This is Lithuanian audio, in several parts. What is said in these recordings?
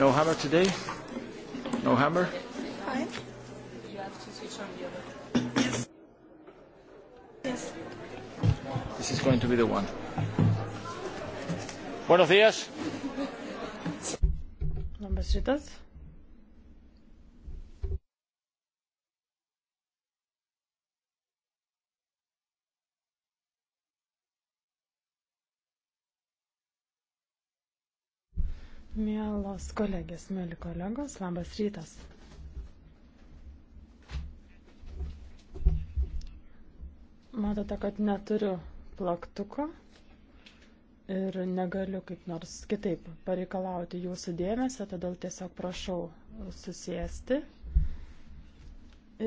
No hammer today? No hammer? Fine. You have to switch on the other. Yes. Yes. This is going to be the one. Buenos días. Labas rytas. Mielos kolegės, mėly kolegos, labas rytas. Matote, kad neturiu plaktuko ir negaliu kaip nors kitaip pareikalauti jūsų dėmesio, todėl tiesiog prašau susėsti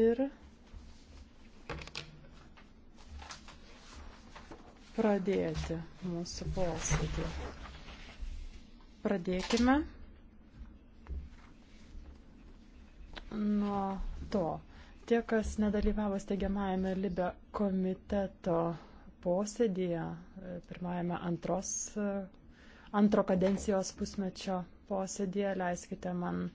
ir pradėti mūsų posėdį pradėkime nuo to. Tie, kas nedalyvavo steigiamajame Libe komiteto posėdėje, pirmajame antros, antro kadencijos pusmečio posėdėje, leiskite man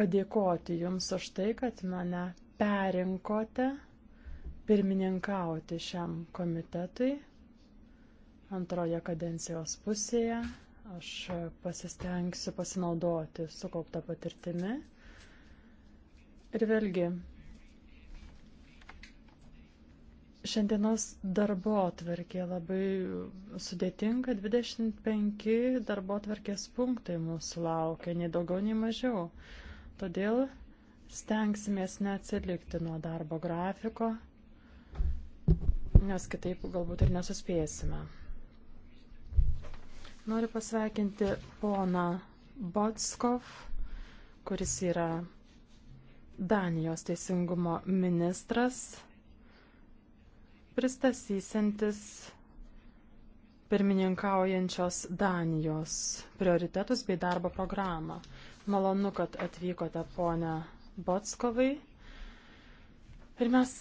padėkoti Jums už tai, kad mane perinkote pirmininkauti šiam komitetui antroje kadencijos pusėje. Aš pasistengsiu pasinaudoti sukauptą patirtimi. Ir vėlgi, šiandienos darbo atverkė labai sudėtinga, 25 darbo atverkės punktai mūsų laukia, nei daugiau, nei mažiau. Todėl stengsimės neatsilikti nuo darbo grafiko, nes kitaip galbūt ir nesuspėsime. Noriu pasveikinti poną Botskov, kuris yra Danijos teisingumo ministras, pristatysiantis pirmininkaujančios Danijos prioritetus bei darbo programą. Malonu, kad atvykote ponę Botskovai. Ir mes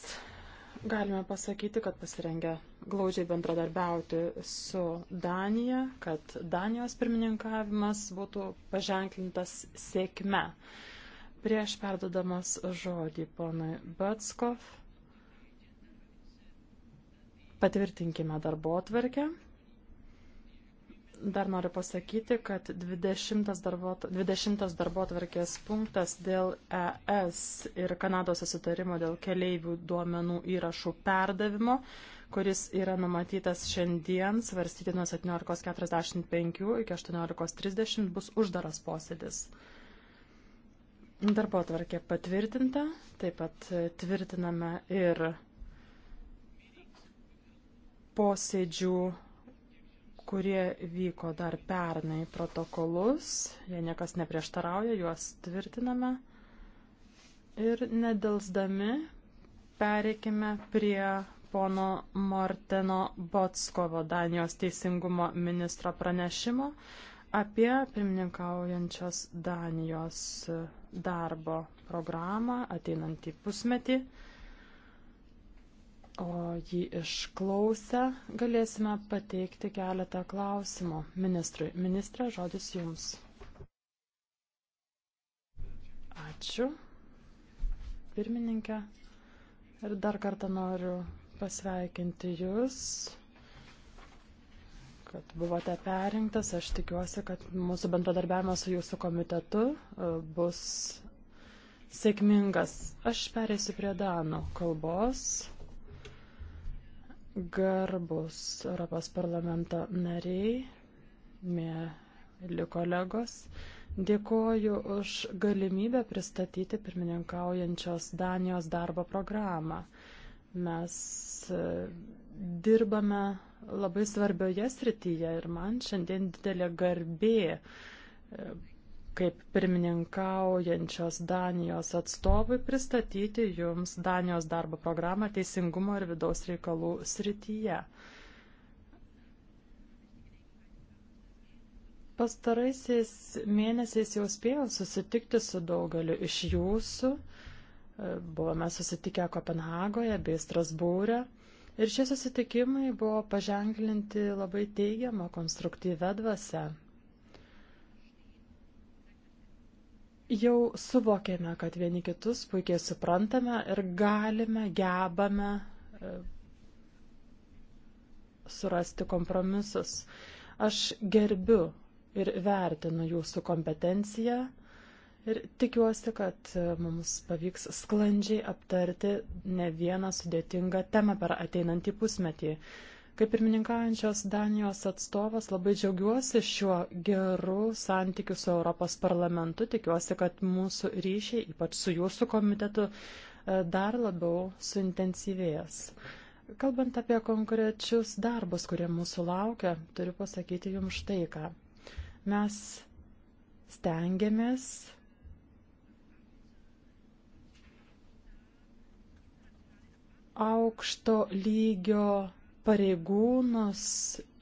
Galime pasakyti, kad pasirengę glaudžiai bendradarbiauti su Danija, kad Danijos pirmininkavimas būtų paženklintas sėkme. Prieš perdodamas žodį ponui Batskov, patvirtinkime darbo atverkę. Dar noriu pasakyti, kad 20 darbo, 20 darbo tvarkės punktas dėl ES ir Kanados susitarimo dėl keleivių duomenų įrašų perdavimo, kuris yra numatytas šiandien svarstyti nuo 17.45 iki 18.30, bus uždaras posėdis. Darbo tvarkė patvirtinta, taip pat tvirtiname ir posėdžių kurie vyko dar pernai protokolus, jei niekas neprieštarauja, juos tvirtiname. Ir nedelsdami pereikime prie pono Morteno Botskovo Danijos teisingumo ministro pranešimo apie pirmininkaujančios Danijos darbo programą ateinantį pusmetį. O jį išklausę galėsime pateikti keletą klausimų ministrui. Ministrė, žodis jums. Ačiū. Pirmininkė. Ir dar kartą noriu pasveikinti jūs, kad buvote perinktas. Aš tikiuosi, kad mūsų bendradarbiavimas su jūsų komitetu e, bus sėkmingas. Aš perėsiu prie Danų kalbos. Garbus Europos parlamento nariai, mėly kolegos, dėkoju už galimybę pristatyti pirmininkaujančios Danijos darbo programą. Mes e, dirbame labai svarbioje srityje ir man šiandien didelė garbė e, kaip pirmininkaujančios Danijos atstovui pristatyti Jums Danijos darbo programą teisingumo ir vidaus reikalų srityje. Pastaraisiais mėnesiais jau spėjau susitikti su daugeliu iš jūsų. Buvome susitikę Kopenhagoje bei Strasbūrė. Ir šie susitikimai buvo paženklinti labai teigiamą, konstruktyvę dvasę. jau suvokėme, kad vieni kitus puikiai suprantame ir galime, gebame e, surasti kompromisus. Aš gerbiu ir vertinu jūsų kompetenciją ir tikiuosi, kad e, mums pavyks sklandžiai aptarti ne vieną sudėtingą temą per ateinantį pusmetį. Kaip pirmininkaujančios Danijos atstovas labai džiaugiuosi šiuo geru santykiu su Europos parlamentu. Tikiuosi, kad mūsų ryšiai, ypač su jūsų komitetu, e, dar labiau suintensyvės. Kalbant apie konkrečius darbus, kurie mūsų laukia, turiu pasakyti jums štai ką. Mes stengiamės aukšto lygio pareigūnus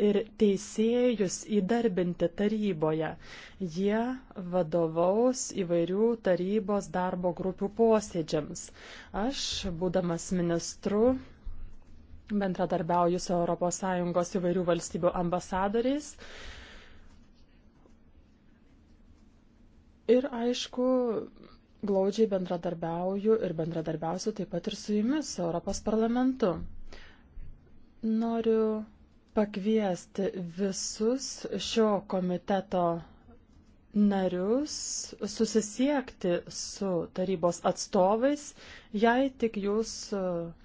ir teisėjus įdarbinti taryboje. Jie vadovaus įvairių tarybos darbo grupių posėdžiams. Aš, būdamas ministru, bendradarbiauju su ES įvairių valstybių ambasadoriais. Ir aišku, glaudžiai bendradarbiauju ir bendradarbiausiu taip pat ir su jumis, Europos parlamentu. Noriu pakviesti visus šio komiteto narius susisiekti su tarybos atstovais, jei tik jūs e,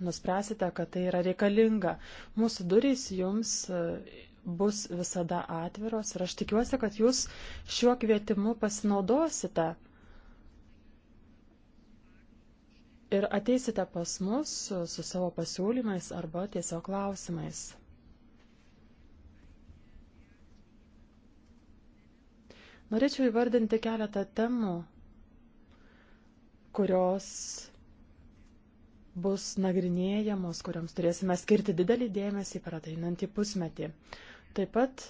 nuspręsite, kad tai yra reikalinga. Mūsų durys jums e, bus visada atviros ir aš tikiuosi, kad jūs šiuo kvietimu pasinaudosite. ir ateisite pas mus su savo pasiūlymais arba tiesiog klausimais. Norėčiau įvardinti keletą temų, kurios bus nagrinėjamos, kuriams turėsime skirti didelį dėmesį per ateinantį pusmetį. Taip pat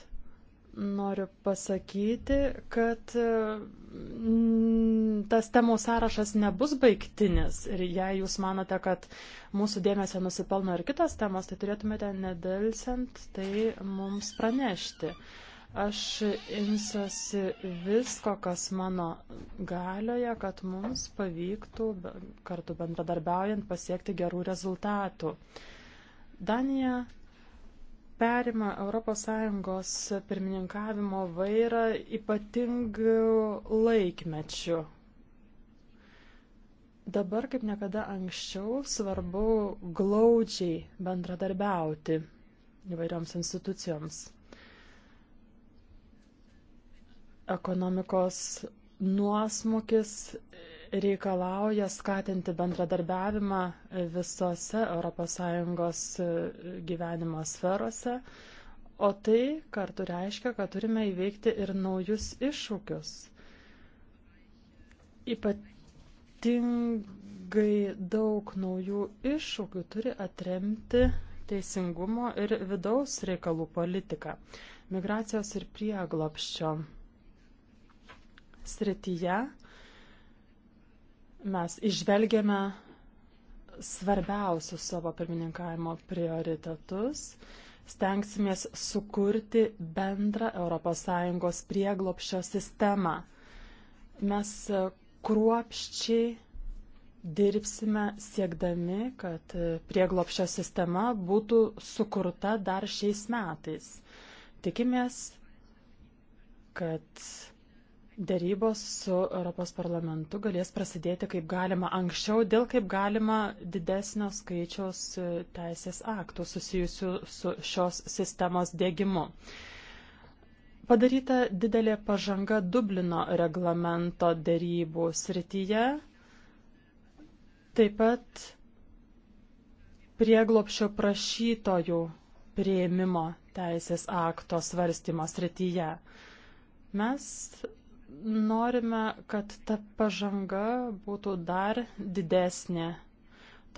noriu pasakyti, kad mm, tas temų sąrašas nebus baigtinis ir jei jūs manote, kad mūsų dėmesio nusipelno ir kitos temos, tai turėtumėte nedelsiant tai mums pranešti. Aš imsiuosi visko, kas mano galioje, kad mums pavyktų kartu bendradarbiaujant pasiekti gerų rezultatų. Danija perima ES pirmininkavimo vairą ypatingu laikmečiu. Dabar kaip niekada anksčiau svarbu glaudžiai bendradarbiauti įvairioms institucijoms. Ekonomikos nuosmukis reikalauja skatinti bendradarbiavimą visose ES gyvenimo sferose, o tai kartu reiškia, kad turime įveikti ir naujus iššūkius. Ypatingai daug naujų iššūkių turi atremti teisingumo ir vidaus reikalų politika, migracijos ir prieglopščio srityje mes išvelgėme svarbiausius savo pirmininkavimo prioritetus. Stengsimės sukurti bendrą ES prieglopščio sistemą. Mes kruopščiai dirbsime siekdami, kad prieglopščio sistema būtų sukurta dar šiais metais. Tikimės, kad Dėrybos su Europos parlamentu galės prasidėti kaip galima anksčiau dėl kaip galima didesnio skaičiaus teisės aktų susijusių su šios sistemos dėgymu. Padaryta didelė pažanga Dublino reglamento dėrybų srityje. Taip pat prieglopšio prašytojų prieimimo teisės akto svarstymo srityje. Mes norime, kad ta pažanga būtų dar didesnė.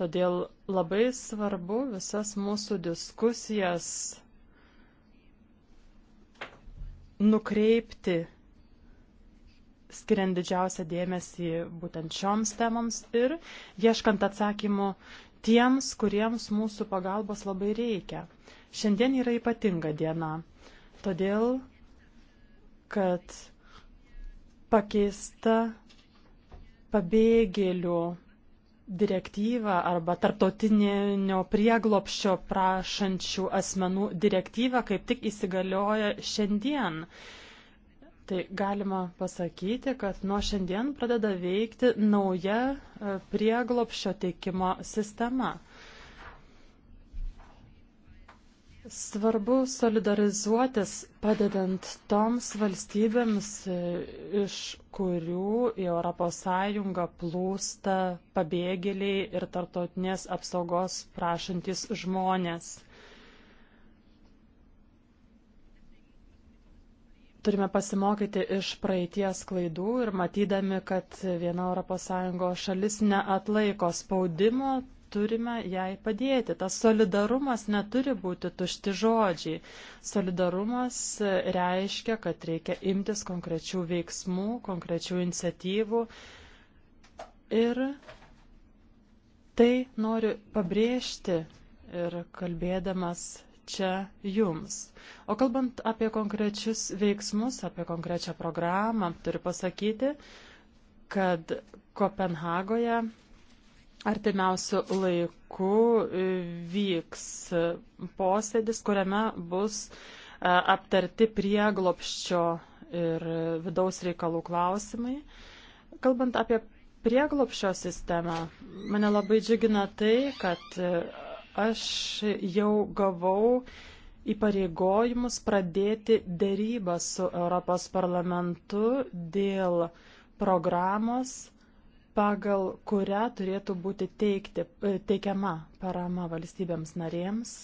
Todėl labai svarbu visas mūsų diskusijas nukreipti, skiriant didžiausią dėmesį būtent šioms temoms ir ieškant atsakymų tiems, kuriems mūsų pagalbos labai reikia. Šiandien yra ypatinga diena, todėl kad pakeista pabėgėlių direktyvą arba tarptautinio prieglopščio prašančių asmenų direktyvą kaip tik įsigalioja šiandien. Tai galima pasakyti, kad nuo šiandien pradeda veikti nauja e, prieglopščio teikimo sistema. Svarbu solidarizuotis padedant toms valstybėms, e, iš kurių į ES plūsta pabėgėliai ir tartautinės apsaugos prašantis žmonės. Turime pasimokyti iš praeities klaidų ir matydami, kad viena ES šalis neatlaiko spaudimo, turime jai padėti. Tas solidarumas neturi būti tušti žodžiai. Solidarumas reiškia, kad reikia imtis konkrečių veiksmų, konkrečių iniciatyvų. Ir tai noriu pabrėžti ir kalbėdamas čia jums. O kalbant apie konkrečius veiksmus, apie konkrečią programą, turiu pasakyti, kad Kopenhagoje Artimiausių laikų e, vyks posėdis, kuriame bus e, aptarti prieglopščio ir vidaus reikalų klausimai. Kalbant apie prieglopščio sistemą, mane labai džiugina tai, kad e, aš jau gavau įpareigojimus pradėti dėrybą su Europos parlamentu dėl programos pagal kurią turėtų būti teikti, e, teikiama parama valstybėms narėms.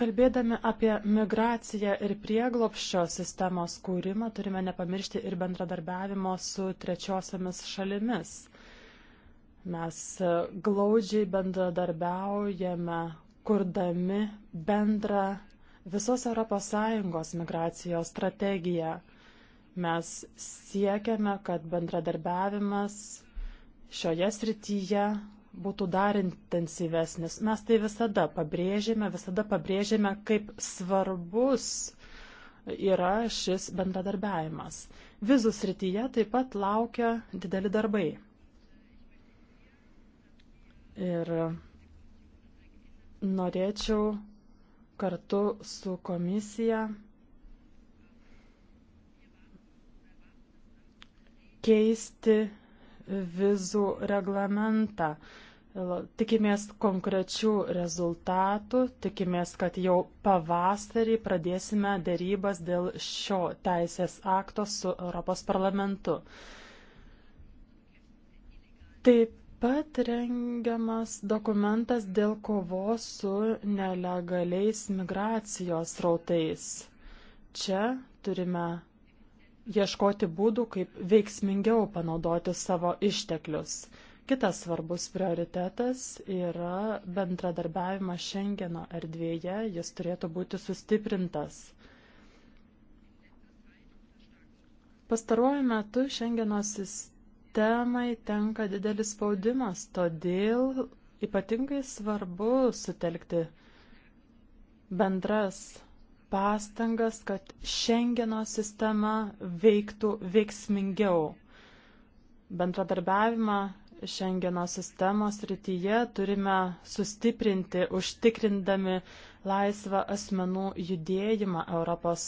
Kalbėdami apie migraciją ir prieglopščio sistemos kūrimą, turime nepamiršti ir bendradarbiavimo su trečiosiamis šalimis. Mes e, glaudžiai bendradarbiaujame, kurdami bendrą visos ES migracijos strategiją. Mes siekiame, kad bendradarbiavimas šioje srityje būtų dar intensyvesnis. Mes tai visada pabrėžėme, visada pabrėžėme, kaip svarbus yra šis bendradarbiavimas. Vizų srityje taip pat laukia dideli darbai. Ir norėčiau kartu su komisija keisti vizų reglamentą. Tikimės konkrečių rezultatų, tikimės, kad jau pavasarį pradėsime dėrybas dėl šio teisės akto su Europos parlamentu. Taip pat rengiamas dokumentas dėl kovos su nelegaliais migracijos rautais. Čia turime ieškoti būdų, kaip veiksmingiau panaudoti savo išteklius. Kitas svarbus prioritetas yra bendradarbiavimas Šengeno erdvėje, jis turėtų būti sustiprintas. Pastaruoju metu Šengeno sistema temai tenka didelis spaudimas, todėl ypatingai svarbu sutelkti bendras pastangas, kad Šengeno sistema veiktų veiksmingiau. Bendradarbiavimą Šengeno sistemos rytyje turime sustiprinti, užtikrindami laisvą asmenų judėjimą ES,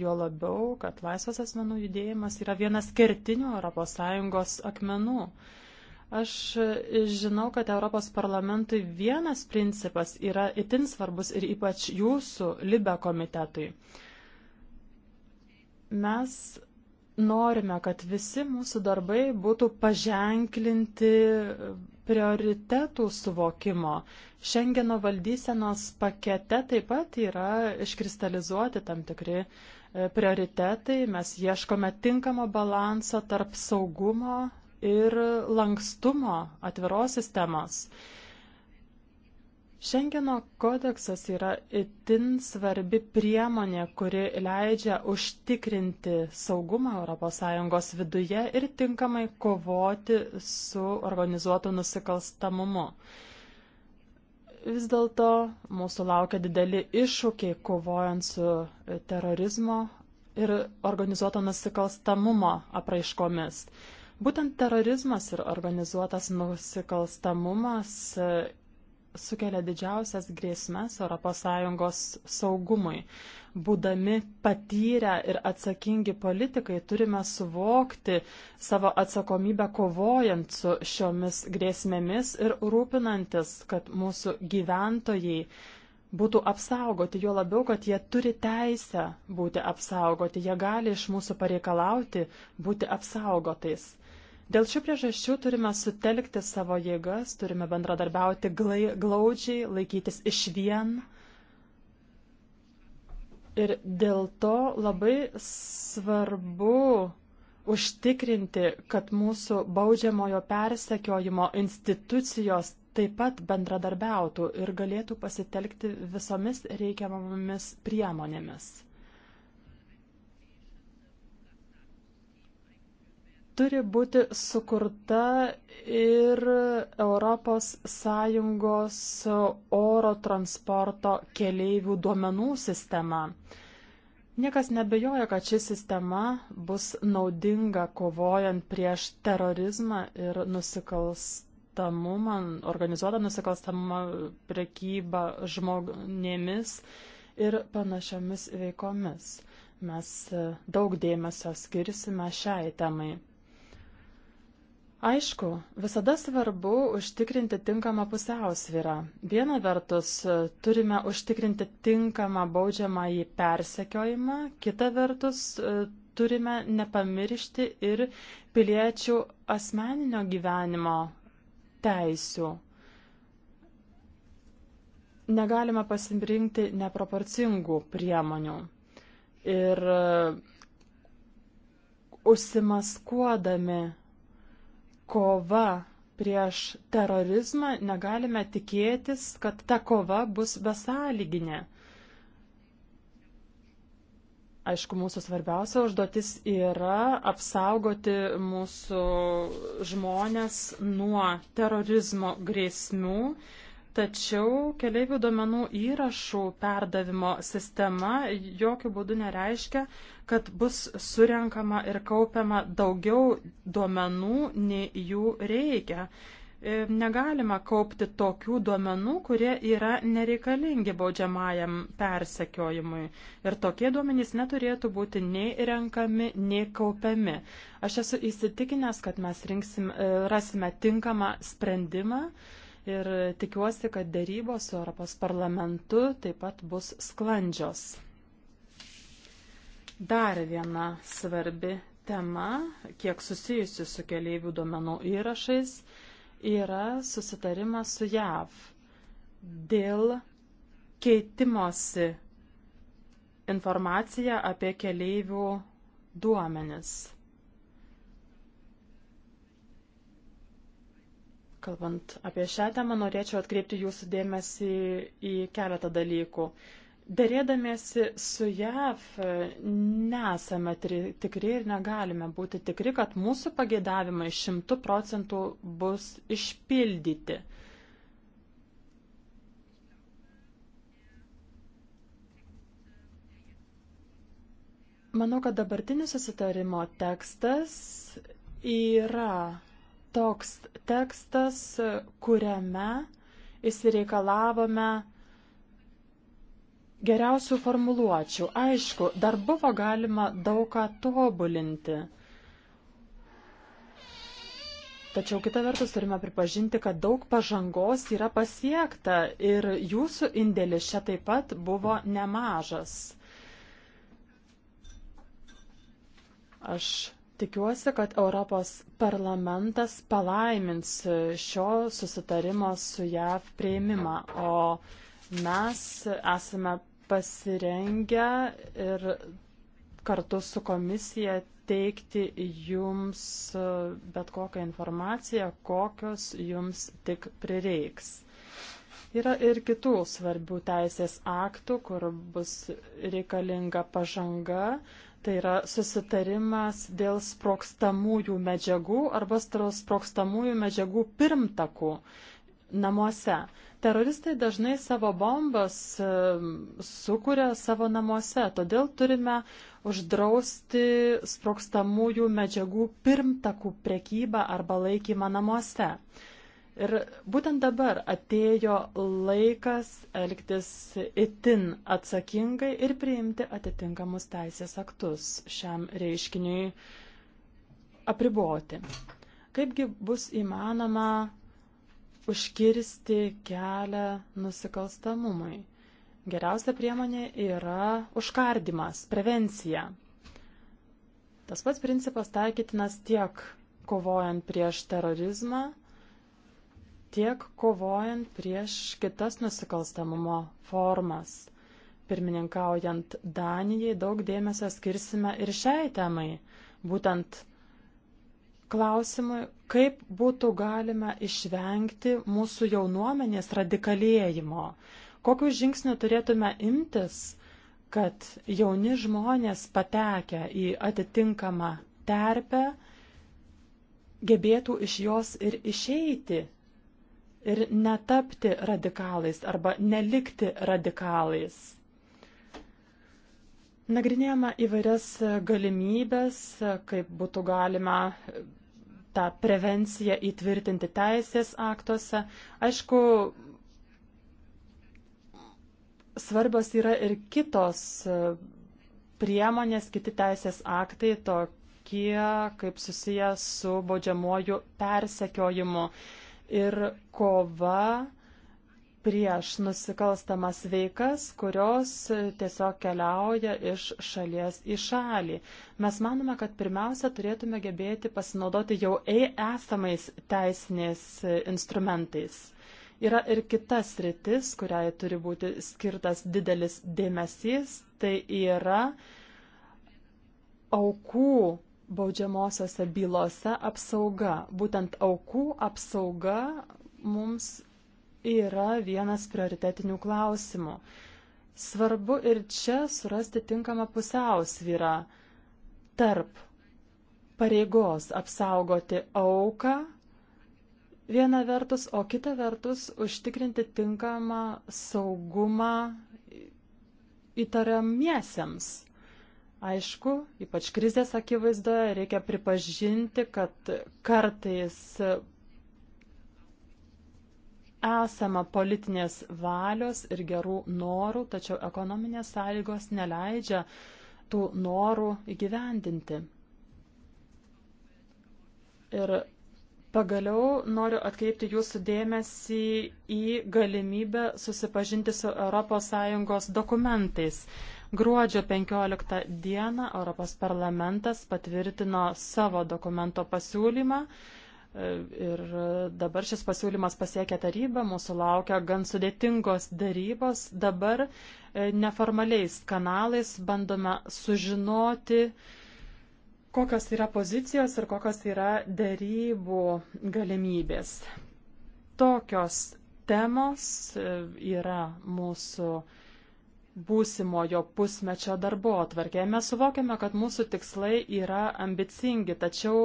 juo labiau, kad laisvas asmenų judėjimas yra vienas kertinių ES akmenų. Aš žinau, kad Europos parlamentui vienas principas yra itin svarbus ir ypač jūsų libe komitetui. Mes norime, kad visi mūsų darbai būtų paženklinti prioritetų suvokimo. Šengeno valdysenos pakete taip pat yra iškristalizuoti tam tikri e, prioritetai. Mes ieškome tinkamo balanso tarp saugumo ir lankstumo atviros sistemos. Šengeno kodeksas yra itin svarbi priemonė, kuri leidžia užtikrinti saugumą ES viduje ir tinkamai kovoti su organizuotu nusikalstamumu. Vis dėlto mūsų laukia dideli iššūkiai kovojant su terorizmo ir organizuoto nusikalstamumo apraiškomis. Būtent terorizmas ir organizuotas nusikalstamumas sukelia didžiausias grėsmes ES saugumui. Būdami patyrę ir atsakingi politikai turime suvokti savo atsakomybę kovojant su šiomis grėsmėmis ir rūpinantis, kad mūsų gyventojai būtų apsaugoti, jo labiau, kad jie turi teisę būti apsaugoti, jie gali iš mūsų pareikalauti būti apsaugotais. Dėl šių priežasčių turime sutelkti savo jėgas, turime bendradarbiauti glaudžiai, laikytis iš vien. Ir dėl to labai svarbu užtikrinti, kad mūsų baudžiamojo persekiojimo institucijos taip pat bendradarbiautų ir galėtų pasitelkti visomis reikiamomis priemonėmis. Turi būti sukurta ir ES oro transporto keleivių duomenų sistema. Niekas nebejoja, kad ši sistema bus naudinga kovojant prieš terorizmą ir nusikalstamumą, organizuotą nusikalstamumą, prekybą žmonėmis ir panašiomis veikomis. Mes daug dėmesio skirsime šiai temai. Aišku, visada svarbu užtikrinti tinkamą pusiausvyrą. Viena vertus turime užtikrinti tinkamą baudžiamą į persekiojimą, kita vertus turime nepamiršti ir piliečių asmeninio gyvenimo teisių. Negalime pasirinkti neproporcingų priemonių. Ir e, užsimaskuodami kova prieš terorizmą negalime tikėtis, kad ta kova bus besąlyginė. Aišku, mūsų svarbiausia užduotis yra apsaugoti mūsų žmonės nuo terorizmo grėsmių, Tačiau keliaivių duomenų įrašų perdavimo sistema jokių būdų nereiškia, kad bus surenkama ir kaupiama daugiau duomenų, nei jų reikia. E, negalima kaupti tokių duomenų, kurie yra nereikalingi baudžiamajam persekiojimui. Ir tokie duomenys neturėtų būti nei renkami, nei kaupiami. Aš esu įsitikinęs, kad mes rinksim, e, rasime tinkamą sprendimą ir tikiuosi, kad dėrybos su Europos parlamentu taip pat bus sklandžios. Dar viena svarbi tema, kiek susijusi su keliaivių duomenų įrašais, yra susitarimas su JAV dėl keitimosi informacija apie keleivių duomenis. Kalbant apie šią temą, norėčiau atkreipti jūsų dėmesį į keletą dalykų. Dėrėdamiesi su JAV nesame tikri ir negalime būti tikri, kad mūsų pagėdavimai šimtų procentų bus išpildyti. Manau, kad dabartinis susitarimo tekstas yra toks tekstas, kuriame įsireikalavome geriausių formuluočių. Aišku, dar buvo galima daug ką tobulinti. Tačiau kita vertus turime pripažinti, kad daug pažangos yra pasiekta ir jūsų indėlis čia taip pat buvo nemažas. Aš Tikiuosi, kad Europos parlamentas palaimins šio susitarimo su JAV prieimimą, o mes esame pasirengę ir kartu su komisija teikti jums bet kokią informaciją, kokios jums tik prireiks. Yra ir kitų svarbių teisės aktų, kur bus reikalinga pažanga, Tai yra susitarimas dėl sprokstamųjų medžiagų arba sprokstamųjų medžiagų pirmtakų namuose. Teroristai dažnai savo bombas e, sukuria savo namuose, todėl turime uždrausti sprokstamųjų medžiagų pirmtakų prekybą arba laikymą namuose. Ir būtent dabar atėjo laikas elgtis itin atsakingai ir priimti atitinkamus teisės aktus šiam reiškiniui apriboti. Kaipgi bus įmanoma užkirsti kelią nusikalstamumui? Geriausia priemonė yra užkardimas, prevencija. Tas pats principas taikytinas tiek kovojant prieš terorizmą, tiek kovojant prieš kitas nusikalstamumo formas. Pirmininkaujant Danijai daug dėmesio skirsime ir šiai temai, būtent klausimui, kaip būtų galima išvengti mūsų jaunuomenės radikalėjimo, kokiu žingsniu turėtume imtis, kad jauni žmonės patekę į atitinkamą terpę gebėtų iš jos ir išeiti ir netapti radikalais arba nelikti radikalais. Nagrinėjama įvairias galimybės, kaip būtų galima tą prevenciją įtvirtinti teisės aktuose. Aišku, svarbios yra ir kitos priemonės, kiti teisės aktai, tokie kaip susijęs su baudžiamuoju persekiojimu ir kova prieš nusikalstamas veikas, kurios tiesiog keliauja iš šalies į šalį. Mes manome, kad pirmiausia turėtume gebėti pasinaudoti jau esamais teisinės instrumentais. Yra ir kitas rytis, kuriai turi būti skirtas didelis dėmesys, tai yra aukų baudžiamosiose bylose apsauga. Būtent aukų apsauga mums yra vienas prioritetinių klausimų. Svarbu ir čia surasti tinkamą pusiausvyrą tarp pareigos apsaugoti auką viena vertus, o kita vertus užtikrinti tinkamą saugumą įtariamiesiems. Aišku, ypač krizės akivaizdoje reikia pripažinti, kad kartais esama politinės valios ir gerų norų, tačiau ekonominės sąlygos neleidžia tų norų įgyvendinti. Ir pagaliau noriu atkreipti jūsų dėmesį į galimybę susipažinti su ES dokumentais. Gruodžio 15 dieną Europos parlamentas patvirtino savo dokumento pasiūlymą e, ir dabar šis pasiūlymas pasiekia tarybą, mūsų laukia gan sudėtingos darybos. Dabar e, neformaliais kanalais bandome sužinoti, kokios yra pozicijos ir kokios yra darybų galimybės. Tokios temos e, yra mūsų būsimojo pusmečio darbo atvarkėje. Mes suvokiame, kad mūsų tikslai yra ambicingi, tačiau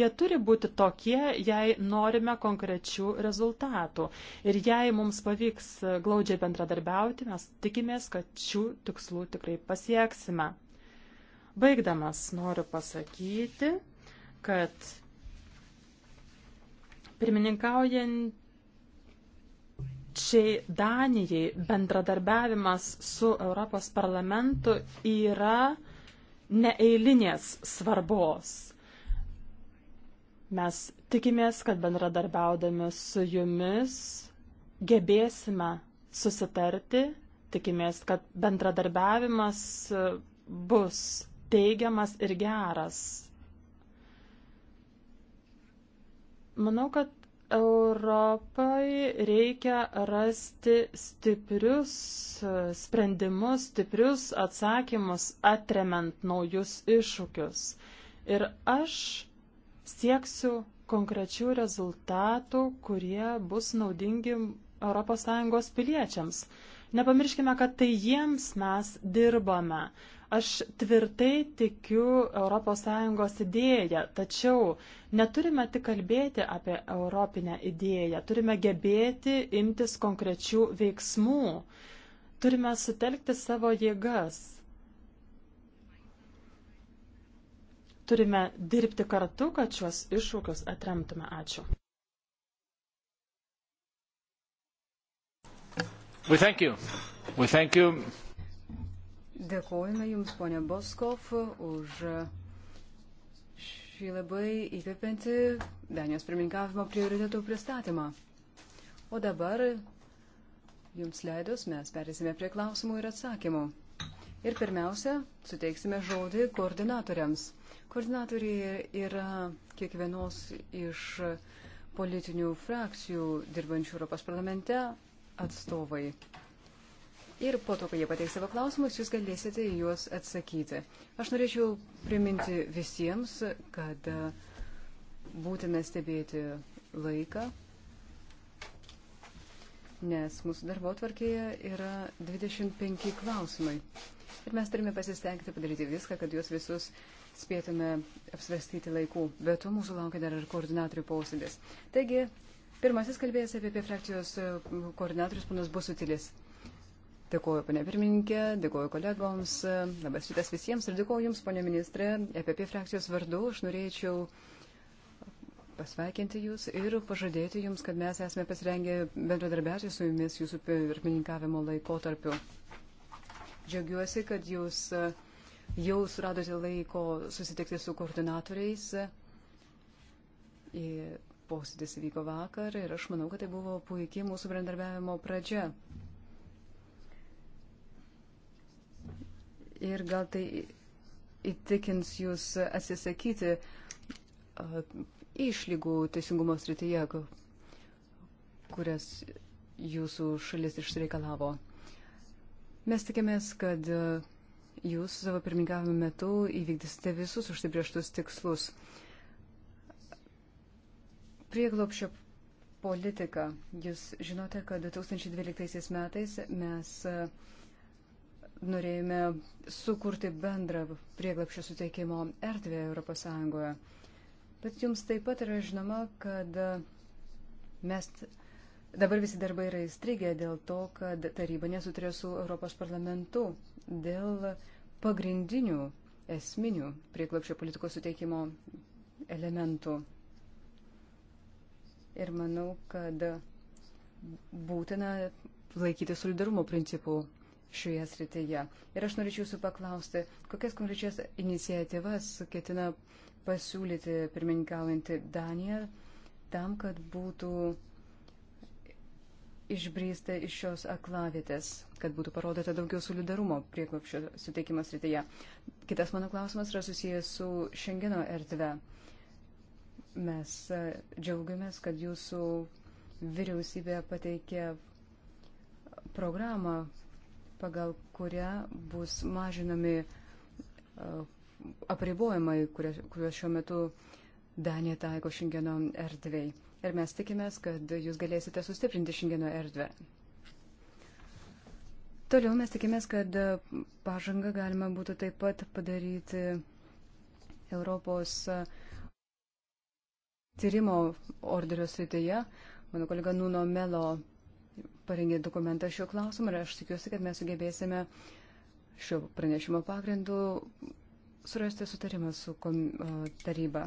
jie turi būti tokie, jei norime konkrečių rezultatų. Ir jei mums pavyks glaudžiai bendradarbiauti, mes tikimės, kad šių tikslų tikrai pasieksime. Baigdamas noriu pasakyti, kad pirmininkaujant Pačiai Danijai bendradarbiavimas su Europos parlamentu yra neeilinės svarbos. Mes tikimės, kad bendradarbiaudami su jumis gebėsime susitarti, tikimės, kad bendradarbiavimas bus teigiamas ir geras. Manau, kad Europai reikia rasti stiprius e, sprendimus, stiprius atsakymus, atremiant naujus iššūkius. Ir aš sieksiu konkrečių rezultatų, kurie bus naudingi ES piliečiams. Nepamirškime, kad tai jiems mes dirbame. Aš tvirtai tikiu ES idėją, tačiau neturime tik kalbėti apie europinę idėją, turime gebėti imtis konkrečių veiksmų, turime sutelkti savo jėgas, turime dirbti kartu, kad šiuos iššūkius atremtume. Ačiū. We thank you. We thank you. Dėkojame Jums, ponė Boskov, už šį labai įkvepiantį Danijos pirmininkavimo prioritetų pristatymą. O dabar Jums leidus mes perėsime prie klausimų ir atsakymų. Ir pirmiausia, suteiksime žodį koordinatoriams. Koordinatoriai yra kiekvienos iš politinių frakcijų dirbančių Europos parlamente atstovai. Ir po to, kai jie pateiks savo klausimus, jūs galėsite juos atsakyti. Aš norėčiau priminti visiems, kad e, būtina stebėti laiką, nes mūsų darbo tvarkėje yra 25 klausimai. Ir mes turime pasistengti padaryti viską, kad juos visus spėtume apsvarstyti laikų. Be to mūsų laukia dar ir koordinatorių posėdis. Taigi, pirmasis kalbėjęs apie, apie frakcijos e, koordinatorius panas Busutilis. Dėkuoju, ponė pirmininkė, dėkuoju kolegoms, labas rytas visiems ir dėkuoju Jums, ponė ministrė, EPP frakcijos vardu. Aš norėčiau pasveikinti Jūs ir pažadėti Jums, kad mes esame pasirengę bendradarbiauti su Jumis Jūsų pirmininkavimo laikotarpiu. Džiaugiuosi, kad Jūs jau suradote laiko susitikti su koordinatoriais. Posėdis vyko vakar ir aš manau, kad tai buvo puikiai mūsų bendradarbiavimo pradžia. ir gal tai įtikins jūs atsisakyti išlygų teisingumo srityje, kurias jūsų šalis išreikalavo. Mes tikimės, kad jūs savo pirmininkavimo metu įvykdysite visus užsibrieštus tikslus. Prieglopšio politika. Jūs žinote, kad 2012 metais mes norėjome sukurti bendrą prieglapšio suteikimo erdvę ES. Bet jums taip pat yra žinoma, kad mes dabar visi darbai yra įstrigę dėl to, kad taryba nesutrė su Europos parlamentu dėl pagrindinių esminių prieglapšio politikos suteikimo elementų. Ir manau, kad būtina laikyti solidarumo principų šioje srityje. Ir aš norėčiau jūsų paklausti, kokias konkrečias iniciatyvas ketina pasiūlyti pirmininkaujantį Daniją tam, kad būtų išbrysta iš šios aklavietės, kad būtų parodyta daugiau solidarumo prieglopščio suteikimo srityje. Kitas mano klausimas yra susijęs su Šengeno erdve. Mes e, džiaugiamės, kad jūsų vyriausybė pateikė programą pagal kurią bus mažinami e, apribojimai, kuriuos šiuo metu Danija taiko Šengeno erdvėjai. Ir mes tikimės, kad jūs galėsite sustiprinti Šengeno erdvę. Toliau mes tikimės, kad pažangą galima būtų taip pat padaryti Europos e, tyrimo orderio srityje. Mano kolega Nuno Melo parengė dokumentą šiuo klausimu ir aš tikiuosi, kad mes sugebėsime šio pranešimo pagrindu surasti sutarimą su taryba.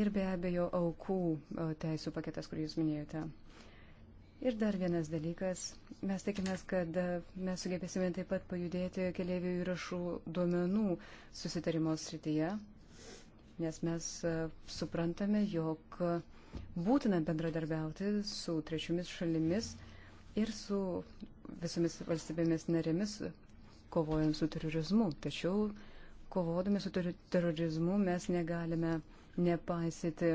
Ir be abejo, aukų teisų paketas, kurį jūs minėjote. Ir dar vienas dalykas. Mes tikimės, kad mes sugebėsime taip pat pajudėti keliaivių įrašų duomenų susitarimo srityje, nes mes suprantame, jog būtina bendradarbiauti su trečiomis šalimis ir su visomis valstybėmis narėmis kovojant su terorizmu. Tačiau kovodami su terorizmu mes negalime nepaisyti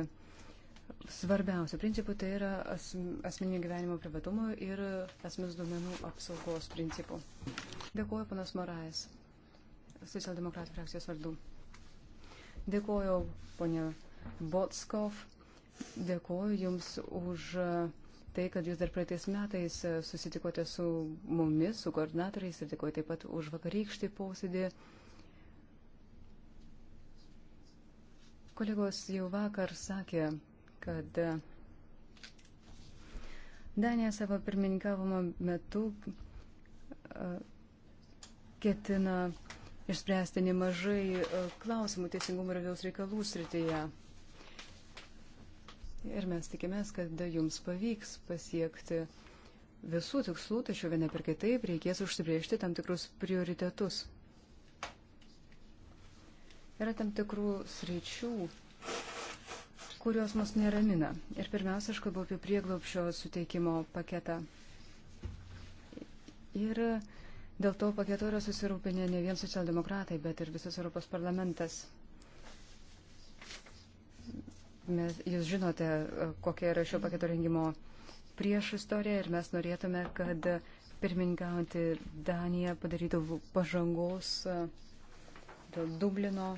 svarbiausių principų, tai yra asmeninio gyvenimo privatumo ir asmens duomenų apsaugos principų. Dėkuoju, panas Morais, socialdemokratų frakcijos vardu. Dėkuoju, ponė Botskov, dėkuoju Jums už uh, tai, kad jūs dar praeitais metais e, susitikote su mumis, su koordinatoriais ir dėkoju taip pat už vakarykštį posėdį. Kolegos jau vakar sakė, kad e, Danija savo pirmininkavimo metu e, ketina išspręsti nemažai klausimų teisingumo ir vidaus reikalų srityje. Ir mes tikimės, kad jums pavyks pasiekti visų tikslų, tačiau viena per kitaip reikės užsibriežti tam tikrus prioritetus. Yra tam tikrų sričių, kurios mus neramina. Ir pirmiausia, aš kalbu apie prieglopšio suteikimo paketą. Ir dėl to paketo yra susirūpinę ne vien socialdemokratai, bet ir visas Europos parlamentas. Mes, jūs žinote, e, kokia yra šio paketo rengimo prieš istoriją ir mes norėtume, kad pirmininkauti Danija padarytų pažangos e, dėl Dublino.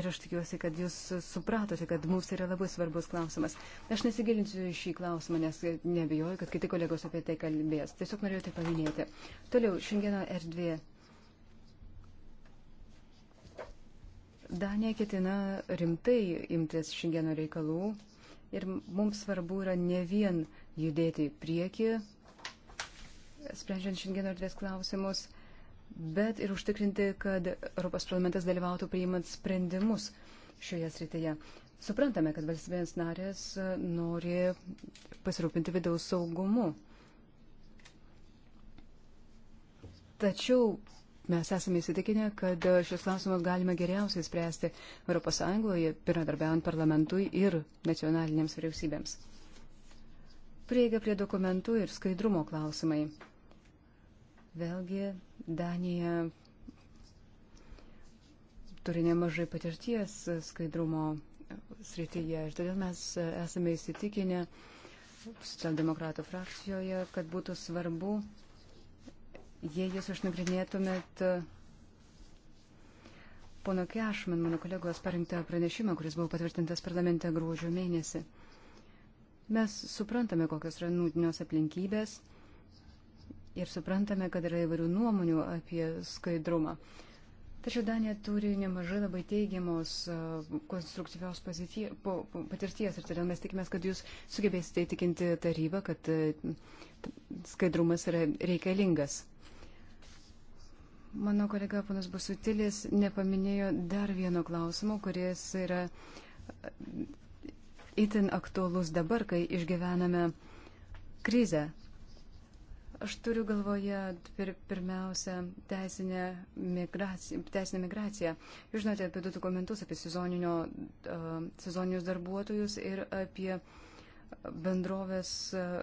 Ir aš tikiuosi, kad jūs supratote, kad mums yra labai svarbus klausimas. Aš nesigilinsiu į šį klausimą, nes nebejoju, kad kiti kolegos apie tai kalbės. Tiesiog norėjau tai paminėti. Toliau, šiandieno erdvė Danija ketina rimtai imtis šiandieno reikalų ir mums svarbu yra ne vien judėti į priekį, sprendžiant šiandieno erdvės klausimus, bet ir užtikrinti, kad Europos parlamentas dalyvautų priimant sprendimus šioje srityje. Suprantame, kad valstybės narės nori pasirūpinti vidaus saugumu. Tačiau Mes esame įsitikinę, kad šios klausimus galime geriausiai spręsti ES, pirmadarbiaujant parlamentui ir nacionalinėms vyriausybėms. Prieiga prie dokumentų ir skaidrumo klausimai. Vėlgi, Danija turi nemažai patirties skaidrumo srityje ir todėl mes esame įsitikinę socialdemokratų frakcijoje, kad būtų svarbu jei jūs išnagrinėtumėt e, pono Kešman, mano kolegos, parinktą pranešimą, kuris buvo patvirtintas parlamente gruodžio mėnesį. Mes suprantame, kokios yra nūdinios aplinkybės ir suprantame, kad yra įvairių nuomonių apie skaidrumą. Tačiau Danija turi nemažai labai teigiamos e, konstruktyvios pozitie, po, po, patirties ir todėl mes tikimės, kad jūs sugebėsite įtikinti tarybą, kad e, skaidrumas yra reikalingas. Mano kolega panas Basutilis nepaminėjo dar vieno klausimo, kuris yra e, itin aktuolus dabar, kai išgyvename krizę. Aš turiu galvoje pir, pirmiausia teisinę migraciją, teisinę migraciją. Jūs žinote apie du dokumentus, apie sezoninio, uh, sezoninius darbuotojus ir apie bendrovės uh,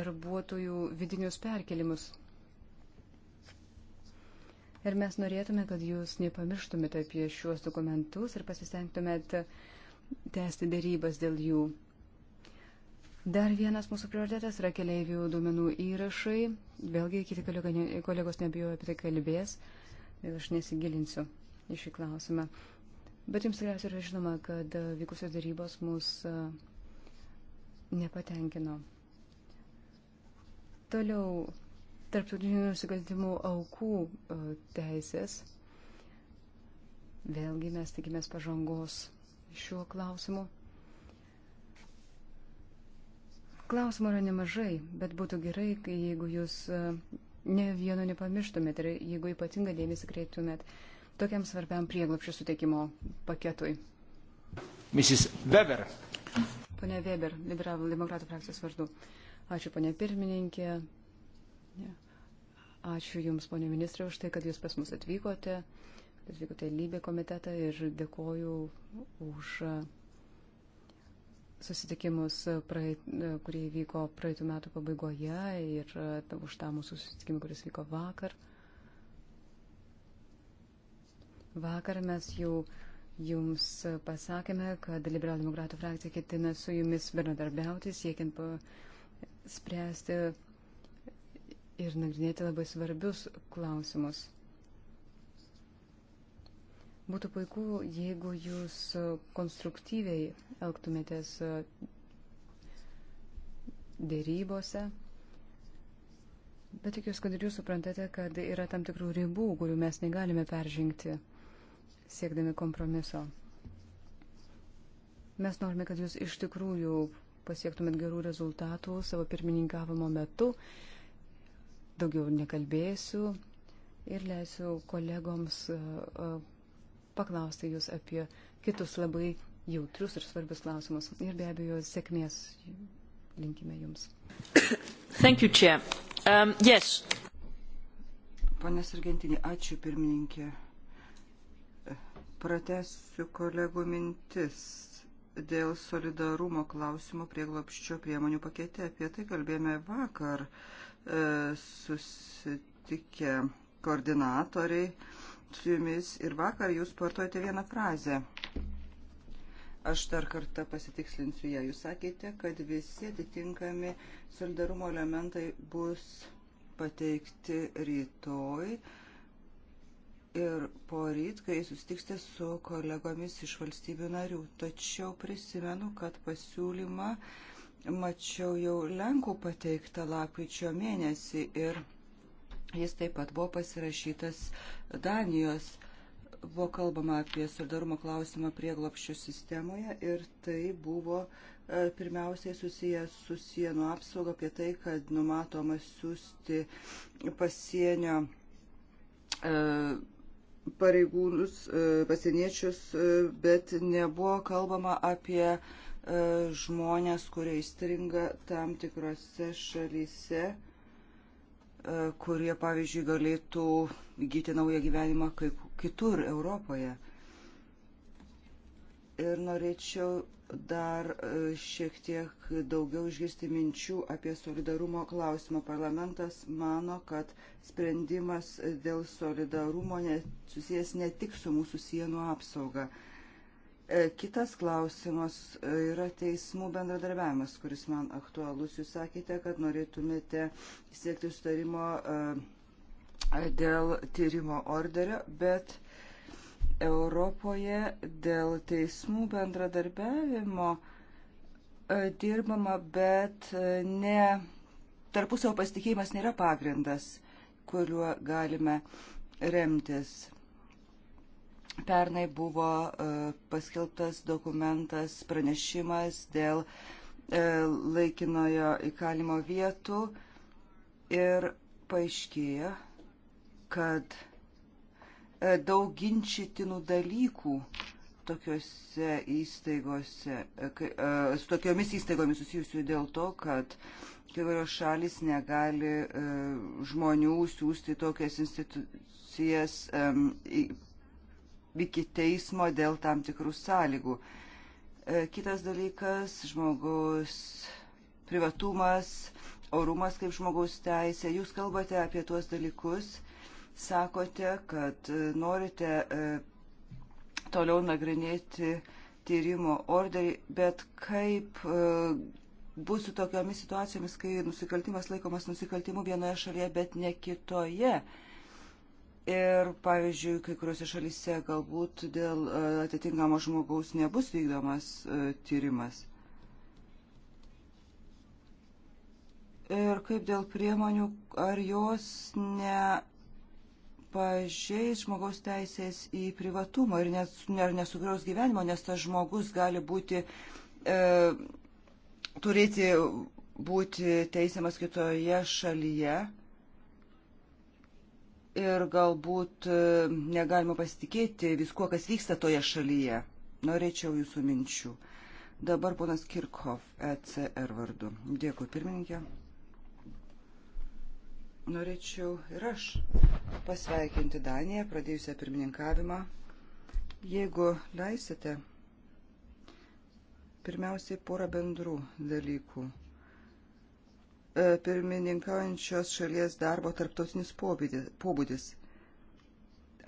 darbuotojų vidinius perkelimus. Ir mes norėtume, kad jūs nepamirštumėte apie šiuos dokumentus ir pasistengtumėte tęsti dėrybas dėl jų. Dar vienas mūsų prioritetas yra keliaivių duomenų įrašai. Vėlgi kiti kolegos nebijojo apie tai kalbės, ir aš nesigilinsiu į šį klausimą. Bet jums tikriausiai yra žinoma, kad e, vykusios darybos mus e, nepatenkino. Toliau tarptautinių nusikaltimų aukų e, teisės. Vėlgi mes tikimės pažangos šiuo klausimu. Klausimų yra nemažai, bet būtų gerai, jeigu jūs e, ne vieno nepamirštumėt ir jeigu ypatingą dėmesį kreiptumėt tokiam svarbiam prieglapšio suteikimo paketui. Mrs. Weber. Pone Weber, liberalų demokratų frakcijos vardu. Ačiū, ponė pirmininkė. Yeah. Ačiū Jums, ponė ministrė, už tai, kad Jūs pas mus atvykote, kad atvykote į Lybę komitetą ir dėkoju už e, susitikimus, praeit, e, kurie vyko praeitų metų pabaigoje ir e, už tą mūsų susitikimą, kuris vyko vakar. Vakar mes jau jums pasakėme, kad Liberaldemokratų frakcija ketina su jumis bendradarbiauti, siekiant spręsti ir nagrinėti labai svarbius klausimus. Būtų puiku, jeigu jūs konstruktyviai elgtumėtės uh, dėrybose, bet tikiuosi, kad ir jūs suprantate, kad yra tam tikrų ribų, kurių mes negalime peržengti siekdami kompromiso. Mes norime, kad jūs iš tikrųjų pasiektumėt gerų rezultatų savo pirmininkavimo metu Daugiau nekalbėsiu ir leisiu kolegoms paklausti jūs apie kitus labai jautrius ir svarbius klausimus. Ir be abejo, sėkmės linkime jums. Thank you, Chair. Um, yes. Pane Sargentinė, ačiū pirmininkė. Pratesiu kolegų mintis dėl solidarumo klausimo prieglopščio priemonių pakete. Apie tai kalbėjome vakar. Uh, E, susitikę koordinatoriai su jumis ir vakar jūs vartojate vieną frazę. Aš dar kartą pasitikslinsiu ją. Jūs sakėte, kad visi atitinkami solidarumo elementai bus pateikti rytoj ir poryt, kai susitiksite su kolegomis iš valstybių narių. Tačiau prisimenu, kad pasiūlymą uh, mačiau jau Lenkų pateiktą lapkričio mėnesį ir jis taip pat buvo pasirašytas Danijos. Buvo kalbama apie solidarumo klausimą prieglopščių sistemoje ir tai buvo e, pirmiausiai susijęs su sienų apsauga apie tai, kad numatoma siūsti pasienio e, pareigūnus, e, pasieniečius, bet nebuvo kalbama apie E, žmonės, kurie įstringa tam tikrose šalyse, e, kurie, pavyzdžiui, galėtų įgyti naują gyvenimą kaip kitur Europoje. Ir norėčiau dar e, šiek tiek daugiau išgirsti minčių apie solidarumo klausimą. Parlamentas mano, kad sprendimas dėl solidarumo susijęs ne tik su mūsų sienų apsauga. Uh, E, kitas klausimas e, yra teismų bendradarbiavimas, kuris man aktualus. Jūs sakėte, kad norėtumėte siekti sutarimo e, dėl tyrimo orderio, bet Europoje dėl teismų bendradarbiavimo dirbama, bet ne tarpusavo pasitikėjimas nėra pagrindas, kuriuo galime remtis Pernai buvo e, paskelbtas dokumentas, pranešimas dėl e, laikinojo įkalimo vietų ir paaiškėjo, kad e, daug ginčytinų dalykų tokiuose įstaigose, su tokiomis įstaigomis susijusių dėl to, kad kai kurios šalis negali žmonių siūsti tokias institucijas iki teismo dėl tam tikrų sąlygų. E, kitas dalykas - žmogus privatumas, orumas kaip žmogaus teisė. Jūs kalbate apie tuos dalykus, sakote, kad e, norite e, toliau nagrinėti tyrimo orderį, bet kaip bus su tokiomis situacijomis, kai nusikaltimas laikomas nusikaltimu vienoje šalyje, bet ne kitoje? Ir, pavyzdžiui, kai kuriuose šalyse galbūt dėl e, atitinkamo žmogaus nebus vykdomas e, tyrimas. Ir kaip dėl priemonių, ar jos nepažeis žmogaus teisės į privatumą ir nes, ne, nesugriaus gyvenimo, nes tas žmogus gali būti, e, turėti būti teisiamas kitoje šalyje ir galbūt e, negalima pasitikėti viskuo, kas vyksta toje šalyje. Norėčiau jūsų minčių. Dabar ponas Kirchhoff, ECR vardu. Dėkui, pirmininkė. Norėčiau ir aš pasveikinti Daniją, pradėjusią pirmininkavimą. Jeigu leisite, pirmiausiai porą bendrų dalykų. E, pirmininkaujančios šalies darbo tarptautinis pobūdis.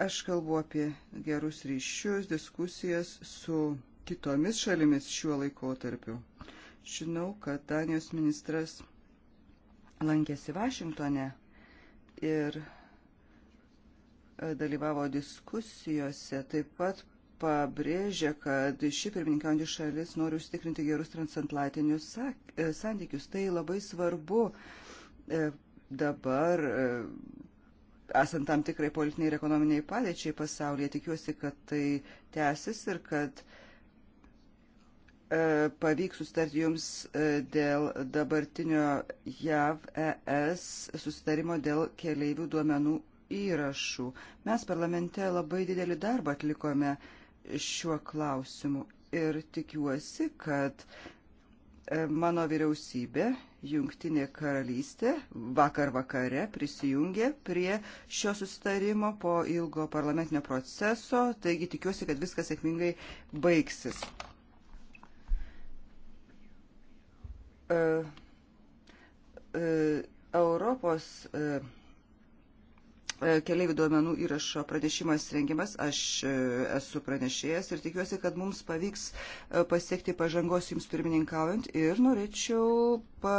Aš kalbu apie gerus ryšius, diskusijas su kitomis šalimis šiuo laikotarpiu. Žinau, kad Danijos ministras lankėsi Vašingtone ir e, dalyvavo diskusijose, taip pat pabrėžia, kad ši pirmininkaujanti šalis nori užtikrinti gerus transatlantinius e, santykius. Tai labai svarbu e, dabar, e, esant tam tikrai politiniai ir ekonominiai padėčiai pasaulyje, tikiuosi, kad tai tęsis ir kad pavyks sustarti jums dėl dabartinio JAV-ES sustarimo dėl keleivių duomenų įrašų. Mes parlamente labai didelį darbą atlikome šiuo klausimu ir tikiuosi, kad e, mano vyriausybė, Jungtinė karalystė, vakar vakare prisijungė prie šio sustarimo po ilgo parlamentinio proceso, taigi tikiuosi, kad viskas sėkmingai baigsis. E, e, Europos E, keliaivių duomenų įrašo pranešimas rengiamas. Aš e, esu pranešėjas ir tikiuosi, kad mums pavyks e, pasiekti pažangos jums pirmininkaujant ir norėčiau pa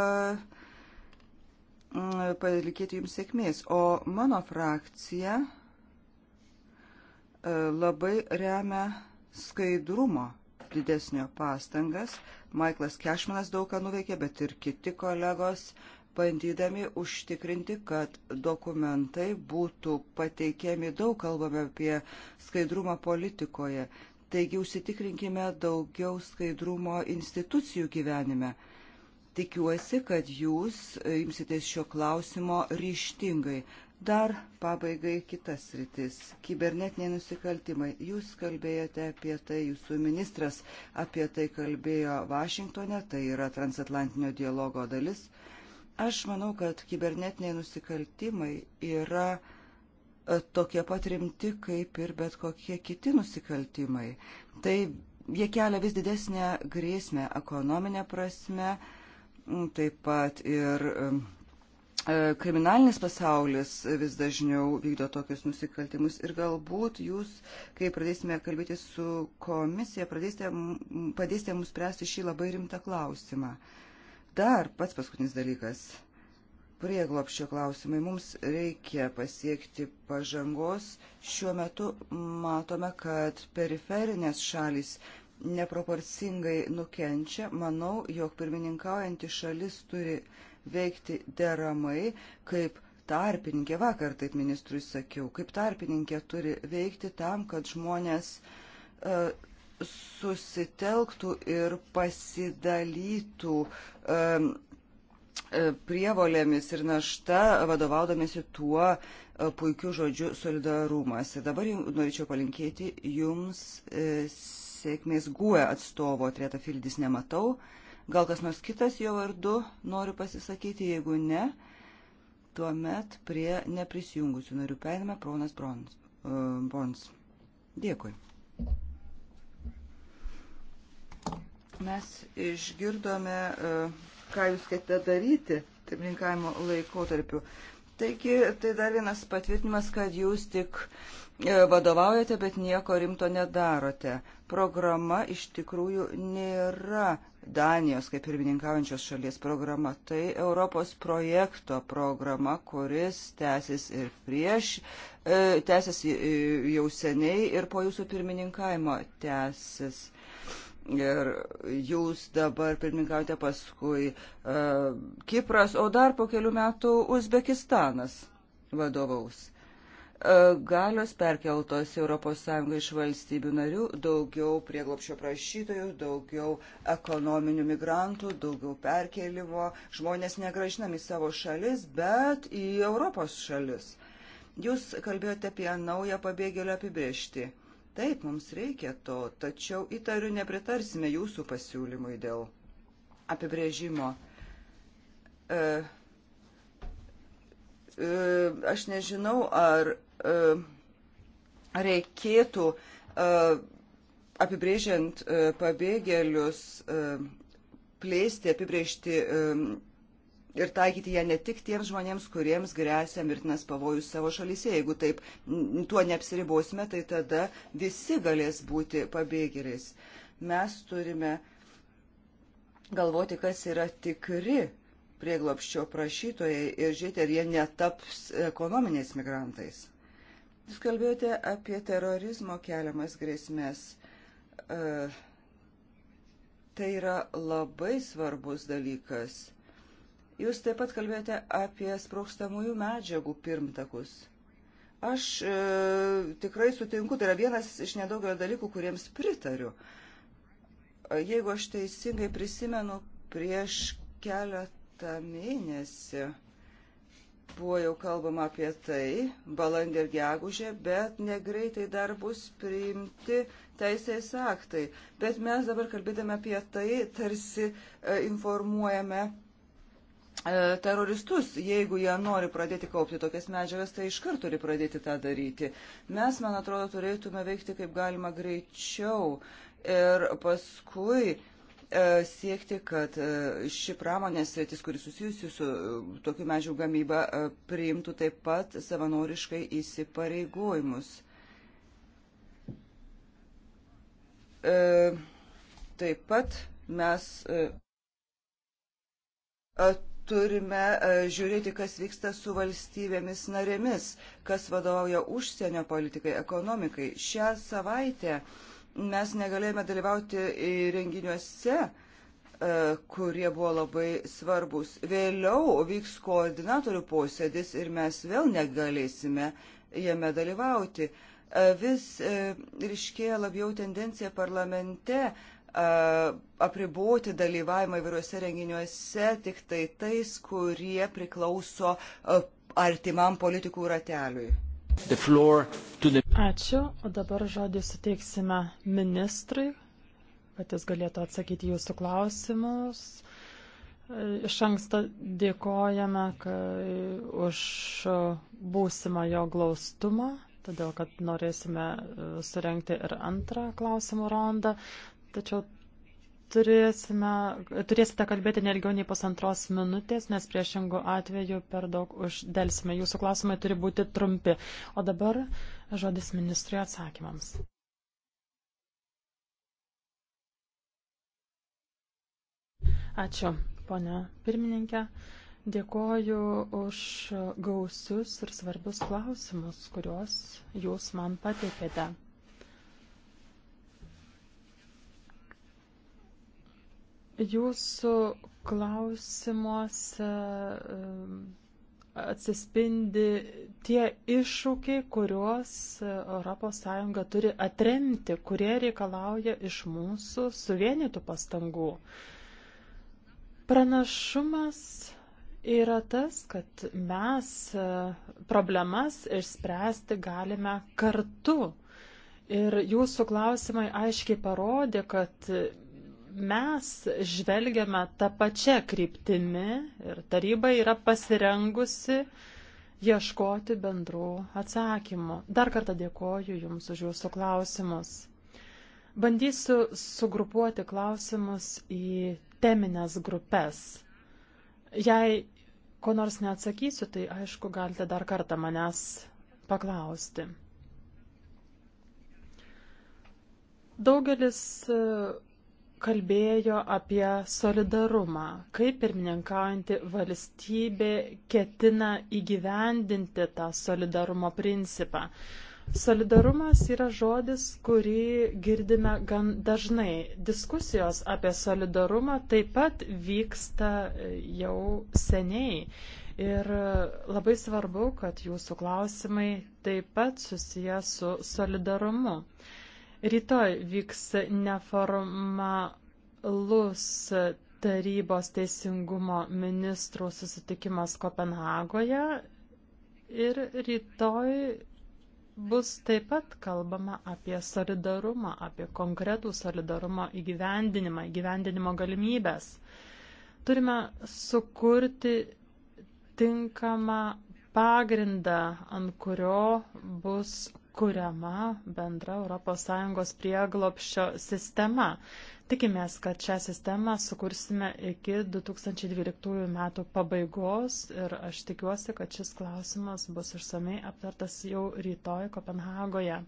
palikėti jums sėkmės. O mano frakcija labai remia skaidrumo didesnio pastangas. Maiklas Kešmanas daug ką nuveikė, bet ir kiti kolegos. Uh, bandydami užtikrinti, kad dokumentai būtų pateikiami daug, kalbame apie skaidrumą politikoje. Taigi užsitikrinkime daugiau skaidrumo institucijų gyvenime. Tikiuosi, kad jūs imsitės šio klausimo ryštingai. Dar pabaigai kitas rytis - kibernetiniai nusikaltimai. Jūs kalbėjote apie tai, jūsų ministras apie tai kalbėjo Vašingtone, tai yra transatlantinio dialogo dalis. Uh, Aš manau, kad kibernetiniai nusikaltimai yra e, tokie pat rimti kaip ir bet kokie kiti nusikaltimai. Tai jie kelia vis didesnę grėsmę ekonominę prasme, taip pat ir e, kriminalinis pasaulis vis dažniau vykdo tokius nusikaltimus ir galbūt jūs, kai pradėsime kalbėti su komisija, pradėsite, padėsite mums spręsti šį labai rimtą klausimą. Uh, Dar pats paskutinis dalykas. Prieglopščio klausimai. Mums reikia pasiekti pažangos. Šiuo metu matome, kad periferinės šalis neproporcingai nukenčia. Manau, jog pirmininkaujanti šalis turi veikti deramai, kaip tarpininkė, vakar taip ministrui sakiau, kaip tarpininkė turi veikti tam, kad žmonės uh, susitelktų ir pasidalytų um, prievolėmis ir našta, vadovaudomėsi tuo e, puikiu žodžiu solidarumas. Ir dabar jau norėčiau palinkėti jums e, sėkmės guė atstovo, Trieta Fildis nematau. Gal kas nors kitas jo vardu noriu pasisakyti, jeigu ne, tuomet prie neprisijungusių narių perėmė Pronas Brons. Brons. Dėkui. Mes išgirdome, e, ką jūs ketinate daryti tarpininkavimo laikotarpiu. Taigi, tai dar vienas patvirtinimas, kad jūs tik e, vadovaujate, bet nieko rimto nedarote. Programa iš tikrųjų nėra Danijos kaip pirmininkaujančios šalies programa. Tai Europos projekto programa, kuris tęsis ir prieš, e, tęsis jau seniai ir po jūsų pirmininkavimo tęsis. Ir jūs dabar pirmininkaujate paskui uh, Kipras, o dar po kelių metų Uzbekistanas vadovaus. Uh, galios perkeltos ES iš valstybių narių, daugiau prieglopšio prašytojų, daugiau ekonominių migrantų, daugiau perkelimo, žmonės negražinami savo šalis, bet į Europos šalis. Jūs kalbėjote apie naują pabėgėlio apibriežtį. Uh, Taip, mums reikia to, tačiau įtariu nepritarsime jūsų pasiūlymui dėl apibrėžimo. E, e, aš nežinau, ar e, reikėtų e, apibrėžiant e, pabėgėlius. E, plėsti, apibrėžti e, ir taikyti ją ne tik tiems žmonėms, kuriems grėsia mirtinas pavojus savo šalyse. Jeigu taip tuo neapsiribosime, tai tada visi galės būti pabėgėliais. Mes turime galvoti, kas yra tikri prieglopščio prašytojai ir žiūrėti, ar jie netaps ekonominiais migrantais. Jūs kalbėjote apie terorizmo keliamas grėsmės. E, tai yra labai svarbus dalykas. Jūs taip pat kalbėjote apie sprokstamųjų medžiagų pirmtakus. Aš e, tikrai sutinku, tai yra vienas iš nedaugelio dalykų, kuriems pritariu. E, jeigu aš teisingai prisimenu, prieš keletą mėnesį buvo jau kalbama apie tai, balandį ir gegužę, bet negreitai dar bus priimti teisės aktai. Bet mes dabar kalbėdami apie tai, tarsi e, informuojame E, teroristus, jeigu jie nori pradėti kaupti tokias medžiagas, tai iškart turi pradėti tą daryti. Mes, man atrodo, turėtume veikti kaip galima greičiau ir paskui e, siekti, kad e, ši pramonės sritis, kuri susijusi su e, tokių medžių gamyba, e, priimtų taip pat savanoriškai įsipareigojimus. E, taip pat mes turime e, žiūrėti, kas vyksta su valstybėmis narėmis, kas vadovauja užsienio politikai, ekonomikai. Šią savaitę mes negalėjome dalyvauti renginiuose, e, kurie buvo labai svarbus. Vėliau vyks koordinatorių posėdis ir mes vėl negalėsime jame dalyvauti. E, vis ryškėja labiau tendencija parlamente apriboti dalyvavimą įvairiuose renginiuose tik tai tais, kurie priklauso artimam politikų rateliui. The... Ačiū, o dabar žodį suteiksime ministrui, kad jis galėtų atsakyti jūsų klausimus. E, iš anksto dėkojame kai, už būsimą jo glaustumą, todėl kad norėsime e, surenkti ir antrą klausimų rondą. Tačiau turėsime, turėsite kalbėti nelgiau nei pusantros minutės, nes priešingų atveju per daug uždelsime. Jūsų klausimai turi būti trumpi. O dabar žodis ministrui atsakymams. Ačiū, ponia pirmininkė. Dėkoju už gausius ir svarbius klausimus, kuriuos jūs man pateikėte. Jūsų klausimuose ehm, atsispindi tie iššūkiai, kuriuos ES turi atremti, kurie reikalauja iš mūsų suvienytų pastangų. Pranašumas yra tas, kad mes e, problemas išspręsti galime kartu. Ir jūsų klausimai aiškiai parodė, kad mes žvelgiame tą pačią kryptimį ir taryba yra pasirengusi ieškoti bendrų atsakymų. Dar kartą dėkoju Jums už Jūsų klausimus. Bandysiu sugrupuoti klausimus į teminės grupės. Jei ko nors neatsakysiu, tai aišku, galite dar kartą manęs paklausti. Daugelis kalbėjo apie solidarumą, kaip pirmininkaujanti valstybė ketina įgyvendinti tą solidarumo principą. Solidarumas yra žodis, kurį girdime gan dažnai. Diskusijos apie solidarumą taip pat vyksta jau seniai. Ir labai svarbu, kad jūsų klausimai taip pat susiję su solidarumu. Rytoj vyks neformalus tarybos teisingumo ministrų susitikimas Kopenhagoje ir rytoj bus taip pat kalbama apie solidarumą, apie konkretų solidarumo įgyvendinimą, įgyvendinimo galimybės. Turime sukurti tinkamą pagrindą, ant kurio bus kuriama bendra ES prieglopščio sistema. Tikimės, kad šią sistemą sukursime iki 2012 metų pabaigos ir aš tikiuosi, kad šis klausimas bus išsamei aptartas jau rytoj Kopenhagoje.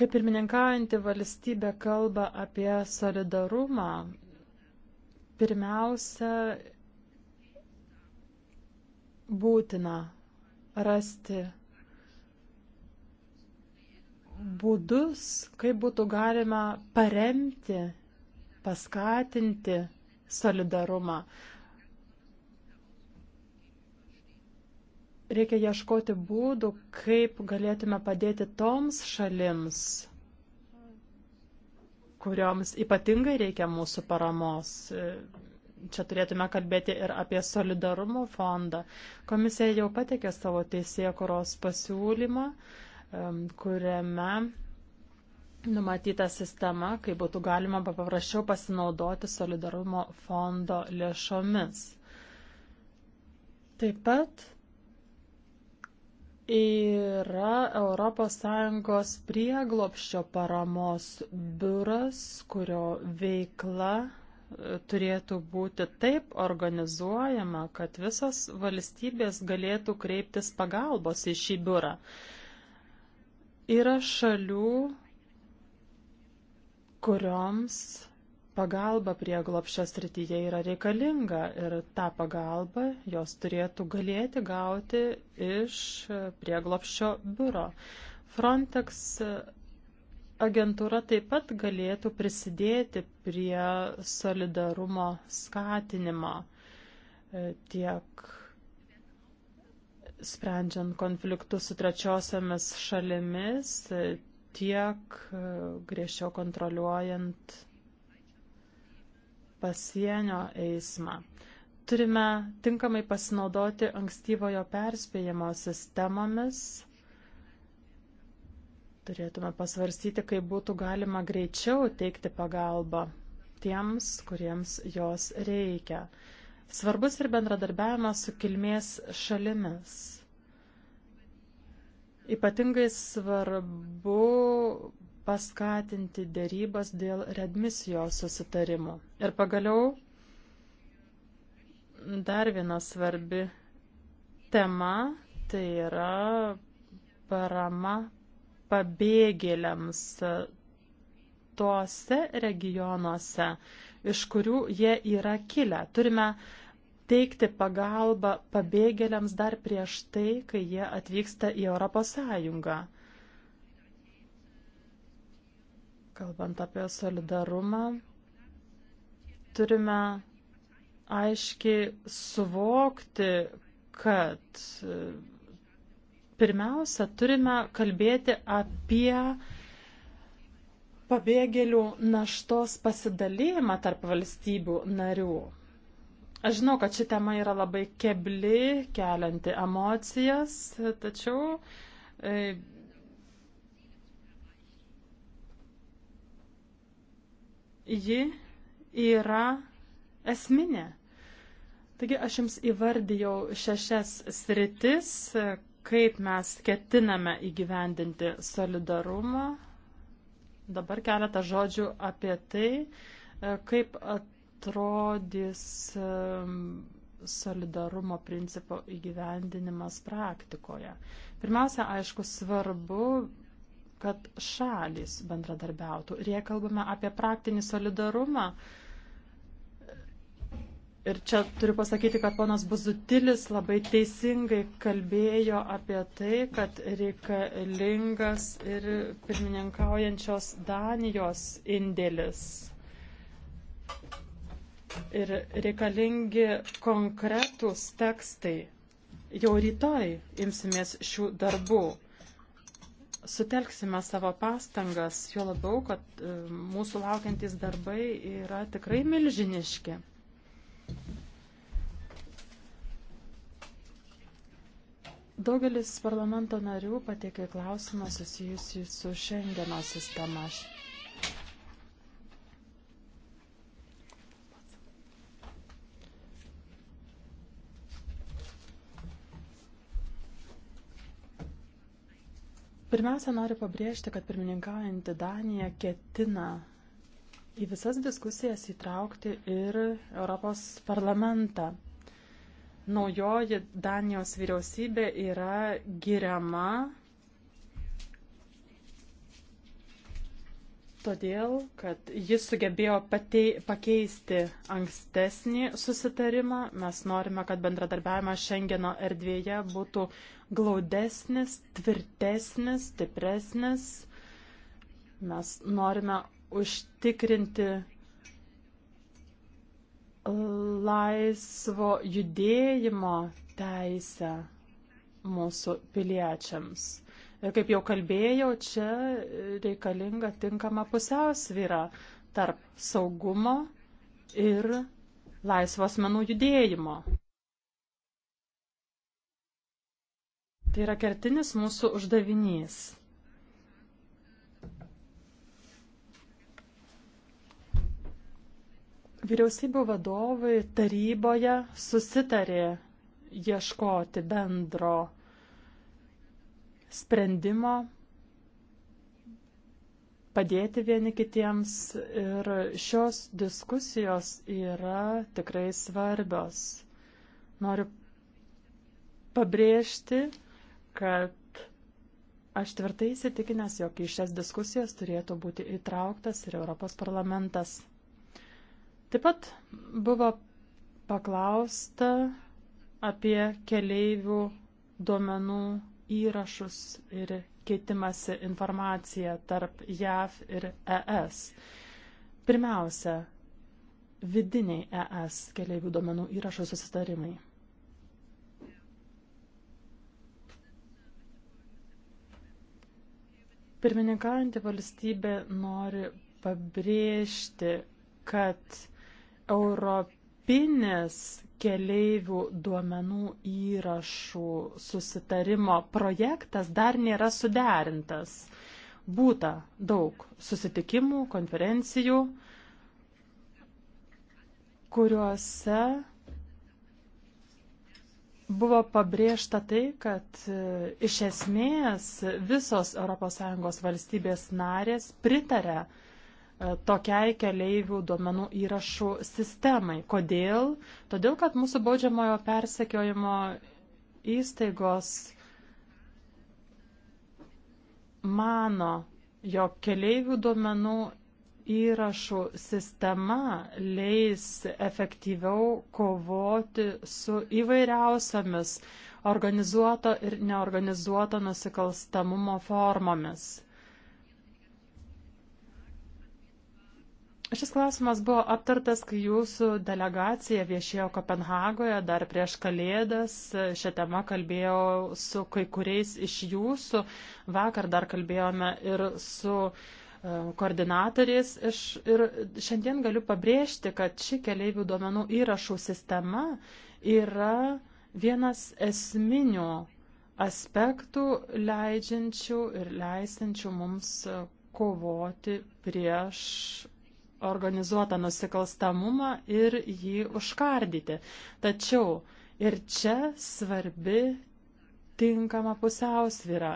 Kaip pirmininkaujanti valstybė kalba apie solidarumą, pirmiausia būtina rasti būdus, kaip būtų galima paremti, paskatinti solidarumą. Reikia ieškoti būdų, kaip galėtume padėti toms šalims, kurioms ypatingai reikia mūsų paramos čia turėtume kalbėti ir apie solidarumo fondą. Komisija jau patekė savo teisėkuros pasiūlymą, kuriame numatyta sistema, kaip būtų galima paprasčiau pasinaudoti solidarumo fondo lėšomis. Taip pat yra ES prieglopščio paramos biuras, kurio veikla turėtų būti taip organizuojama, kad visas valstybės galėtų kreiptis pagalbos į šį biurą. Yra šalių, kurioms pagalba prie glopščio srityje yra reikalinga ir tą pagalbą jos turėtų galėti gauti iš prieglopščio biuro. Frontex agentūra taip pat galėtų prisidėti prie solidarumo skatinimo e, tiek sprendžiant konfliktus su trečiosiamis šalimis, e, tiek e, griežčiau kontroliuojant pasienio eismą. Turime tinkamai pasinaudoti ankstyvojo perspėjimo sistemomis Turėtume pasvarstyti, kaip būtų galima greičiau teikti pagalbą tiems, kuriems jos reikia. Svarbus ir bendradarbiavimas su kilmės šalimis. Ypatingai svarbu paskatinti dėrybas dėl redmisijos susitarimų. Ir pagaliau dar viena svarbi tema, tai yra parama pabėgėliams tose regionuose, iš kurių jie yra kilę. Turime teikti pagalbą pabėgėliams dar prieš tai, kai jie atvyksta į Europos Sąjungą. Kalbant apie solidarumą, turime aiškiai suvokti, kad pirmiausia, turime kalbėti apie pabėgėlių naštos pasidalėjimą tarp valstybių narių. Aš žinau, kad ši tema yra labai kebli, kelianti emocijas, tačiau e, ji yra esminė. Taigi aš jums įvardijau šešias sritis, kaip mes ketiname įgyvendinti solidarumą. Dabar keletą žodžių apie tai, e, kaip atrodys e, solidarumo principo įgyvendinimas praktikoje. Pirmiausia, aišku, svarbu, kad šalis bendradarbiautų. Ir jei kalbame apie praktinį solidarumą, uh, Ir čia turiu pasakyti, kad ponas Buzutilis labai teisingai kalbėjo apie tai, kad reikalingas ir pirmininkaujančios Danijos indėlis. Ir reikalingi konkretūs tekstai. Jau rytoj imsimės šių darbų. Sutelksime savo pastangas, jo labiau, kad e, mūsų laukiantys darbai yra tikrai milžiniški. Daugelis parlamento narių pateikė klausimą susijusį su Šengeno sistema. Pirmiausia, noriu pabrėžti, kad pirmininkaujantį Daniją ketina į visas diskusijas įtraukti ir Europos parlamentą. Naujoji Danijos vyriausybė yra giriama todėl, kad jis sugebėjo patei, pakeisti ankstesnį susitarimą. Mes norime, kad bendradarbiavimas Šengeno erdvėje būtų glaudesnis, tvirtesnis, stipresnis. Mes norime užtikrinti laisvo judėjimo teisę mūsų piliečiams. Ir kaip jau kalbėjau, čia reikalinga tinkama pusiausvyra tarp saugumo ir laisvo asmenų judėjimo. Tai yra kertinis mūsų uždavinys. Vyriausybių vadovai taryboje susitarė ieškoti bendro sprendimo, padėti vieni kitiems ir šios diskusijos yra tikrai svarbios. Noriu pabrėžti, kad Aš tvirtai įsitikinęs, jog į šias diskusijas turėtų būti įtrauktas ir Europos parlamentas. Taip pat buvo paklausta apie keleivių duomenų įrašus ir keitimasi informacija tarp JAV ir ES. Pirmiausia, vidiniai ES keliaivių duomenų įrašo susitarimai. Pirmininkaujantį valstybę nori pabrėžti, kad Europinis keleivių duomenų įrašų susitarimo projektas dar nėra suderintas. Būta daug susitikimų, konferencijų, kuriuose buvo pabrėžta tai, kad e, iš esmės visos ES valstybės narės pritarė E, tokiai keleivių duomenų įrašų sistemai. Kodėl? Todėl, kad mūsų baudžiamojo persekiojimo įstaigos mano, jog keleivių duomenų įrašų sistema leis efektyviau kovoti su įvairiausiamis organizuoto ir neorganizuoto nusikalstamumo formomis. Šis klausimas buvo aptartas, kai jūsų delegacija viešėjo Kopenhagoje dar prieš kalėdas. Šią temą kalbėjau su kai kuriais iš jūsų. Vakar dar kalbėjome ir su e, koordinatoriais iš, ir šiandien galiu pabrėžti, kad ši keliaivių duomenų įrašų sistema yra vienas esminių aspektų leidžiančių ir leisančių mums kovoti prieš organizuotą nusikalstamumą ir jį užkardyti. Tačiau ir čia svarbi tinkama pusiausvyra.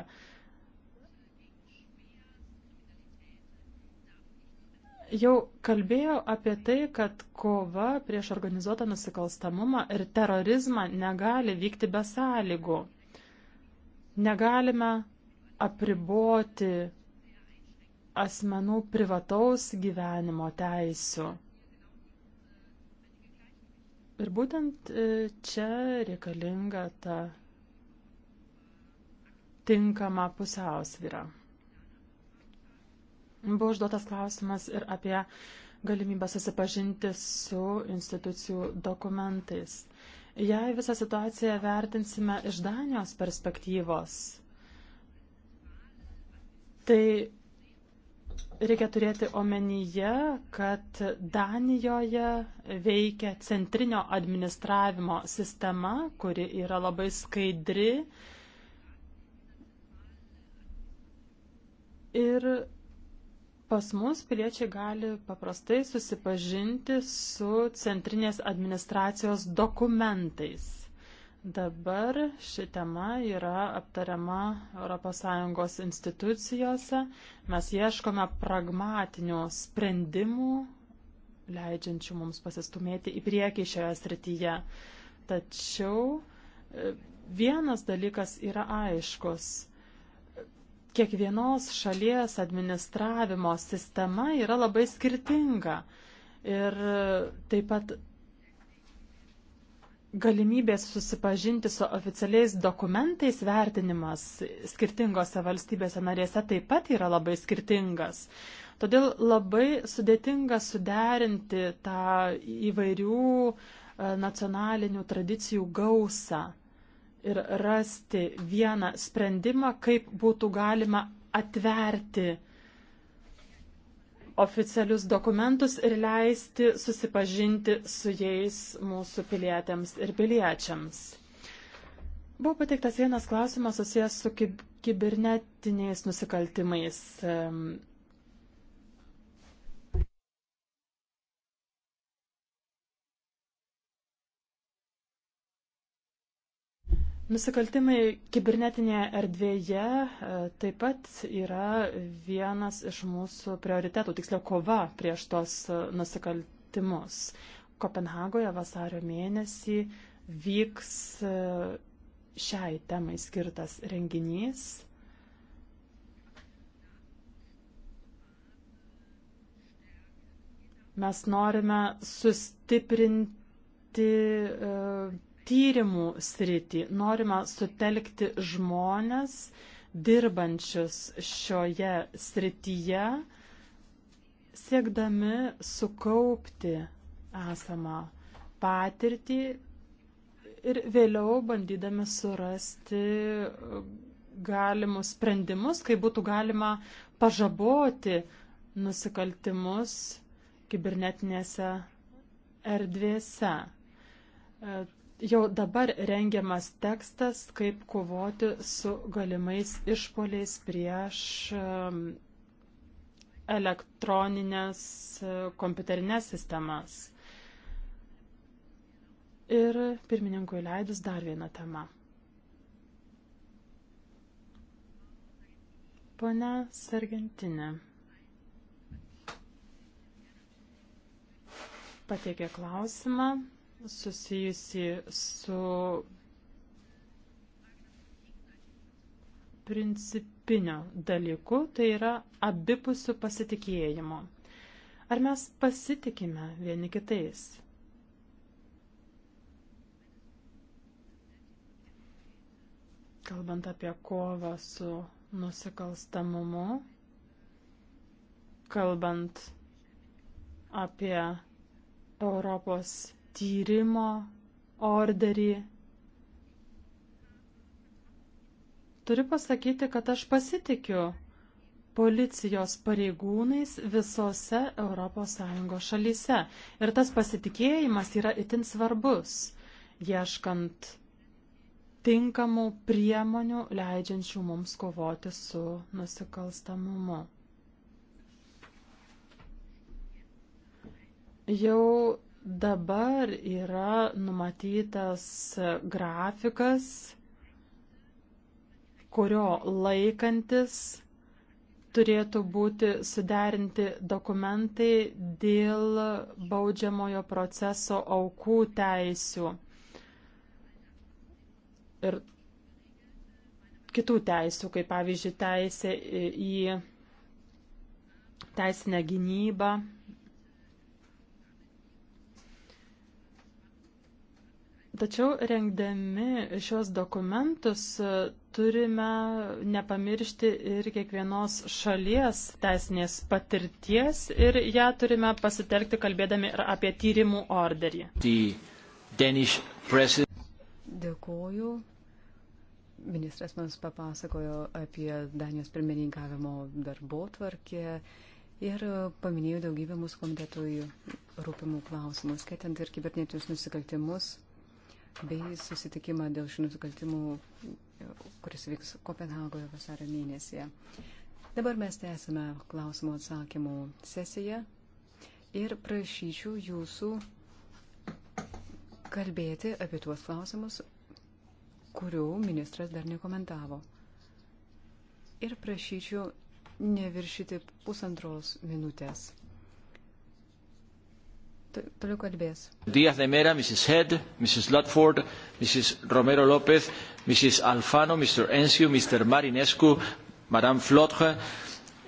Jau kalbėjau apie tai, kad kova prieš organizuotą nusikalstamumą ir terorizmą negali vykti be sąlygų. Negalime apriboti asmenų privataus gyvenimo teisių. Ir būtent e, čia reikalinga ta tinkama pusiausvyra. Buvo užduotas klausimas ir apie galimybę susipažinti su institucijų dokumentais. Jei visą situaciją vertinsime iš Danijos perspektyvos, tai Reikia turėti omenyje, kad Danijoje veikia centrinio administravimo sistema, kuri yra labai skaidri. Ir pas mus piliečiai gali paprastai susipažinti su centrinės administracijos dokumentais. Dabar ši tema yra aptariama ES institucijose. Mes ieškome pragmatinių sprendimų, leidžiančių mums pasistumėti į priekį šioje srityje. Tačiau e, vienas dalykas yra aiškus kiekvienos šalies administravimo sistema yra labai skirtinga. Ir e, taip pat galimybės susipažinti su oficialiais dokumentais vertinimas skirtingose valstybėse narėse taip pat yra labai skirtingas. Todėl labai sudėtinga suderinti tą įvairių e, nacionalinių tradicijų gausą ir rasti vieną sprendimą, kaip būtų galima atverti oficialius dokumentus ir leisti susipažinti su jais mūsų pilietėms ir piliečiams. Buvo pateiktas vienas klausimas susijęs su kibernetiniais nusikaltimais. Nusikaltimai kibernetinėje erdvėje e, taip pat yra vienas iš mūsų prioritetų, tiksliau kova prieš tos e, nusikaltimus. Kopenhagoje vasario mėnesį vyks e, šiai temai skirtas renginys. Mes norime sustiprinti tyrimų sritį. Norima sutelkti žmonės, dirbančius šioje srityje, siekdami sukaupti esamą patirtį ir vėliau bandydami surasti galimus sprendimus, kaip būtų galima pažaboti nusikaltimus kibernetinėse erdvėse jau dabar rengiamas tekstas, kaip kovoti su galimais išpoliais prieš um, elektroninės uh, kompiuterinės sistemas. Ir pirmininkui leidus dar vieną temą. Pone Sargentinė pateikė klausimą susijusi su principiniu dalyku, tai yra abipusių pasitikėjimo. Ar mes pasitikime vieni kitais? Kalbant apie kovą su nusikalstamumu, kalbant apie Europos tyrimo orderį. Turiu pasakyti, kad aš pasitikiu policijos pareigūnais visose ES šalyse. Ir tas pasitikėjimas yra itin svarbus, ieškant tinkamų priemonių leidžiančių mums kovoti su nusikalstamumu. Jau Dabar yra numatytas grafikas, kurio laikantis turėtų būti suderinti dokumentai dėl baudžiamojo proceso aukų teisių ir kitų teisių, kaip pavyzdžiui teisė į teisinę gynybą. Tačiau rengdami šios dokumentus e, turime nepamiršti ir kiekvienos šalies teisinės patirties ir ją turime pasitelkti kalbėdami ir apie tyrimų orderį. Dėkuoju. Ministras mums papasakojo apie Danijos pirmininkavimo darbo tvarkę ir paminėjo daugybę mūsų komitetui rūpimų klausimų, skaitant ir kibernetinius nusikaltimus, bei susitikimą dėl šių nusikaltimų, kuris vyks Kopenhagoje vasario mėnesį. Dabar mes tęsime klausimų atsakymų sesiją ir prašyčiau jūsų kalbėti apie tuos klausimus, kurių ministras dar nekomentavo. Ir prašyčiau neviršyti pusantros minutės toliau kalbės. Díaz de Mera, Mrs. Head, Mrs. Ludford, Mrs. Romero Lopez, Mrs. Alfano, Mr. Enzio, Mr. Marinescu, Madame Flotre,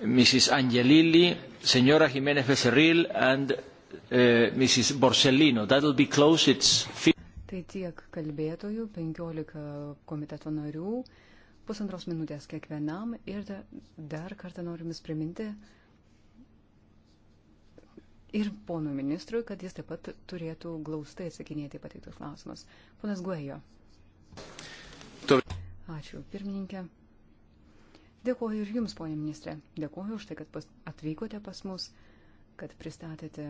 Mrs. Angelilli, Senora Jiménez Becerril and uh, eh, Mrs. Borsellino. That'll be close. It's... Tai tiek kalbėtojų, 15 komiteto narių, pusantros minutės kiekvienam ir dar kartą norim jums priminti, ir ponų ministrui, kad jis taip pat turėtų glaustai atsakinėti pateiktus klausimus. Ponas Guejo. Ačiū, pirmininkė. Dėkuoju ir Jums, ponė ministrė. Dėkuoju už tai, kad pas, atvykote pas mus, kad pristatėte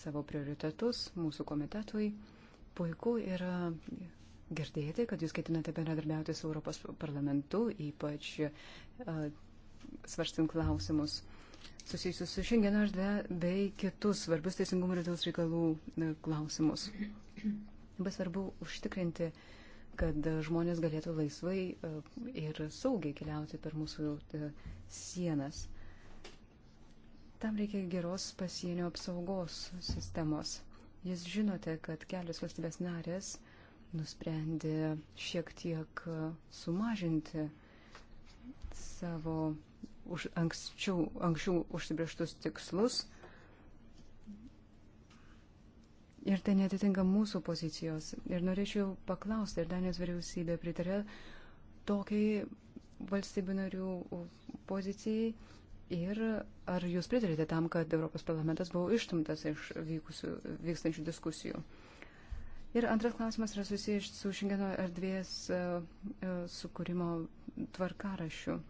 savo prioritetus mūsų komitetui. Puiku yra girdėti, kad Jūs ketinate bendradarbiauti su Europos parlamentu, ypač uh, svarstant klausimus susijusius su šiandien aš dve bei kitus svarbius teisingumo ir vidaus reikalų e, klausimus. Labai svarbu užtikrinti, kad žmonės galėtų laisvai e, ir saugiai keliauti per mūsų e, sienas. Tam reikia geros pasienio apsaugos sistemos. Jūs žinote, kad kelios valstybės narės nusprendė šiek tiek sumažinti savo už anksčiau, anksčiau užsibrieštus tikslus. Ir tai netitinka mūsų pozicijos. Ir norėčiau paklausti, ar Danijos vyriausybė pritarė tokiai valstybių narių pozicijai ir ar jūs pritarėte tam, kad Europos parlamentas buvo ištumtas iš vykusių, vykstančių diskusijų. Ir antras klausimas yra susijęs su Šengeno erdvės e, e, sukūrimo tvarkarašiu.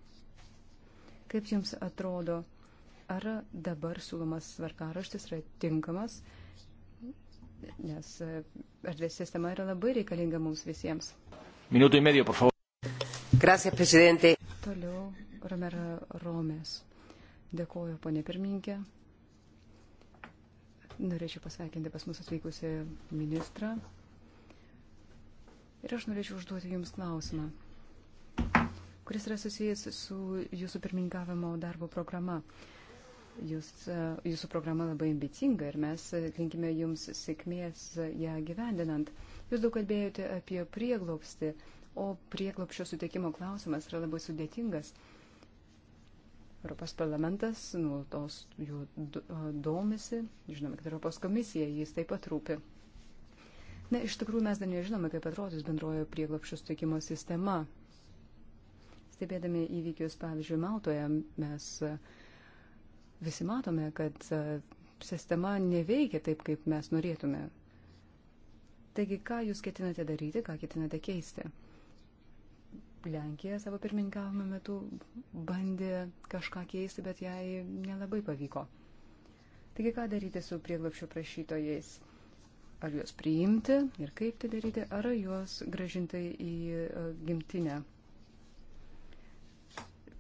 Kaip Jums atrodo, ar dabar siūlomas tvarkaraštis yra tinkamas, nes e, erdvės sistema yra labai reikalinga mums visiems. Minutų į mediją, por favor. Gracias, prezidentė. Toliau Romera Romės. Dėkuoju, ponė pirmininkė. Norėčiau pasveikinti pas mus atvykusią ministrą. Ir aš norėčiau užduoti Jums klausimą kuris yra susijęs su jūsų pirmininkavimo darbo programa. Jūs, e, jūsų programa labai ambicinga ir mes e, linkime jums sėkmės e, ją gyvendinant. Jūs daug kalbėjote apie prieglopstį, o prieglopščio suteikimo klausimas yra labai sudėtingas. Europos parlamentas nuolatos jų domisi, žinome, kad Europos komisija jis taip pat rūpi. Na, iš tikrųjų mes dar nežinome, kaip atrodys bendrojo prieglopščio suteikimo sistema stebėdami įvykius, pavyzdžiui, Maltoje, mes e, visi matome, kad e, sistema neveikia taip, kaip mes norėtume. Taigi, ką jūs ketinate daryti, ką ketinate keisti? Lenkija savo pirmininkavimo metu bandė kažką keisti, bet jai nelabai pavyko. Taigi, ką daryti su prieglapšio prašytojais? Ar juos priimti ir kaip tai daryti, ar juos gražinti į e, gimtinę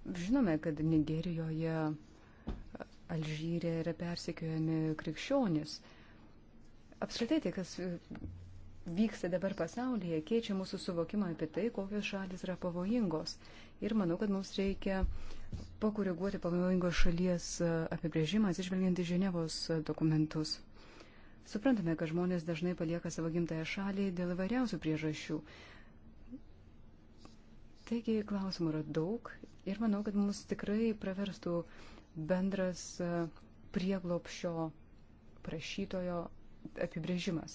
Žinome, kad Nigerijoje, Alžyrė yra persikiojami krikščionis. Apskritai tai, kas vyksta dabar pasaulyje, keičia mūsų suvokimą apie tai, kokios šalis yra pavojingos. Ir manau, kad mums reikia pakoreguoti pavojingos šalies apibrėžimą, atsižvelgiant į Ženevos dokumentus. Suprantame, kad žmonės dažnai palieka savo gimtąją šalį dėl įvairiausių priežasčių. Taigi klausimų yra daug Ir manau, kad mums tikrai praverstų bendras e, prieglopšio prašytojo apibrėžimas.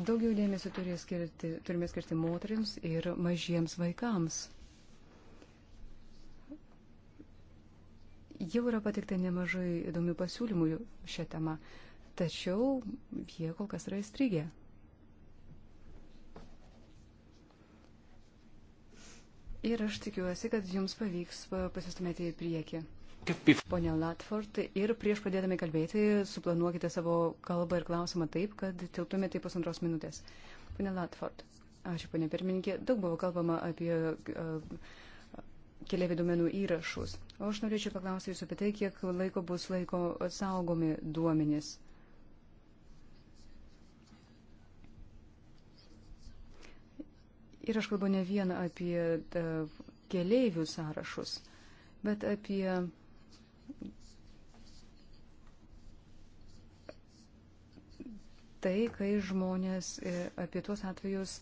Daugiau dėmesio skirti, turime skirti moteriams ir mažiems vaikams. Jau yra patikta nemažai įdomių pasiūlymų šią temą, tačiau jie kol kas yra įstrigę. Ir aš tikiuosi, kad jums pavyks e, pasistumėti į priekį. Pone Latford, ir prieš pradėdami kalbėti, suplanuokite savo kalbą ir klausimą taip, kad tiltumėte į pusantros minutės. Pone Latford, ačiū, pone pirmininkė, daug buvo kalbama apie uh, keliaivių duomenų įrašus. O aš norėčiau paklausti jūsų apie tai, kiek laiko bus laiko saugomi duomenys. Uh, Ir aš kalbu ne vieną apie e, keleivių sąrašus, bet apie tai, kai žmonės e, apie tuos atvejus,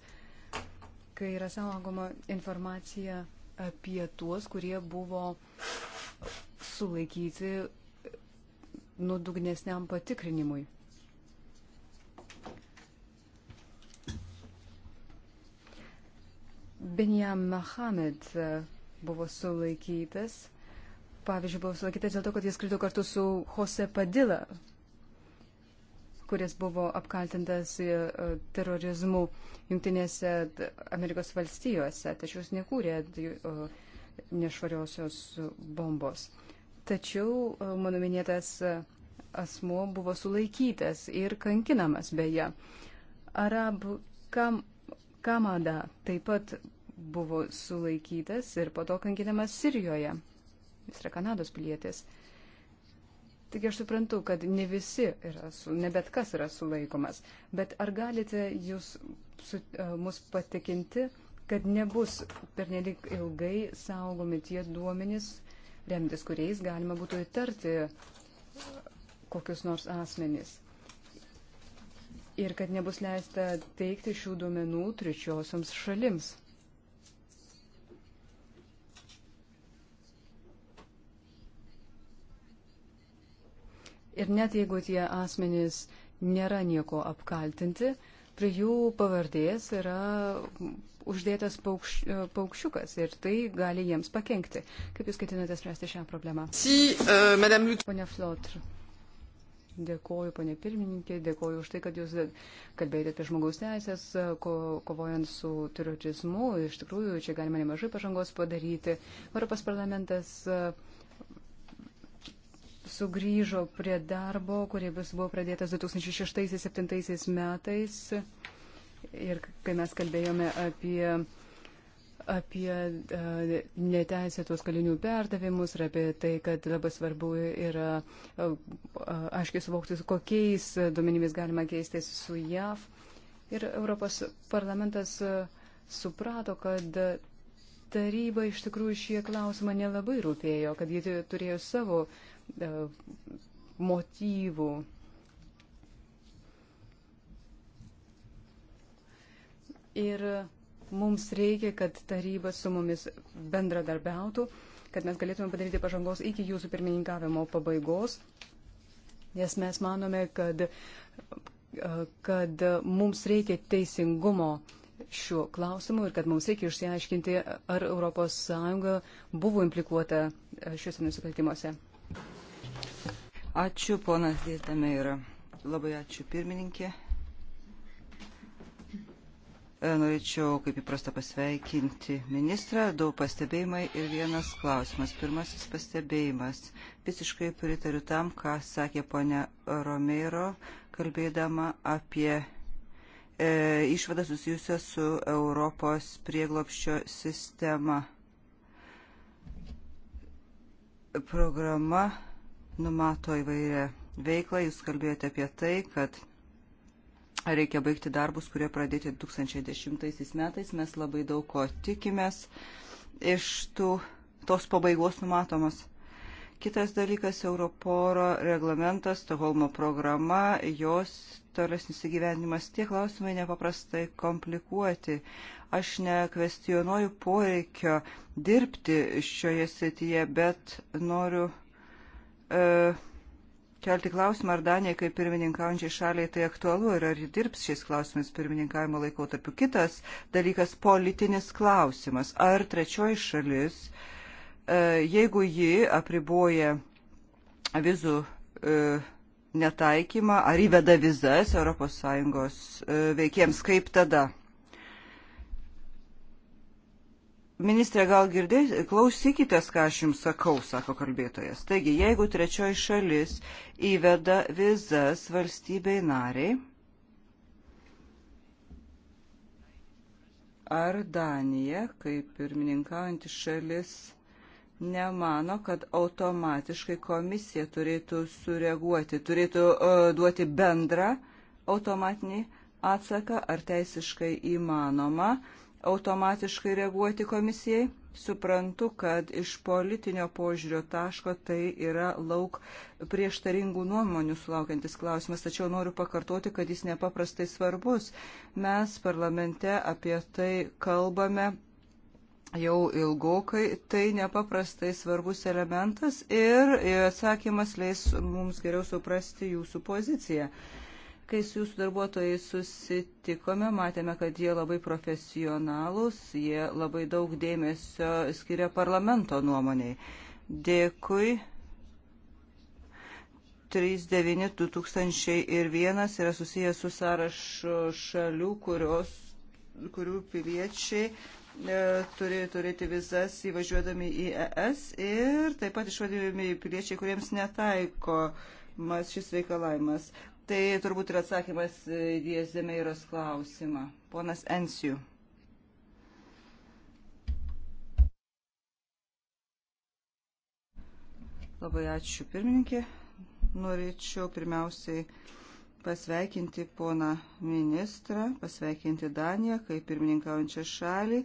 kai yra saugoma informacija apie tuos, kurie buvo sulaikyti nuodugnesniam patikrinimui. Benjam Mohamed e, buvo sulaikytas. Pavyzdžiui, buvo sulaikytas dėl to, kad jis skrido kartu su Jose Padilla, kuris buvo apkaltintas e, terorizmu Junktinėse Amerikos valstijose, tačiau jis nekūrė e, nešvariosios bombos. Tačiau mano minėtas asmuo buvo sulaikytas ir kankinamas beje. Arab, kam Kamada taip pat buvo sulaikytas ir po to kankinamas Sirijoje. Jis yra Kanados pilietis. Taigi aš suprantu, kad ne visi yra, su, ne bet kas yra sulaikomas, bet ar galite jūs su, e, mus patikinti, kad nebus pernelik ilgai saugomi tie duomenys, remtis kuriais galima būtų įtarti e, kokius nors asmenys? ir kad nebus leista teikti šių duomenų trečiosioms šalims. Ir net jeigu tie asmenys nėra nieko apkaltinti, prie jų pavardės yra uždėtas paukš, paukščiukas ir tai gali jiems pakengti. Kaip Jūs ketinate spręsti šią problemą? Si, uh, Pone Flotr. Dėkoju, panė pirmininkė, dėkoju už tai, kad jūs kalbėjote apie žmogaus teisės, ko, kovojant su terorizmu. Iš tikrųjų, čia galima nemažai pažangos padaryti. Europos parlamentas e, sugrįžo prie darbo, kurie vis buvo pradėtas 2006-2007 metais. Ir kai mes kalbėjome apie apie e, neteisėtos kalinių perdavimus ir apie tai, kad labai svarbu yra e, aiškiai suvokti, kokiais duomenimis galima keistis su JAV. Ir Europos parlamentas e, suprato, kad taryba iš tikrųjų šie klausimą nelabai rūpėjo, kad jie turėjo savo motyvų. Ir Mums reikia, kad taryba su mumis bendradarbiautų, kad mes galėtume padaryti pažangos iki jūsų pirmininkavimo pabaigos, nes mes manome, kad, kad mums reikia teisingumo šiuo klausimu ir kad mums reikia išsiaiškinti, ar ES buvo implikuota šiuose nusikaltimuose. Ačiū, ponas Dėtame yra. Labai ačiū, pirmininkė. E, norėčiau, kaip įprasta, pasveikinti ministrą. Daug pastebėjimai ir vienas klausimas. Pirmasis pastebėjimas. Visiškai pritariu tam, ką sakė ponia Romero, kalbėdama apie e, išvadą susijusią su Europos prieglopščio sistema. Programa numato įvairią veiklą. Jūs kalbėjote apie tai, kad reikia baigti darbus, kurie pradėti 2010 metais. Mes labai daug ko tikimės iš tų, tos pabaigos numatomos. Kitas dalykas - Europoro reglamentas, Stoholmo programa, jos tolesnis įgyvendimas. Tie klausimai nepaprastai komplikuoti. Aš nekvestionuoju poreikio dirbti šioje srityje, bet noriu. E, kelti klausimą, ar Danija kaip pirmininkaujančiai šaliai tai aktualu ir ar ji dirbs šiais klausimais pirmininkavimo laikotarpiu. Kitas dalykas - politinis klausimas. Ar trečioji šalis, e, jeigu ji apriboja vizų e, netaikymą ar įveda vizas ES e, veikiems, kaip tada? Ministrė, gal girdėjote, klausykitės, ką aš jums sakau, sako kalbėtojas. Taigi, jeigu trečioji šalis įveda vizas valstybei nariai ar Danija, kaip pirmininkaujantis šalis, nemano, kad automatiškai komisija turėtų sureaguoti, turėtų uh, duoti bendrą automatinį atsaką, ar teisiškai įmanoma uh, automatiškai reaguoti komisijai. Suprantu, kad iš politinio požiūrio taško tai yra lauk prieštaringų nuomonių sulaukiantis klausimas, tačiau noriu pakartoti, kad jis nepaprastai svarbus. Mes parlamente apie tai kalbame jau ilgokai, tai nepaprastai svarbus elementas ir atsakymas leis mums geriau suprasti jūsų poziciją. Kai su jūsų darbuotojais susitikome, matėme, kad jie labai profesionalūs, jie labai daug dėmesio skiria parlamento nuomoniai. Dėkui. 39-2001 yra susijęs su sąrašu šalių, kurios, kurių piliečiai e, turi turėti vizas įvažiuodami į ES ir taip pat išvadinami piliečiai, kuriems netaiko mas šis reikalavimas. Tai turbūt ir atsakymas Dies Demeiros klausimą. Ponas Ensijų. Labai ačiū pirmininkė. Norėčiau pirmiausiai pasveikinti poną ministrą, pasveikinti Daniją kaip pirmininkaujančią šalį.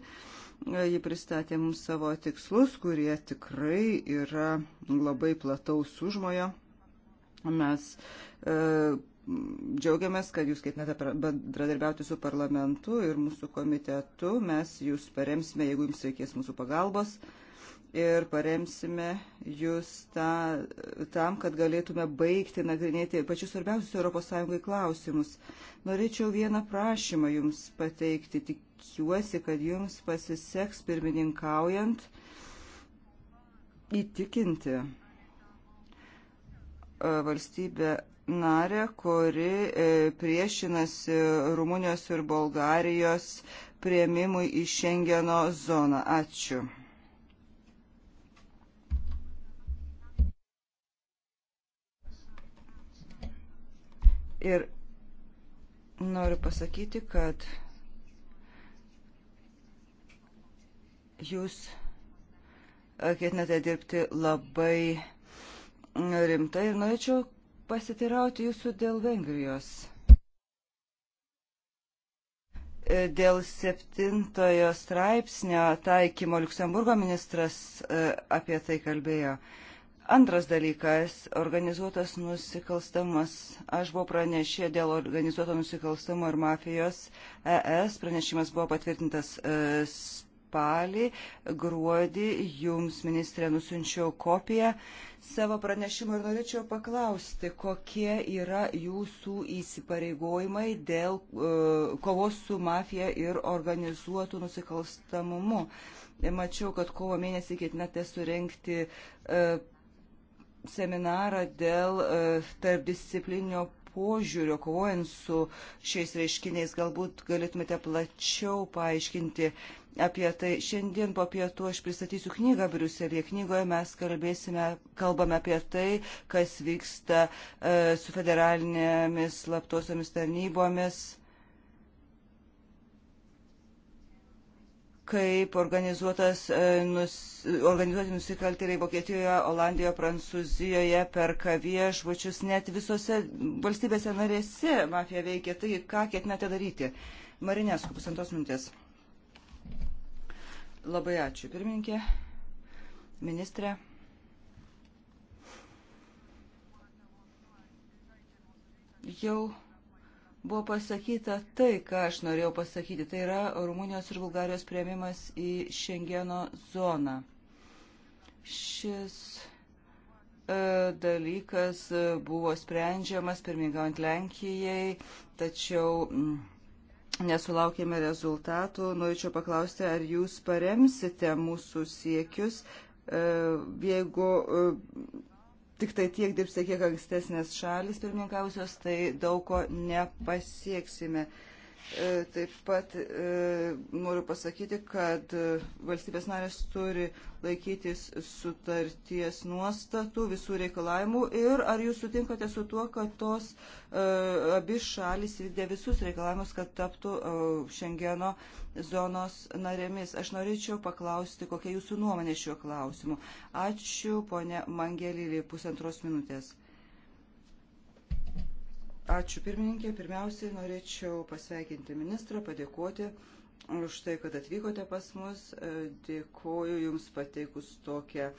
Ji pristatė mums savo tikslus, kurie tikrai yra labai plataus užmojo. Mes e, Džiaugiamės, kad jūs ketinate bendradarbiauti su parlamentu ir mūsų komitetu. Mes jūs paremsime, jeigu jums reikės mūsų pagalbos. Ir paremsime jūs ta, tam, kad galėtume baigti nagrinėti pačius svarbiausius ES klausimus. Norėčiau vieną prašymą jums pateikti. Tikiuosi, kad jums pasiseks pirmininkaujant įtikinti e, valstybę narę, kuri e, priešinasi Rumunijos ir Bulgarijos prieimimui į Šengeno zoną. Ačiū. Ir noriu pasakyti, kad jūs e, ketinate dirbti labai rimtai ir norėčiau pasitirauti jūsų dėl Vengrijos. E, dėl septintojo straipsnio taikymo Luksemburgo ministras e, apie tai kalbėjo. Antras dalykas - organizuotas nusikalstamas. Aš buvau pranešė dėl organizuoto nusikalstamo ir mafijos ES. Pranešimas buvo patvirtintas e, Nepalį. Gruodį jums, ministrė, nusinčiau kopiją savo pranešimo ir norėčiau paklausti, kokie yra jūsų įsipareigojimai dėl uh, kovos su mafija ir organizuotų nusikalstamumu. E, mačiau, kad kovo mėnesį ketinate surenkti uh, seminarą dėl uh, tarpdisciplinio požiūrio, kovojant su šiais reiškiniais, galbūt galėtumėte plačiau paaiškinti, uh, apie tai. Šiandien po pietų aš pristatysiu knygą Briuselėje. Knygoje mes kalbėsime, kalbame apie tai, kas vyksta e, su federalinėmis slaptosiomis tarnybomis, kaip organizuotas, e, nus, organizuoti nusikaltėliai Vokietijoje, Olandijoje, Prancūzijoje, perka viešbučius, net visose valstybėse narėse mafija veikia. Taigi, ką ketinate daryti? Marinesku, pusantos minutės. Labai ačiū, pirmininkė, ministrė. Jau buvo pasakyta tai, ką aš norėjau pasakyti. Tai yra Rumunijos ir Bulgarijos prieimimas į Šengeno zoną. Šis e, dalykas buvo sprendžiamas pirmininkaujant Lenkijai, tačiau mm, nesulaukėme rezultatų. Norėčiau paklausti, ar jūs paremsite mūsų siekius, e, jeigu e, tik tai tiek dirbsite, kiek ankstesnės šalis pirmininkausios, tai daug ko nepasieksime. E, taip pat e, noriu pasakyti, kad e, valstybės narės turi laikytis sutarties nuostatų, visų reikalavimų ir ar jūs sutinkate su tuo, kad tos abi šalis vykdė visus reikalavimus, kad taptų Šengeno zonos narėmis. Aš norėčiau paklausti, kokia jūsų nuomonė šiuo klausimu. Ačiū, ponė Mangelį, pusantros minutės. Ačiū pirmininkė. Pirmiausiai norėčiau pasveikinti ministrą, padėkoti už tai, kad atvykote pas mus. E, dėkoju Jums pateikus tokią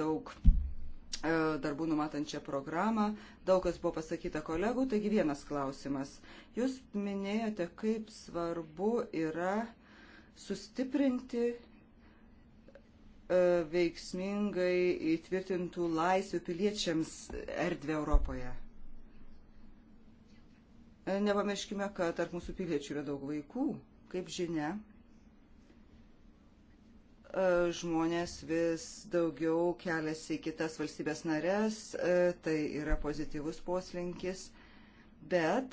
daug e, darbų numatančią programą. Daug kas buvo pasakyta kolegų, taigi vienas klausimas. Jūs minėjote, kaip svarbu yra sustiprinti e, veiksmingai įtvirtintų laisvių piliečiams erdvę Europoje. Nepamirškime, kad tarp mūsų piliečių yra daug vaikų. Kaip žinia, e, žmonės vis daugiau keliasi į kitas valstybės narės, e, tai yra pozityvus poslinkis, bet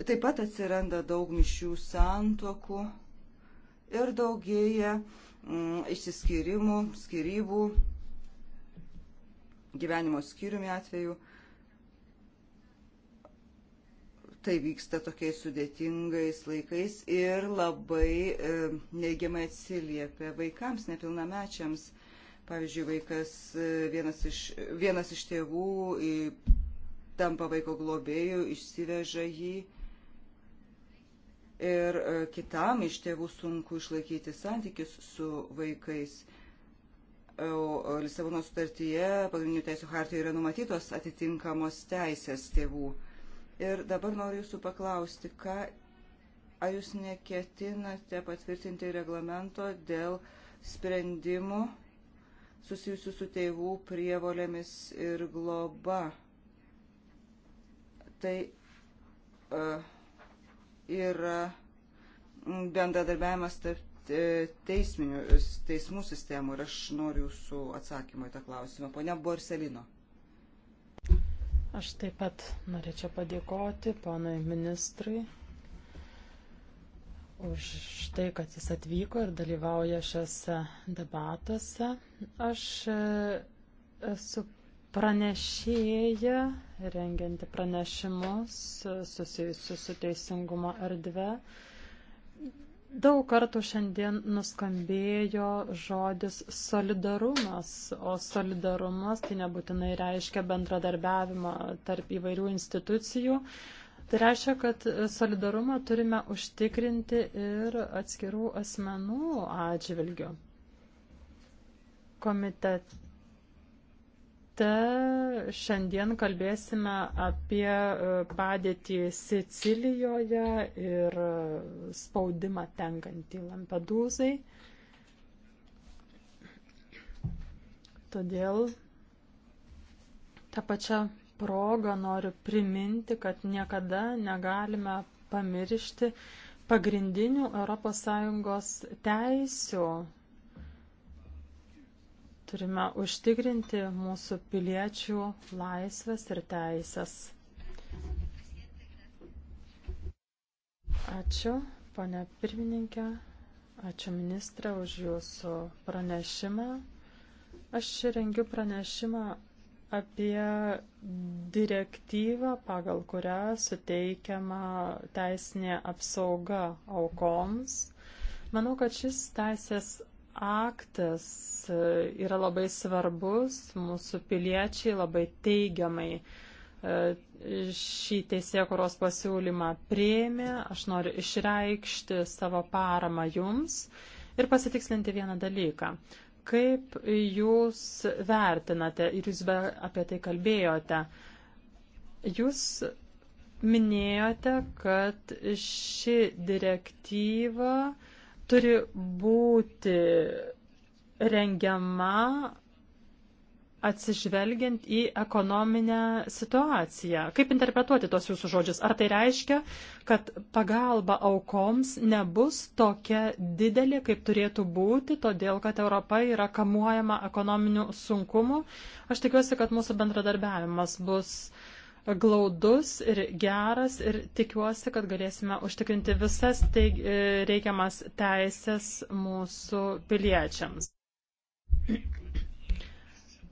taip pat atsiranda daug mišių santokų ir daugėja mm, išsiskyrimų, skirybų, gyvenimo skyriumi atveju. tai vyksta tokiais sudėtingais laikais ir labai e, neigiamai atsiliepia vaikams, nepilnamečiams. Pavyzdžiui, vaikas e, vienas iš, vienas iš tėvų į, tampa vaiko globėjų, išsiveža jį ir e, kitam iš tėvų sunku išlaikyti santykius su vaikais. Lisabono sutartyje, pagrindinių teisų hartijoje yra numatytos atitinkamos teisės tėvų Ir dabar noriu jūsų paklausti, ką, ar jūs neketinate patvirtinti reglamento dėl sprendimų susijusių su tėvų prievolėmis ir globa. Tai uh, yra bendradarbiavimas tarp teisminių teismų sistemų ir aš noriu jūsų atsakymą į tą klausimą. Pone Borselino. Aš taip pat norėčiau padėkoti ponui ministrui už tai, kad jis atvyko ir dalyvauja šiuose debatuose. Aš e, esu pranešėja, rengianti pranešimus e, susijusius su teisingumo erdve. Daug kartų šiandien nuskambėjo žodis solidarumas, o solidarumas tai nebūtinai reiškia bendradarbiavimą tarp įvairių institucijų. Tai reiškia, kad solidarumą turime užtikrinti ir atskirų asmenų atžvilgių. Komitet šiandien kalbėsime apie e, padėtį Sicilijoje ir e, spaudimą tenkantį Lampedūzai. Todėl tą pačią progą noriu priminti, kad niekada negalime pamiršti pagrindinių ES teisių Turime užtikrinti mūsų piliečių laisvės ir teisės. Ačiū, ponė pirmininkė. Ačiū ministrė už jūsų pranešimą. Aš rengiu pranešimą apie direktyvą, pagal kurią suteikiama teisinė apsauga aukoms. Manau, kad šis teisės aktas e, yra labai svarbus, mūsų piliečiai labai teigiamai e, šį teisėkuros pasiūlymą prieimė, aš noriu išreikšti savo paramą jums ir pasitikslinti vieną dalyką. Kaip jūs vertinate, ir jūs be apie tai kalbėjote, jūs minėjote, kad ši direktyva uh, turi būti rengiama atsižvelgiant į ekonominę situaciją. Kaip interpretuoti tos jūsų žodžius? Ar tai reiškia, kad pagalba aukoms nebus tokia didelė, kaip turėtų būti, todėl kad Europa yra kamuojama ekonominių sunkumų? Aš tikiuosi, kad mūsų bendradarbiavimas bus uh, glaudus ir geras ir tikiuosi, kad galėsime užtikrinti visas teig, e, reikiamas teisės mūsų piliečiams.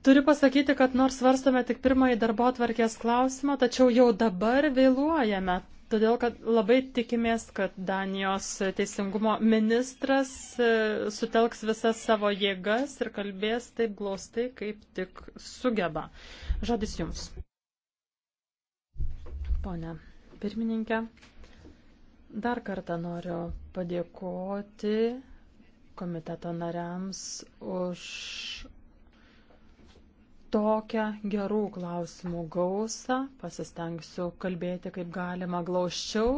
Turiu pasakyti, kad nors svarstome tik pirmąjį darbo atvarkės klausimą, tačiau jau dabar vėluojame todėl kad labai tikimės, kad Danijos teisingumo ministras e, sutelks visas savo jėgas ir kalbės taip glaustai, kaip tik sugeba. Žodis jums. Pone pirmininkė, dar kartą noriu padėkoti komiteto nariams už tokią gerų klausimų gausą. Pasistengsiu kalbėti kaip galima glaučiau.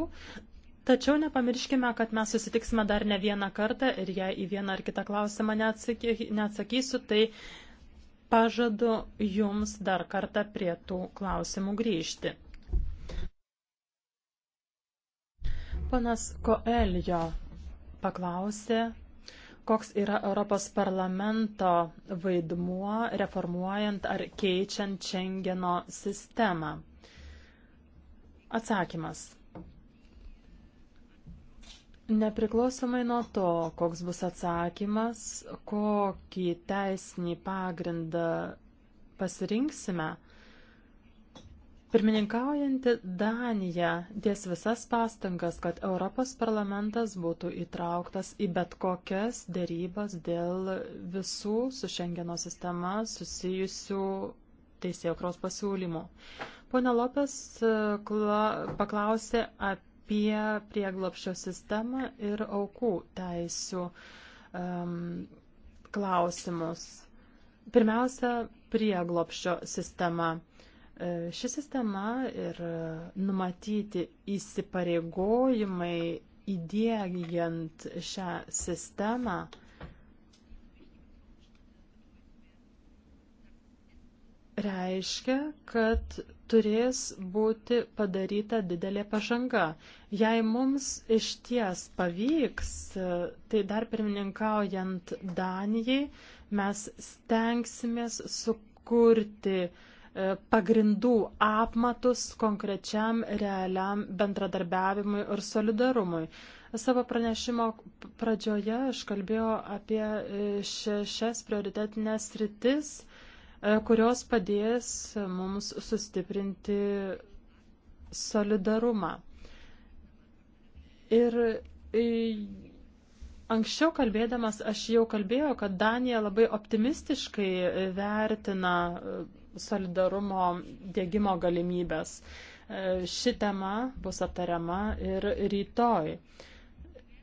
Tačiau nepamirškime, kad mes susitiksime dar ne vieną kartą ir jei į vieną ar kitą klausimą neatsakysiu, tai pažadu jums dar kartą prie tų klausimų grįžti. Panas Koelio paklausė, koks yra Europos parlamento vaidmuo reformuojant ar keičiant Schengeno sistemą. Atsakymas. Nepriklausomai nuo to, koks bus atsakymas, kokį teisinį pagrindą pasirinksime, Pirmininkaujanti Danija dės visas pastangas, kad Europos parlamentas būtų įtrauktas į bet kokias dėrybas dėl visų su Šengeno sistema susijusių teisėjokros pasiūlymų. Pone Lopes e, paklausė apie prieglopščio sistemą ir aukų teisų um, klausimus. Pirmiausia, prieglopščio sistema. E, ši sistema ir numatyti įsipareigojimai įdėgiant šią sistemą reiškia, kad turės būti padaryta didelė pažanga. Jei mums iš ties pavyks, tai dar pirmininkaujant Danijai mes stengsimės sukurti uh, pagrindų apmatus konkrečiam realiam bendradarbiavimui ir solidarumui. Savo pranešimo pradžioje aš kalbėjau apie e, šešias prioritetinės rytis, e, kurios padės mums sustiprinti solidarumą. Ir e, Anksčiau kalbėdamas aš jau kalbėjau, kad Danija labai optimistiškai vertina e, solidarumo dėgymo galimybės. E, ši tema bus aptariama ir rytoj.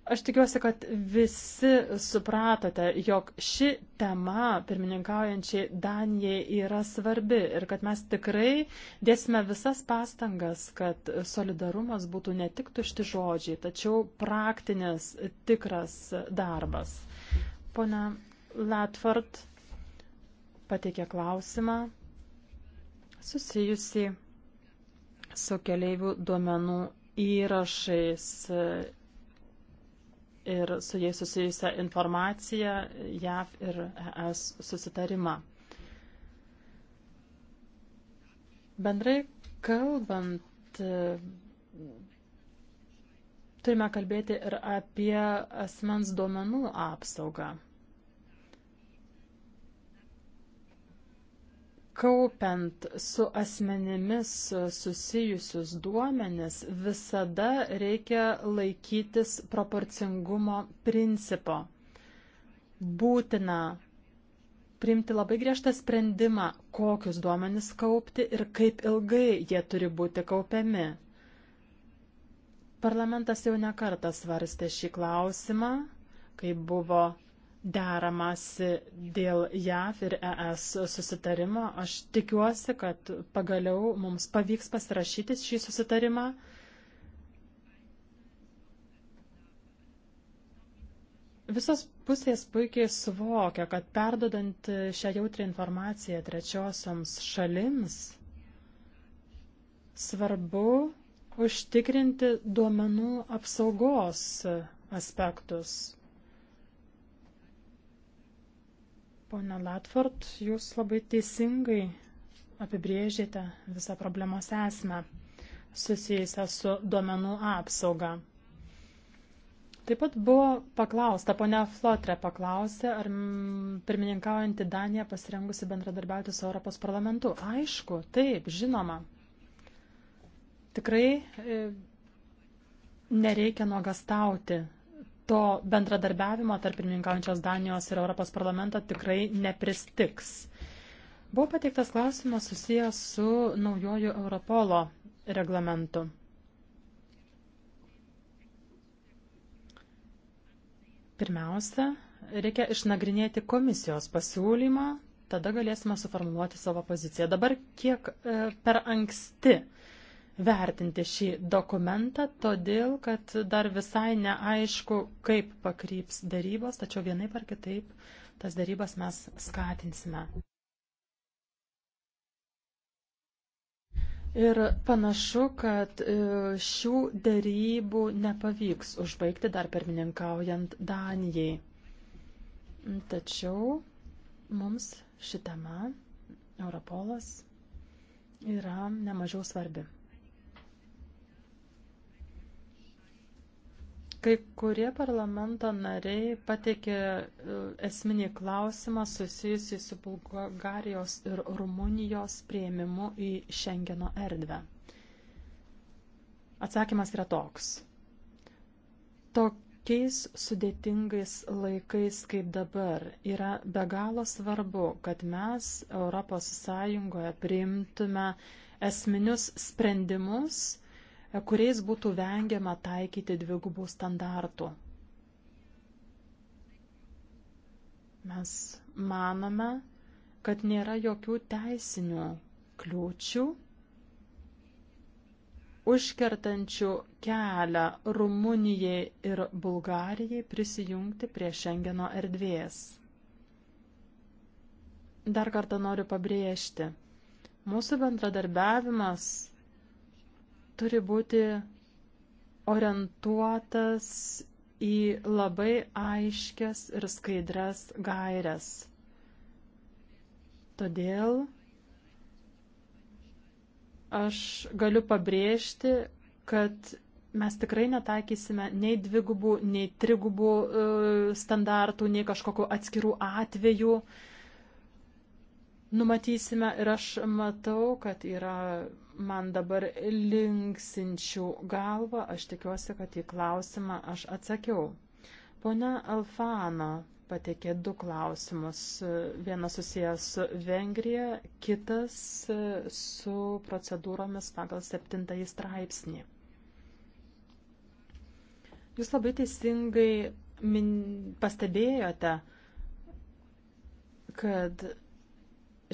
Aš tikiuosi, kad visi supratote, jog ši tema pirmininkaujančiai Danijai yra svarbi ir kad mes tikrai dėsime visas pastangas, kad solidarumas būtų ne tik tušti žodžiai, tačiau praktinis, tikras darbas. Pone Latford pateikė klausimą susijusi su keliaivių duomenų įrašais ir su jais susijusią informaciją JAV ir ES susitarimą. Bendrai kalbant, turime kalbėti ir apie asmens duomenų apsaugą. kaupiant su asmenimis susijusius duomenis, visada reikia laikytis proporcingumo principo. Būtina priimti labai griežtą sprendimą, kokius duomenis kaupti ir kaip ilgai jie turi būti kaupiami. Parlamentas jau nekartą svarstė šį klausimą, kai buvo deramasi dėl JAV ir ES susitarimo. Aš tikiuosi, kad pagaliau mums pavyks pasirašyti šį susitarimą. Visos pusės puikiai suvokia, kad perdodant šią jautrią informaciją trečiosioms šalims, svarbu užtikrinti duomenų apsaugos aspektus. Pone Latford, jūs labai teisingai apibrėžėte visą problemos esmę susijusią su duomenų apsauga. Taip pat buvo paklausta, ponia Flotre paklausė, ar mm, pirmininkaujanti Danija pasirengusi bendradarbiauti su Europos parlamentu. Aišku, taip, žinoma. Tikrai e, nereikia nuogastauti to bendradarbiavimo tarp pirmininkaujančios Danijos ir Europos parlamento tikrai nepristiks. Buvo pateiktas klausimas susijęs su naujoju Europolo reglamentu. Pirmiausia, reikia išnagrinėti komisijos pasiūlymą, tada galėsime suformuoluoti savo poziciją. Dabar kiek e, per anksti uh, vertinti šį dokumentą, todėl kad dar visai neaišku, kaip pakryps darybos, tačiau vienaip ar kitaip tas darybas mes skatinsime. Ir panašu, kad e, šių darybų nepavyks užbaigti dar pirmininkaujant Danijai. Tačiau mums ši tema, Europolas, yra nemažiau svarbi. Kai kurie parlamento nariai pateikė e, esminį klausimą susijusį su Bulgarijos ir Rumunijos prieimimu į Šengeno erdvę. Atsakymas yra toks. Tokiais sudėtingais laikais kaip dabar yra be galo svarbu, kad mes ES priimtume esminius sprendimus, kuriais būtų vengiama taikyti dvigubų standartų. Mes manome, kad nėra jokių teisinių kliūčių užkertančių kelią Rumunijai ir Bulgarijai prisijungti prie Šengeno erdvės. Dar kartą noriu pabrėžti, mūsų bendradarbiavimas turi būti orientuotas į labai aiškias ir skaidres gairias. Todėl aš galiu pabrėžti, kad mes tikrai netaikysime nei dvigubų, nei trigubų e, standartų, nei kažkokiu atskirų atvejų. Numatysime ir aš matau, kad yra man dabar linksinčių galvą, aš tikiuosi, kad į klausimą aš atsakiau. Pone Alfano pateikė du klausimus. Vienas susijęs su Vengrija, kitas su procedūromis pagal septintąjį straipsnį. Jūs labai teisingai min... pastebėjote, kad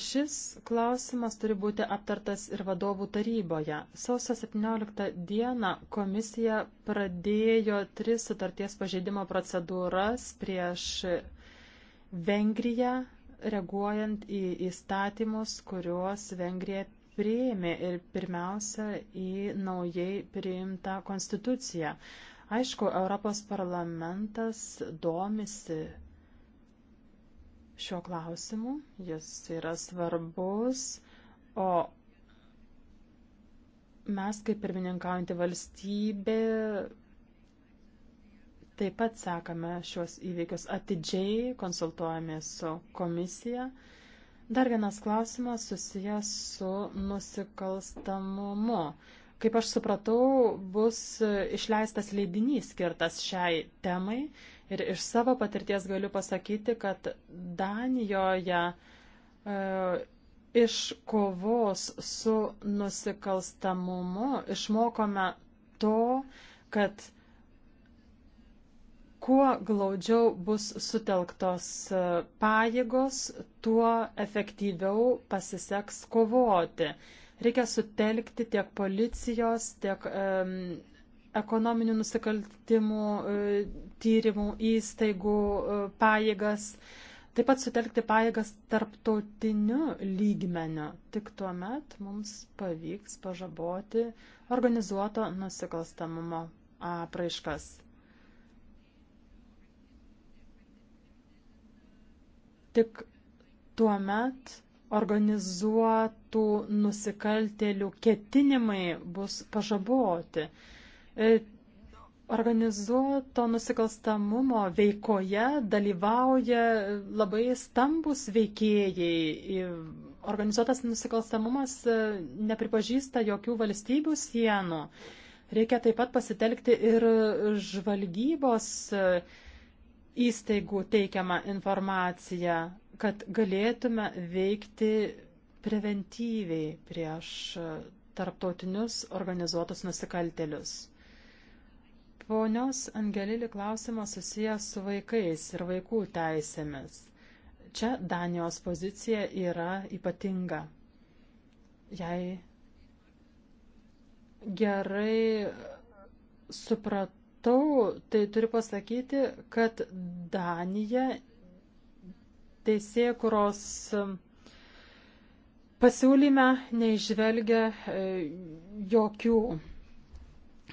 Šis klausimas turi būti aptartas ir vadovų taryboje. Sausio 17 dieną komisija pradėjo tris sutarties pažeidimo procedūras prieš Vengriją, reaguojant į įstatymus, kuriuos Vengrija priėmė ir pirmiausia į naujai priimtą konstituciją. Aišku, Europos parlamentas domisi šiuo klausimu, jis yra svarbus, o mes kaip pirmininkaujantį valstybę taip pat sekame šios įvykius atidžiai, konsultuojame su komisija. Dar vienas klausimas susijęs su nusikalstamumu. Kaip aš supratau, bus išleistas leidinys skirtas šiai temai Ir iš savo patirties galiu pasakyti, kad Danijoje e, iš kovos su nusikalstamumu išmokome to, kad kuo glaudžiau bus sutelktos e, pajėgos, tuo efektyviau pasiseks kovoti. Reikia sutelkti tiek policijos, tiek um, ekonominių nusikaltimų e, tyrimų įstaigų e, pajėgas, taip pat sutelkti pajėgas tarptautiniu lygmeniu. Tik tuo met mums pavyks pažaboti organizuoto nusikalstamumo apraiškas. Tik tuo met organizuotų nusikaltėlių ketinimai bus pažaboti. E, organizuoto nusikalstamumo veikoje dalyvauja labai stambus veikėjai. E, organizuotas nusikalstamumas e, nepripažįsta jokių valstybių sienų. Reikia taip pat pasitelkti ir žvalgybos įstaigų teikiamą informaciją, kad galėtume veikti preventyviai prieš tarptautinius organizuotus nusikaltelius. Ponios Angelili klausimas susijęs su vaikais ir vaikų teisėmis. Čia Danijos pozicija yra ypatinga. Jei gerai supratau, tai turiu pasakyti, kad Danija teisėkuros pasiūlyme neižvelgia e, jokių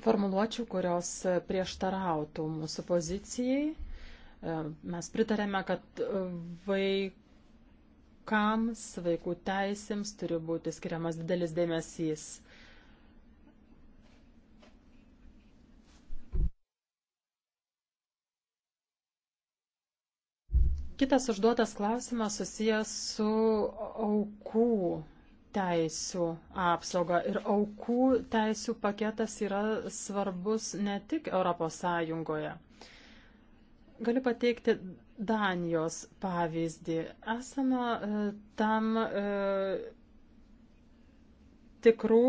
formuluočių, kurios prieštarautų mūsų pozicijai. E, mes pritarėme, kad vaikams, vaikų teisėms turi būti skiriamas didelis dėmesys. Kitas užduotas klausimas susijęs su aukų teisų apsaugą. Ir aukų teisų paketas yra svarbus ne tik ES. Galiu pateikti Danijos pavyzdį. Esame tam e, tikrų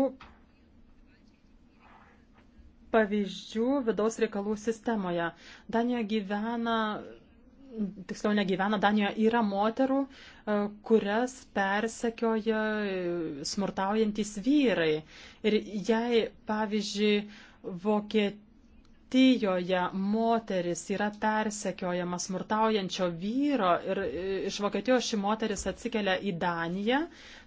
pavyzdžių vidaus reikalų sistemoje. Danijoje gyvena tiksliau negyvena Danijoje, yra moterų, e, kurias persekioja e, smurtaujantis vyrai. Ir jei, pavyzdžiui, Vokietija Vokietijoje moteris yra persekiojama smurtaujančio vyro ir e, iš Vokietijos ši moteris atsikelia į Daniją,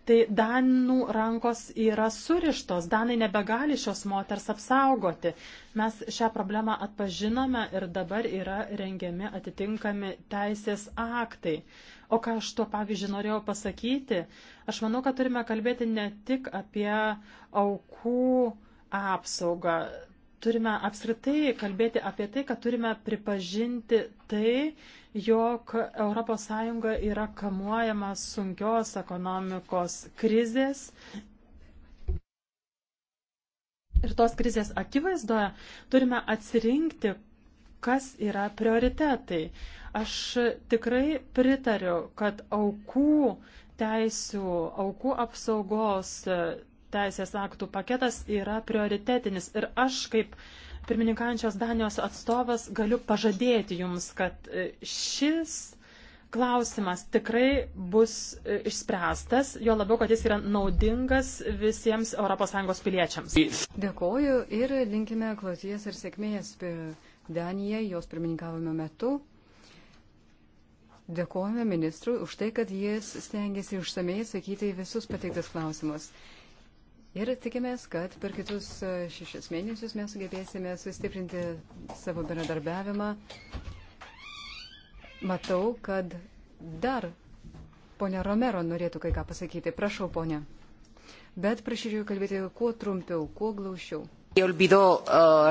tai Danų rankos yra surištos, Danai nebegali šios moters apsaugoti. Mes šią problemą atpažinome ir dabar yra rengiami atitinkami teisės aktai. O ką aš tuo pavyzdžiui norėjau pasakyti, aš manau, kad turime kalbėti ne tik apie aukų apsaugą turime apskritai kalbėti apie tai, kad turime pripažinti tai, jog ES yra kamuojama sunkios ekonomikos krizės. Ir tos krizės akivaizdoje turime atsirinkti, kas yra prioritetai. Aš tikrai pritariu, kad aukų teisų, aukų apsaugos teisės aktų paketas yra prioritetinis. Ir aš kaip pirmininkančios Danijos atstovas galiu pažadėti jums, kad e, šis klausimas tikrai bus e, išspręstas, jo labiau, kad jis yra naudingas visiems ES piliečiams. Dėkoju ir linkime klausies ir sėkmės Danijai jos pirmininkavimo metu. Dėkojame ministrui už tai, kad jis stengiasi išsamei atsakyti į visus pateiktas klausimus. Ir tikimės, kad per kitus e, šešis mėnesius mes sugebėsime sustiprinti savo bendradarbiavimą. Matau, kad dar ponia Romero norėtų kai ką pasakyti. Prašau, ponia. Bet prašyčiau kalbėti kuo trumpiau, kuo glaušiau. Uh,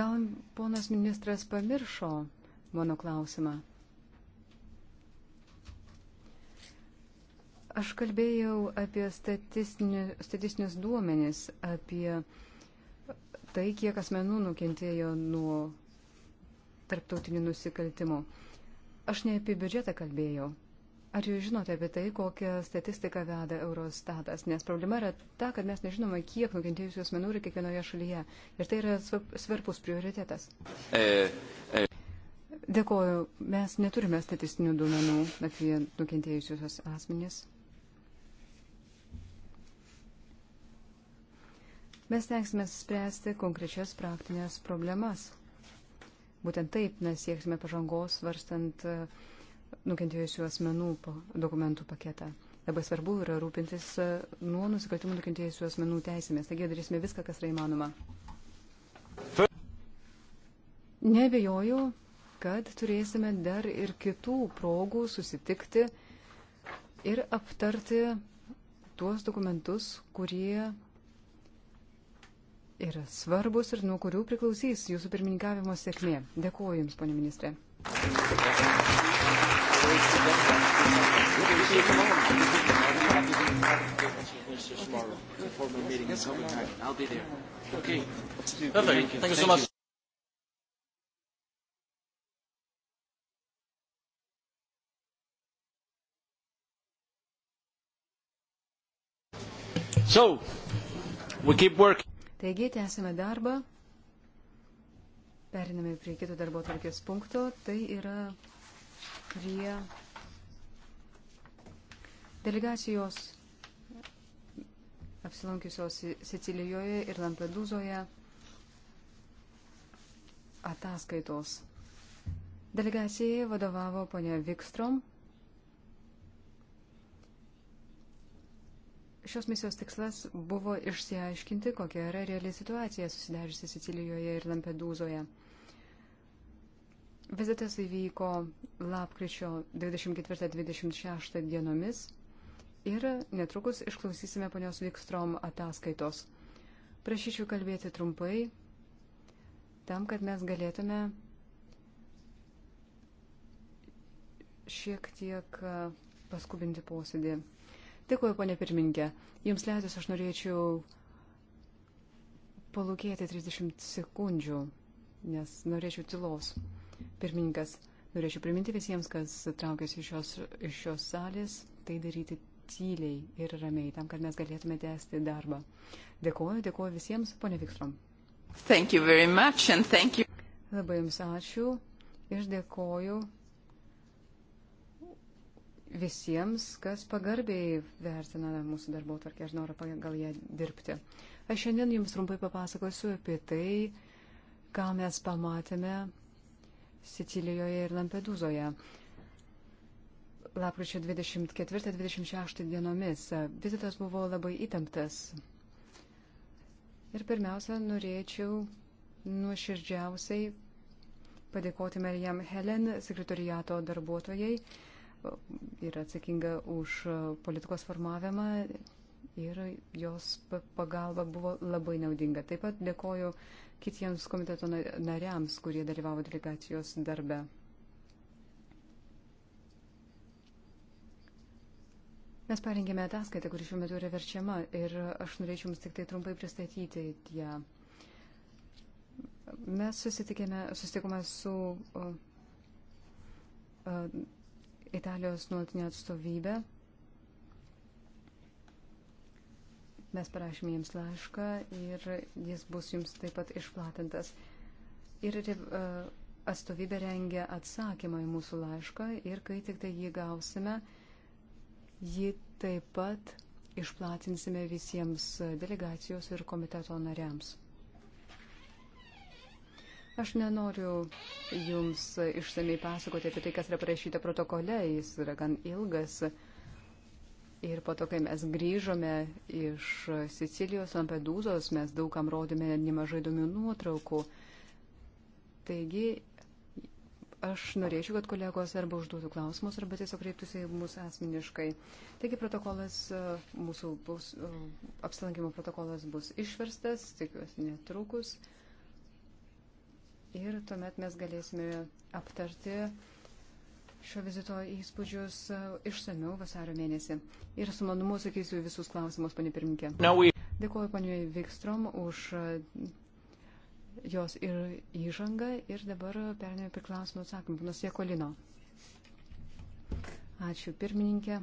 Gal ponas ministras pamiršo mano klausimą? Aš kalbėjau apie statistinius, statistinius duomenis, apie tai, kiek asmenų nukentėjo nuo tarptautinių nusikaltimų. Aš ne apie biudžetą kalbėjau. Ar jūs žinote apie tai, kokią statistiką veda Eurostatas? Nes problema yra ta, kad mes nežinome, kiek nukentėjusių asmenų yra kiekvienoje šalyje. Ir tai yra svarbus prioritetas. E, e. Dėkoju. Mes neturime statistinių duomenų apie nukentėjusius asmenys. Mes tenksime spręsti konkrečias praktinės problemas. Būtent taip mes sieksime pažangos svarstant e, nukentėjusių asmenų dokumentų paketą. Labai svarbu yra rūpintis e, nuo nusikaltimų nukentėjusių asmenų teisėmis. Taigi darysime viską, kas yra įmanoma. Nebejoju, kad turėsime dar ir kitų progų susitikti ir aptarti tuos dokumentus, kurie yra svarbus ir nuo kurių priklausys jūsų pirmininkavimo sėkmė. Dėkuoju Jums, ponė ministrė. Okay. So, we keep working. Taigi, tęsime darbą. Periname prie kito darbo tvarkės punkto. Tai yra prie delegacijos apsilankiusios Sicilijoje ir Lampedūzoje ataskaitos. Delegacijai vadovavo ponia Vikstrom, Šios misijos tikslas buvo išsiaiškinti, kokia yra reali situacija susidariusi Sicilijoje ir Lampedūzoje. Vizitas įvyko lapkričio 24-26 dienomis ir netrukus išklausysime ponios Vikstrom ataskaitos. Prašyčiau kalbėti trumpai, tam, kad mes galėtume šiek tiek paskubinti posėdį. Dėkuoju, ponė pirmininkė. Jums leidus aš norėčiau palūkėti 30 sekundžių, nes norėčiau tylos. Pirmininkas, norėčiau priminti visiems, kas traukiasi iš šios, iš šios salės, tai daryti tyliai ir ramiai, tam, kad mes galėtume tęsti darbą. Dėkuoju, dėkuoju visiems, ponė Vikstrom. Labai Jums ačiū ir dėkuoju visiems, kas pagarbiai vertina mūsų darbo tvarkę ir norą pagal ją dirbti. Aš šiandien jums trumpai papasakosiu apie tai, ką mes pamatėme Sicilijoje ir Lampedūzoje. Lapkričio 24-26 dienomis vizitas buvo labai įtemptas. Ir pirmiausia, norėčiau nuoširdžiausiai padėkoti Marijam Helen sekretoriato darbuotojai yra atsakinga už politikos formavimą ir jos pagalba buvo labai naudinga. Taip pat dėkoju kitiems komiteto nariams, kurie dalyvavo delegacijos darbe. Mes parengėme ataskaitą, kuri šiuo metu yra verčiama ir aš norėčiau jums tik tai trumpai pristatyti ją. Mes susitikome su uh, uh, Italijos nuolatinę atstovybę. Mes parašėme jiems laišką ir jis bus jums taip pat išplatintas. Ir e, atstovybė rengia atsakymą į mūsų laišką ir kai tik tai jį gausime, jį taip pat išplatinsime visiems delegacijos ir komiteto nariams. Aš nenoriu Jums išsamei pasakoti apie tai, kas yra parašyta protokole, jis yra gan ilgas. Ir po to, kai mes grįžome iš Sicilijos Lampedūzos, mes daugam rodėme nemažai įdomių nuotraukų. Taigi, aš norėčiau, kad kolegos arba užduotų klausimus, arba tiesiog kreiptųsi į mus asmeniškai. Taigi protokolas, e, mūsų bus, e, apsilankimo protokolas bus išverstas, tikiuosi netrukus ir tuomet mes galėsime aptarti šio vizito įspūdžius e, išsamiau vasario mėnesį. Ir su manumu sakysiu visus klausimus, panė pirminkė. No, we... Dėkuoju paniai Vikstrom už e, jos ir įžangą ir dabar perėmėme prie klausimų atsakymų. Panas Jekolino. Ačiū pirmininkė.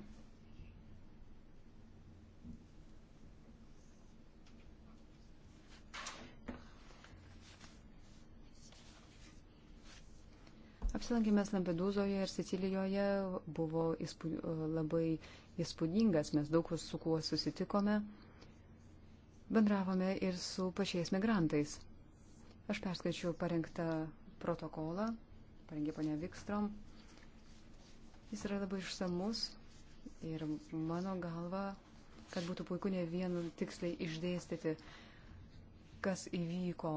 Apsilankimas Lampedūzoje ir Sicilijoje buvo įspū, labai įspūdingas, mes daug su kuo susitikome, bendravome ir su pačiais migrantais. Aš perskaičiu parengtą protokolą, parengė ponia Vikstrom. Jis yra labai išsamus ir mano galva, kad būtų puiku ne vien tiksliai išdėstyti, kas įvyko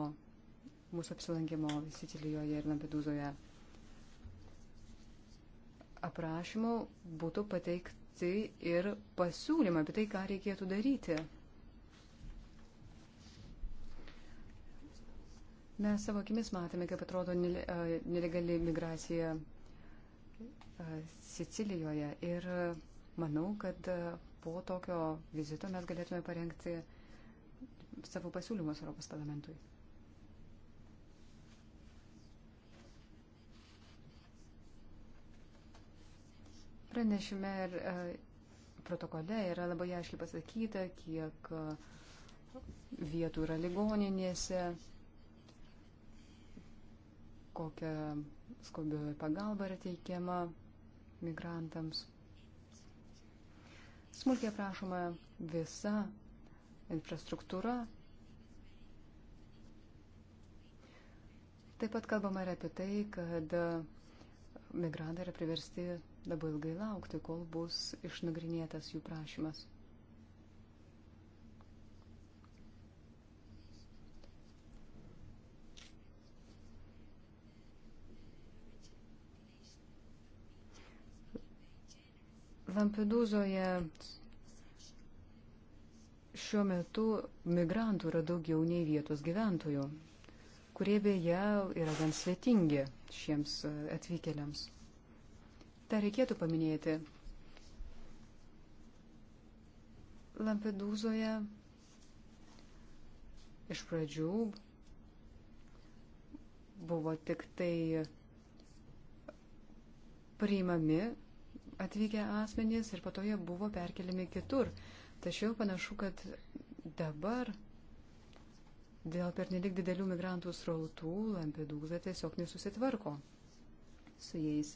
mūsų apsilankimo Sicilijoje ir Lampedūzoje aprašymo būtų pateikti ir pasiūlymą apie tai, ką reikėtų daryti. Mes savo akimis matėme, kaip atrodo nelegali migracija Sicilijoje ir manau, kad po tokio vizito mes galėtume parengti savo pasiūlymus Europos parlamentui. Pranešime ir e, protokole yra labai aiškiai pasakyta, kiek e, vietų yra ligoninėse, kokia skubioji pagalba yra teikiama migrantams. Smulkiai prašoma visa infrastruktūra. Taip pat kalbama ir apie tai, kad e, migrantai yra priversti labai ilgai laukti, kol bus išnagrinėtas jų prašymas. Lampedūzoje šiuo metu migrantų yra daugiau nei vietos gyventojų, kurie beje yra gan svetingi šiems e, atvykėliams tą reikėtų paminėti. Lampedūzoje iš pradžių buvo tik tai priimami atvykę asmenys ir po to jie buvo perkeliami kitur. Tačiau panašu, kad dabar dėl pernelik didelių migrantų srautų Lampedūza tiesiog nesusitvarko su jais.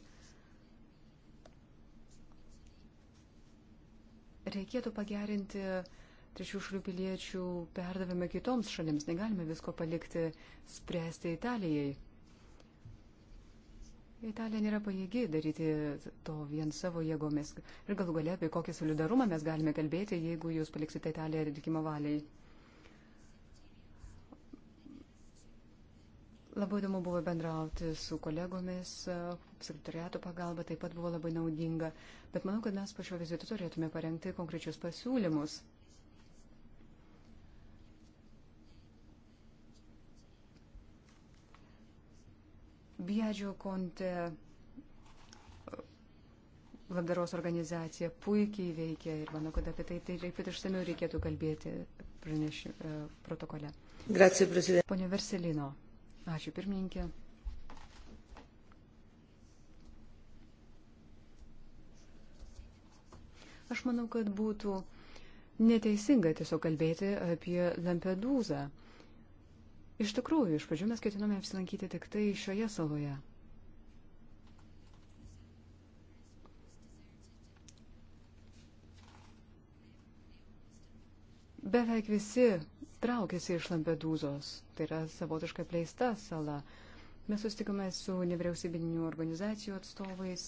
reikėtų pagerinti trečių šalių piliečių perdavimą kitoms šalims. Negalime visko palikti spręsti Italijai. Italija nėra pajėgi daryti to vien savo jėgomis. Ir galų galia, apie kokį solidarumą mes galime kalbėti, jeigu jūs paliksite Italiją likimo valiai. Labai įdomu buvo bendrauti su kolegomis, sekretariato pagalba taip pat buvo labai naudinga, bet manau, kad mes po šio vizito turėtume parengti konkrečius pasiūlymus. Biedžio konte labdaros organizacija puikiai veikia ir manau, kad apie tai, tai taip pat išsamiau reikėtų kalbėti pranešimų protokole. Grazie, Pone Verselino. Ačiū pirmininkė. Aš manau, kad būtų neteisinga tiesiog kalbėti apie Lampedūzą. Iš tikrųjų, iš pradžių mes ketinome apsilankyti tik tai šioje saloje. Beveik visi traukiasi iš Lampedūzos. Tai yra savotiškai pleista sala. Mes sustikome su nevyriausybinių organizacijų atstovais.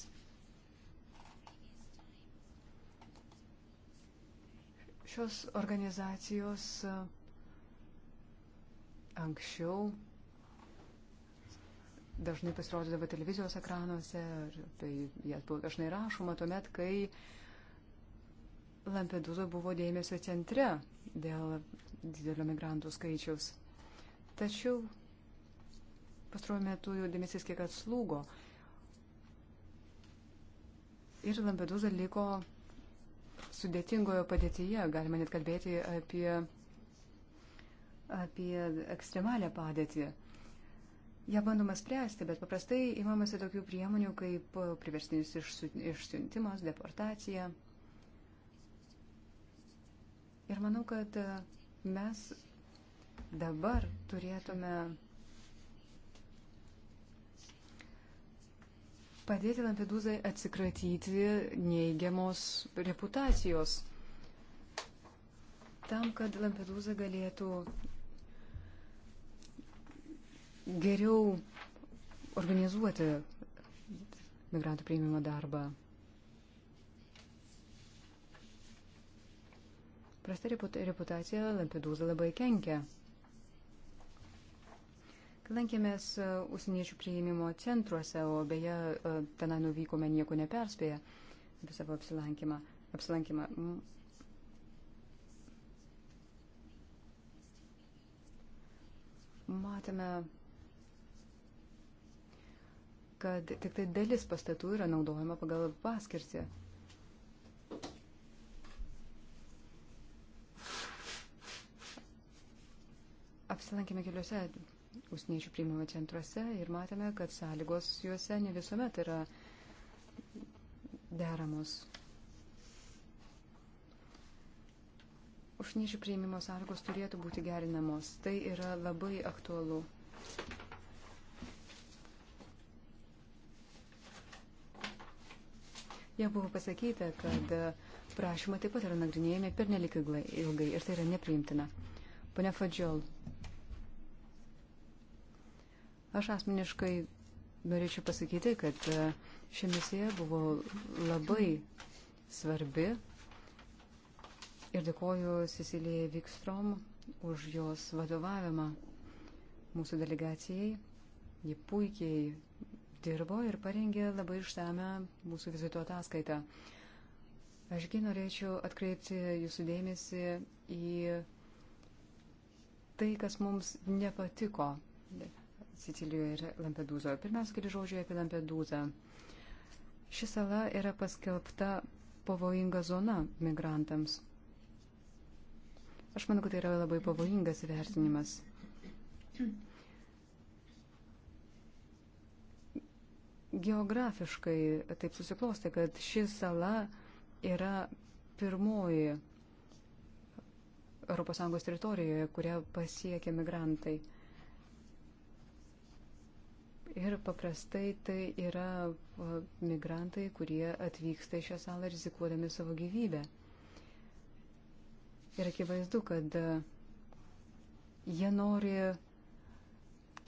Šios organizacijos e, anksčiau dažnai pasirodydavo televizijos ekranuose, tai jas buvo dažnai rašoma tuomet, kai Lampedusa buvo dėmesio centre dėl didelio migrantų skaičiaus. Tačiau pastaruoju metu jų dėmesys kiek atslūgo. Ir Lampedusa liko sudėtingoje padėtyje, galima net kalbėti apie, apie ekstremalią padėtį. Ja bandoma spręsti, bet paprastai įmamasi tokių priemonių kaip priverstinis išsiuntimas, deportacija. Ir manau, kad mes dabar turėtume padėti Lampedūzai atsikratyti neigiamos reputacijos. Tam, kad Lampedūza galėtų geriau organizuoti migrantų priimimo darbą. prasta reputacija Lampedūza labai kenkia. Lankėmės e, užsieniečių priėmimo centruose, o beje, e, tenai nuvykome nieko neperspėję apie savo apsilankymą. apsilankymą. Matome, kad tik tai dalis pastatų yra naudojama pagal paskirtį. apsilankėme keliuose užsieniečių priimimo centruose ir matėme, kad sąlygos juose ne visuomet yra deramos. Užsieniečių priimimo sąlygos turėtų būti gerinamos. Tai yra labai aktualu. Jau buvo pasakyta, kad prašymą taip pat yra nagrinėjami per nelik ilgai ir tai yra nepriimtina. Pane Fadžiol, Aš asmeniškai norėčiau pasakyti, kad e, ši misija buvo labai svarbi ir dėkoju Cecilijai Vikstrom už jos vadovavimą mūsų delegacijai. Ji puikiai dirbo ir parengė labai išsame mūsų vizito ataskaitą. Ašgi norėčiau atkreipti jūsų dėmesį į tai, kas mums nepatiko Sicilijoje ir Lampedūzoje. Pirmiausia, keli žodžiai apie Lampedūzą. Ši sala yra paskelbta pavojinga zona migrantams. Aš manau, kad tai yra labai pavojingas vertinimas. Geografiškai taip susiklosti, kad ši sala yra pirmoji ES teritorijoje, kurią pasiekia migrantai. Ir paprastai tai yra migrantai, kurie atvyksta į šią salą rizikuodami savo gyvybę. Ir akivaizdu, kad jie nori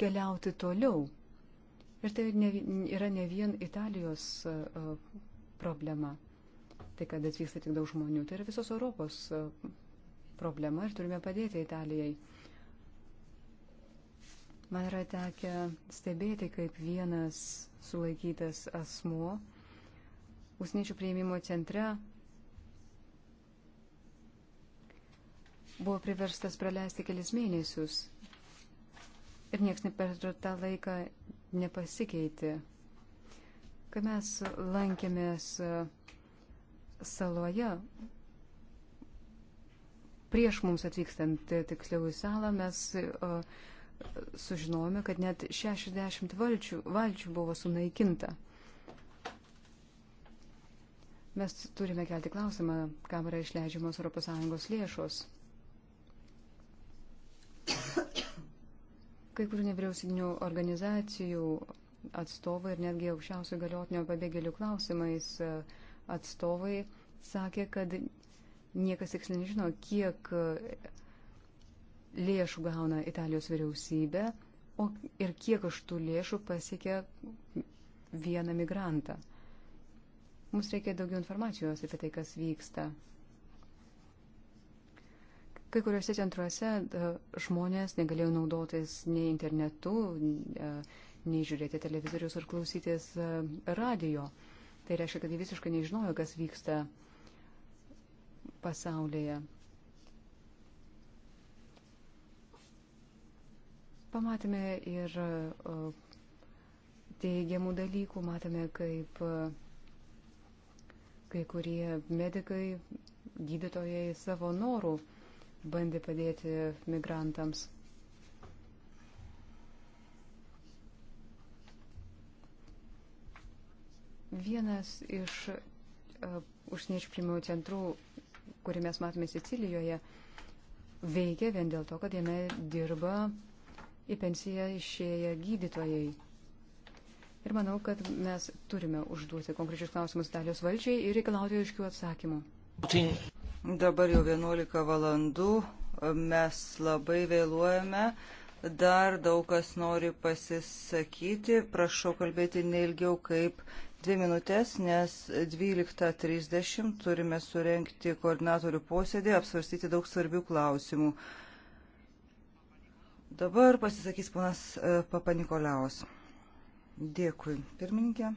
keliauti toliau. Ir tai ne, yra ne vien Italijos problema. Tai, kad atvyksta tik daug žmonių, tai yra visos Europos problema ir turime padėti Italijai. Man yra tekę stebėti, kaip vienas sulaikytas asmuo užsieniečių prieimimo centre buvo priverstas praleisti kelis mėnesius ir niekas per tą laiką nepasikeitė. Kai mes lankėmės saloje, prieš mums atvykstant tiksliau į salą, mes uh, sužinojome, kad net 60 valčių, valčių buvo sunaikinta. Mes turime kelti klausimą, kam yra išleidžiamos ES lėšos. Kai kurių nevyriausybinių organizacijų atstovai ir netgi aukščiausio galiotinio pabėgėlių klausimais e, atstovai sakė, kad niekas tiksliai nežino, kiek lėšų gauna Italijos vyriausybė o, ir kiek iš tų lėšų pasiekia vieną migrantą. Mums reikia daugiau informacijos apie tai, kas vyksta. Kai kuriuose centruose žmonės negalėjo naudotis nei internetu, nei žiūrėti televizorius ar klausytis radio. Tai reiškia, kad jie visiškai nežinojo, kas vyksta pasaulyje. Pamatėme ir e, teigiamų dalykų, matėme, kaip e, kai kurie medikai, gydytojai savo norų bandė padėti migrantams. Vienas iš uh, užsieniečių primimų centrų, kurį mes matome Sicilijoje, veikia vien dėl to, kad jame dirba uh, į pensiją išėję gydytojai. Ir manau, kad mes turime užduoti konkrečius klausimus Italijos valdžiai ir reikalauti aiškių atsakymų. Dabar jau 11 valandų, mes labai vėluojame. Dar daug kas nori pasisakyti. Prašau kalbėti neilgiau kaip dvi minutės, nes 12.30 turime surenkti koordinatorių posėdį, apsvarstyti daug svarbių klausimų. Dabar pasisakys ponas e, Papanikoliaus. Dėkui, pirmininkė.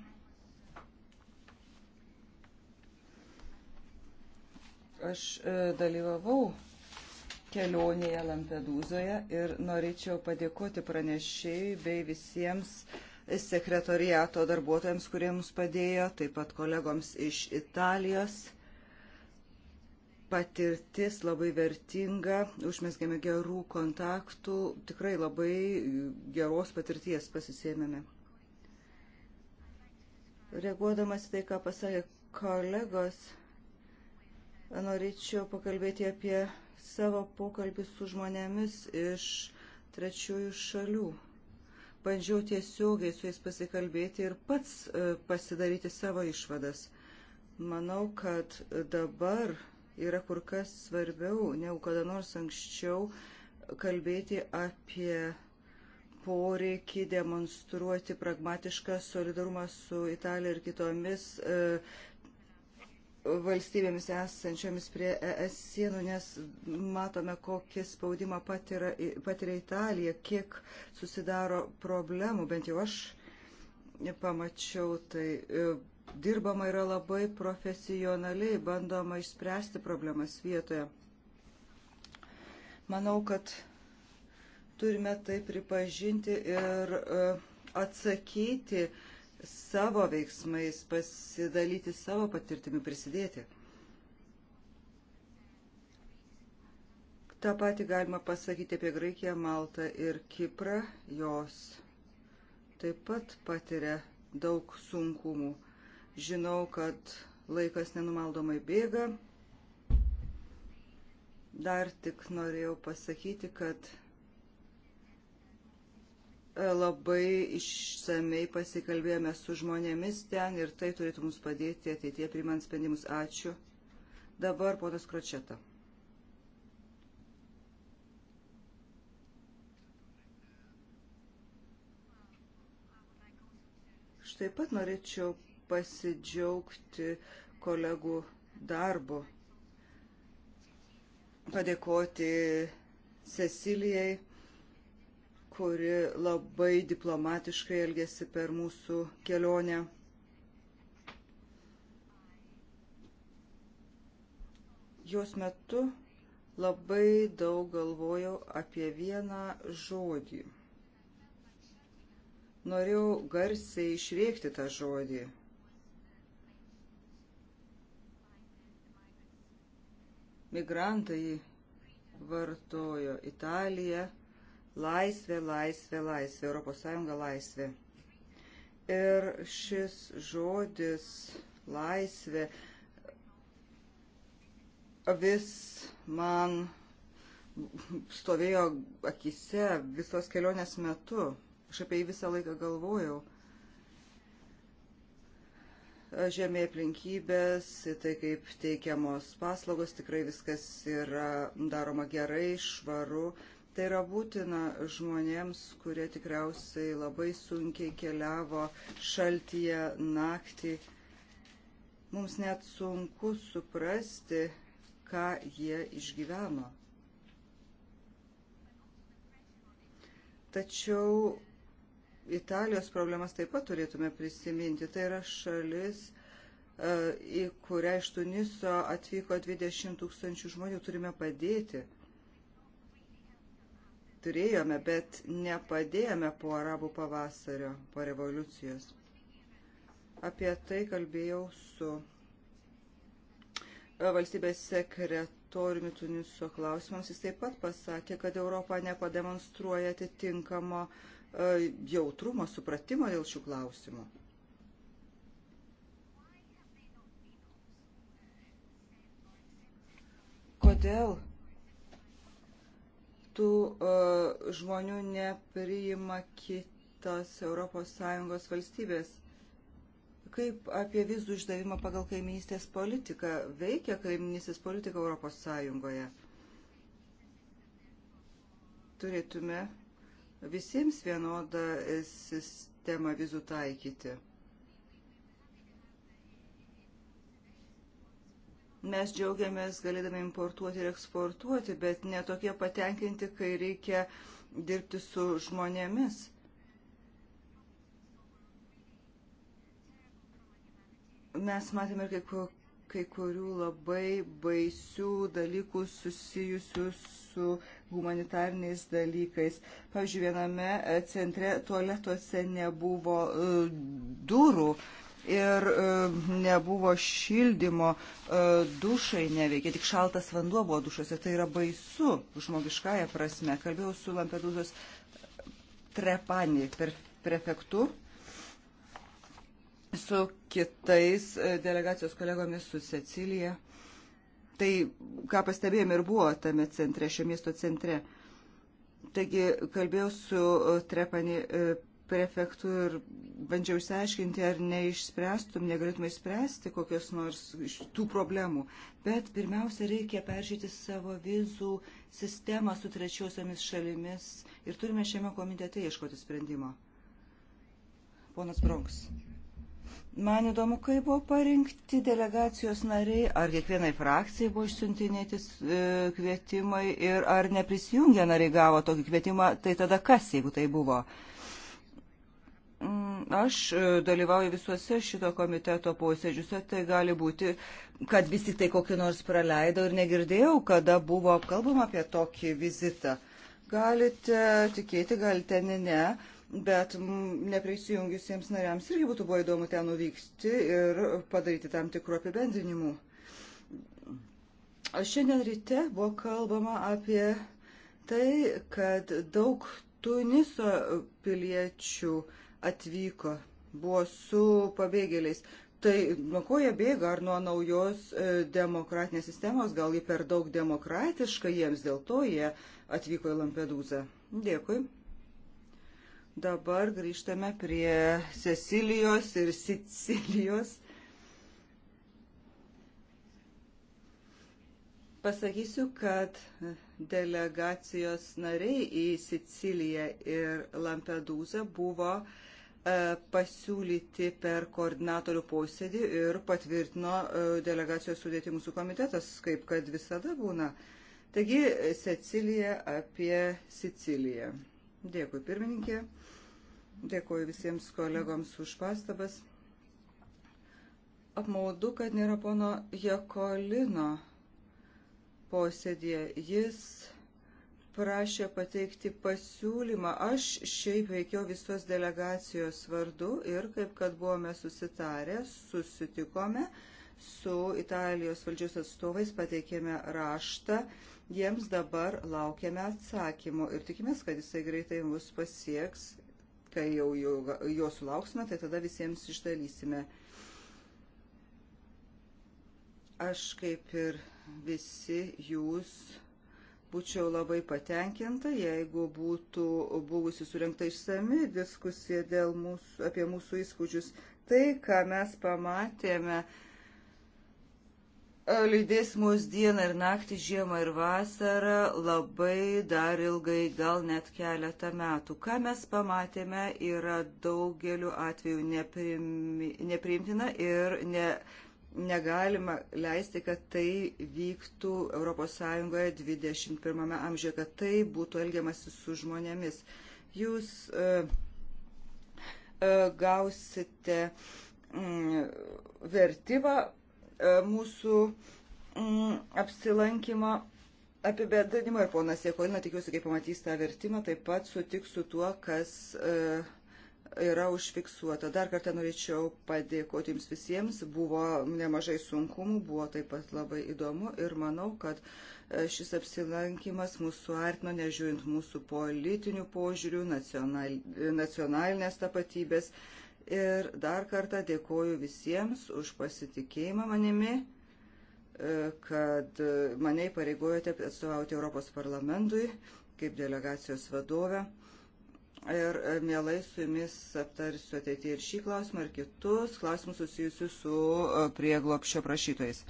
Aš e, dalyvavau kelionėje Lampedūzoje ir norėčiau padėkoti pranešėjai bei visiems sekretoriato darbuotojams, kuriems padėjo, taip pat kolegoms iš Italijos patirtis labai vertinga, užmesgėme gerų kontaktų, tikrai labai geros patirties pasisėmėme. Reaguodamas tai, ką pasakė kolegos, norėčiau pakalbėti apie savo pokalbį su žmonėmis iš trečiųjų šalių. Bandžiau tiesiogiai su jais pasikalbėti ir pats e, pasidaryti savo išvadas. Manau, kad dabar yra kur kas svarbiau negu kada nors anksčiau kalbėti apie poreikį demonstruoti pragmatišką solidarumą su Italija ir kitomis e, valstybėmis esančiomis prie ES sienų, nes matome, kokį spaudimą patiria, patiria Italija, kiek susidaro problemų, bent jau aš pamačiau tai. E, dirbama yra labai profesionaliai, bandoma išspręsti problemas vietoje. Manau, kad turime tai pripažinti ir e, atsakyti savo veiksmais, pasidalyti savo patirtimi, prisidėti. Ta pati galima pasakyti apie Graikiją, Maltą ir Kiprą. Jos taip pat patiria daug sunkumų. Žinau, kad laikas nenumaldomai bėga. Dar tik norėjau pasakyti, kad e, labai išsamei pasikalbėjome su žmonėmis ten ir tai turėtų mums padėti ateitie primant sprendimus. Ačiū. Dabar ponas Kročeta. Štai pat norėčiau pasidžiaugti kolegų darbu, padėkoti Cecilijai, kuri labai diplomatiškai elgėsi per mūsų kelionę. Jos metu labai daug galvojau apie vieną žodį norėjau garsiai išrėkti tą žodį. migrantai vartojo Italija, laisvė, laisvė, laisvė, Europos Sąjunga laisvė. Ir šis žodis laisvė vis man stovėjo akise visos kelionės metu. Aš apie jį visą laiką galvojau žemė aplinkybės, tai kaip teikiamos paslaugos, tikrai viskas yra daroma gerai, švaru. Tai yra būtina žmonėms, kurie tikriausiai labai sunkiai keliavo šaltyje naktį. Mums net sunku suprasti, ką jie išgyveno. Tačiau Italijos problemas taip pat turėtume prisiminti. Tai yra šalis, e, į kurią iš Tuniso atvyko 20 tūkstančių žmonių. Turime padėti. Turėjome, bet nepadėjome po arabų pavasario, po revoliucijos. Apie tai kalbėjau su e, valstybės sekretoriumi Tuniso klausimams. Jis taip pat pasakė, kad Europa nepademonstruoja atitinkamo uh, E, jautrumo, supratimo dėl šių klausimų. Kodėl tų uh, žmonių nepriima kitos ES valstybės? Kaip apie vizų išdavimą pagal kaiminystės politiką veikia kaiminystės politika ES? Turėtume uh, visiems vienodą e, sistemą vizų taikyti. Mes džiaugiamės galėdami importuoti ir eksportuoti, bet netokie patenkinti, kai reikia dirbti su žmonėmis. Mes matėme ir kai, kai kurių labai baisių dalykų susijusių su humanitarniais dalykais. Pavyzdžiui, viename e, centre tualetuose nebuvo e, durų ir e, nebuvo šildymo, dušai neveikė, tik šaltas vanduo buvo dušuose. Tai yra baisu žmogiškąją prasme. Kalbėjau su Lampedūzos Trepani prefektu, su kitais delegacijos kolegomis, su Cecilija. Tai, ką pastebėjome ir buvo tame centre, šio miesto centre. Taigi kalbėjau su e, Trepani e, prefektu ir bandžiau išsiaiškinti, ar neišspręstum, negalėtum išspręsti kokios nors iš tų problemų. Bet pirmiausia, reikia peržiūrėti savo vizų sistemą su trečiosiomis šalimis ir turime šiame komitete ieškoti sprendimo. Ponas Bronks. Man įdomu, kaip buvo parinkti delegacijos nariai, ar kiekvienai frakcijai buvo išsiuntinėtis e, kvietimai ir ar neprisijungę nariai gavo tokį kvietimą, tai tada kas, jeigu tai buvo? Mm, aš e, dalyvauju visuose šito komiteto posėdžiuose, tai gali būti, kad vis tik tai kokį nors praleidau ir negirdėjau, kada buvo apkalbama apie tokį vizitą. Galite tikėti, galite ne, ne bet neprisijungusiems nariams irgi būtų buvo įdomu ten nuvykti ir padaryti tam tikrų apibendrinimų. Šiandien ryte buvo kalbama apie tai, kad daug Tuniso piliečių atvyko, buvo su pabėgėliais. Tai nuo ko jie bėga, ar nuo naujos e, demokratinės sistemos, gal ji per daug demokratiška jiems, dėl to jie atvyko į Lampedūzą. Dėkui. Dabar grįžtame prie Cecilijos ir Sicilijos. Pasakysiu, kad delegacijos nariai į Siciliją ir Lampedūzą buvo e, pasiūlyti per koordinatorių posėdį ir patvirtino e, delegacijos sudėti mūsų komitetas, kaip kad visada būna. Taigi, Sicilija apie Siciliją. Dėkui pirmininkė, dėkuoju visiems kolegoms už pastabas. Apmaudu, kad nėra pono Jekolino posėdėje. Jis prašė pateikti pasiūlymą. Aš šiaip veikiau visos delegacijos vardu ir kaip kad buvome susitarę, susitikome su Italijos valdžios atstovais, pateikėme raštą. Uh, Jiems dabar laukiame atsakymo ir tikimės, kad jisai greitai mus pasieks. Kai jau jo, jo sulauksime, tai tada visiems išdalysime. Aš kaip ir visi jūs būčiau labai patenkinta, jeigu būtų buvusi surinkta išsami diskusija dėl mūsų, apie mūsų įspūdžius. Tai, ką mes pamatėme, lydės mus dieną ir naktį, žiemą ir vasarą labai dar ilgai, gal net keletą metų. Ką mes pamatėme yra daugeliu atveju nepriimi, nepriimtina ir ne, negalima leisti, kad tai vyktų ES 21 amžiuje, kad tai būtų elgiamasi su žmonėmis. Jūs uh, uh, gausite um, vertimą E, mūsų mm, apsilankimo apibendrinimo ir ponas Jekolina, tikiuosi, kai pamatys tą vertimą, taip pat sutiks su tuo, kas e, yra užfiksuota. Dar kartą norėčiau padėkoti jums visiems. Buvo nemažai sunkumų, buvo taip pat labai įdomu ir manau, kad e, šis apsilankimas mūsų artino, nežiūrint mūsų politinių požiūrių, nacional, nacionalinės tapatybės. Ir dar kartą dėkoju visiems už pasitikėjimą manimi, e, kad e, mane pareigojote atstovauti Europos parlamentui kaip delegacijos vadovę. Ir e, mielai su jumis aptarsiu ateityje ir šį klausimą, ir kitus klausimus susijusius su prieglopščio prašytojais.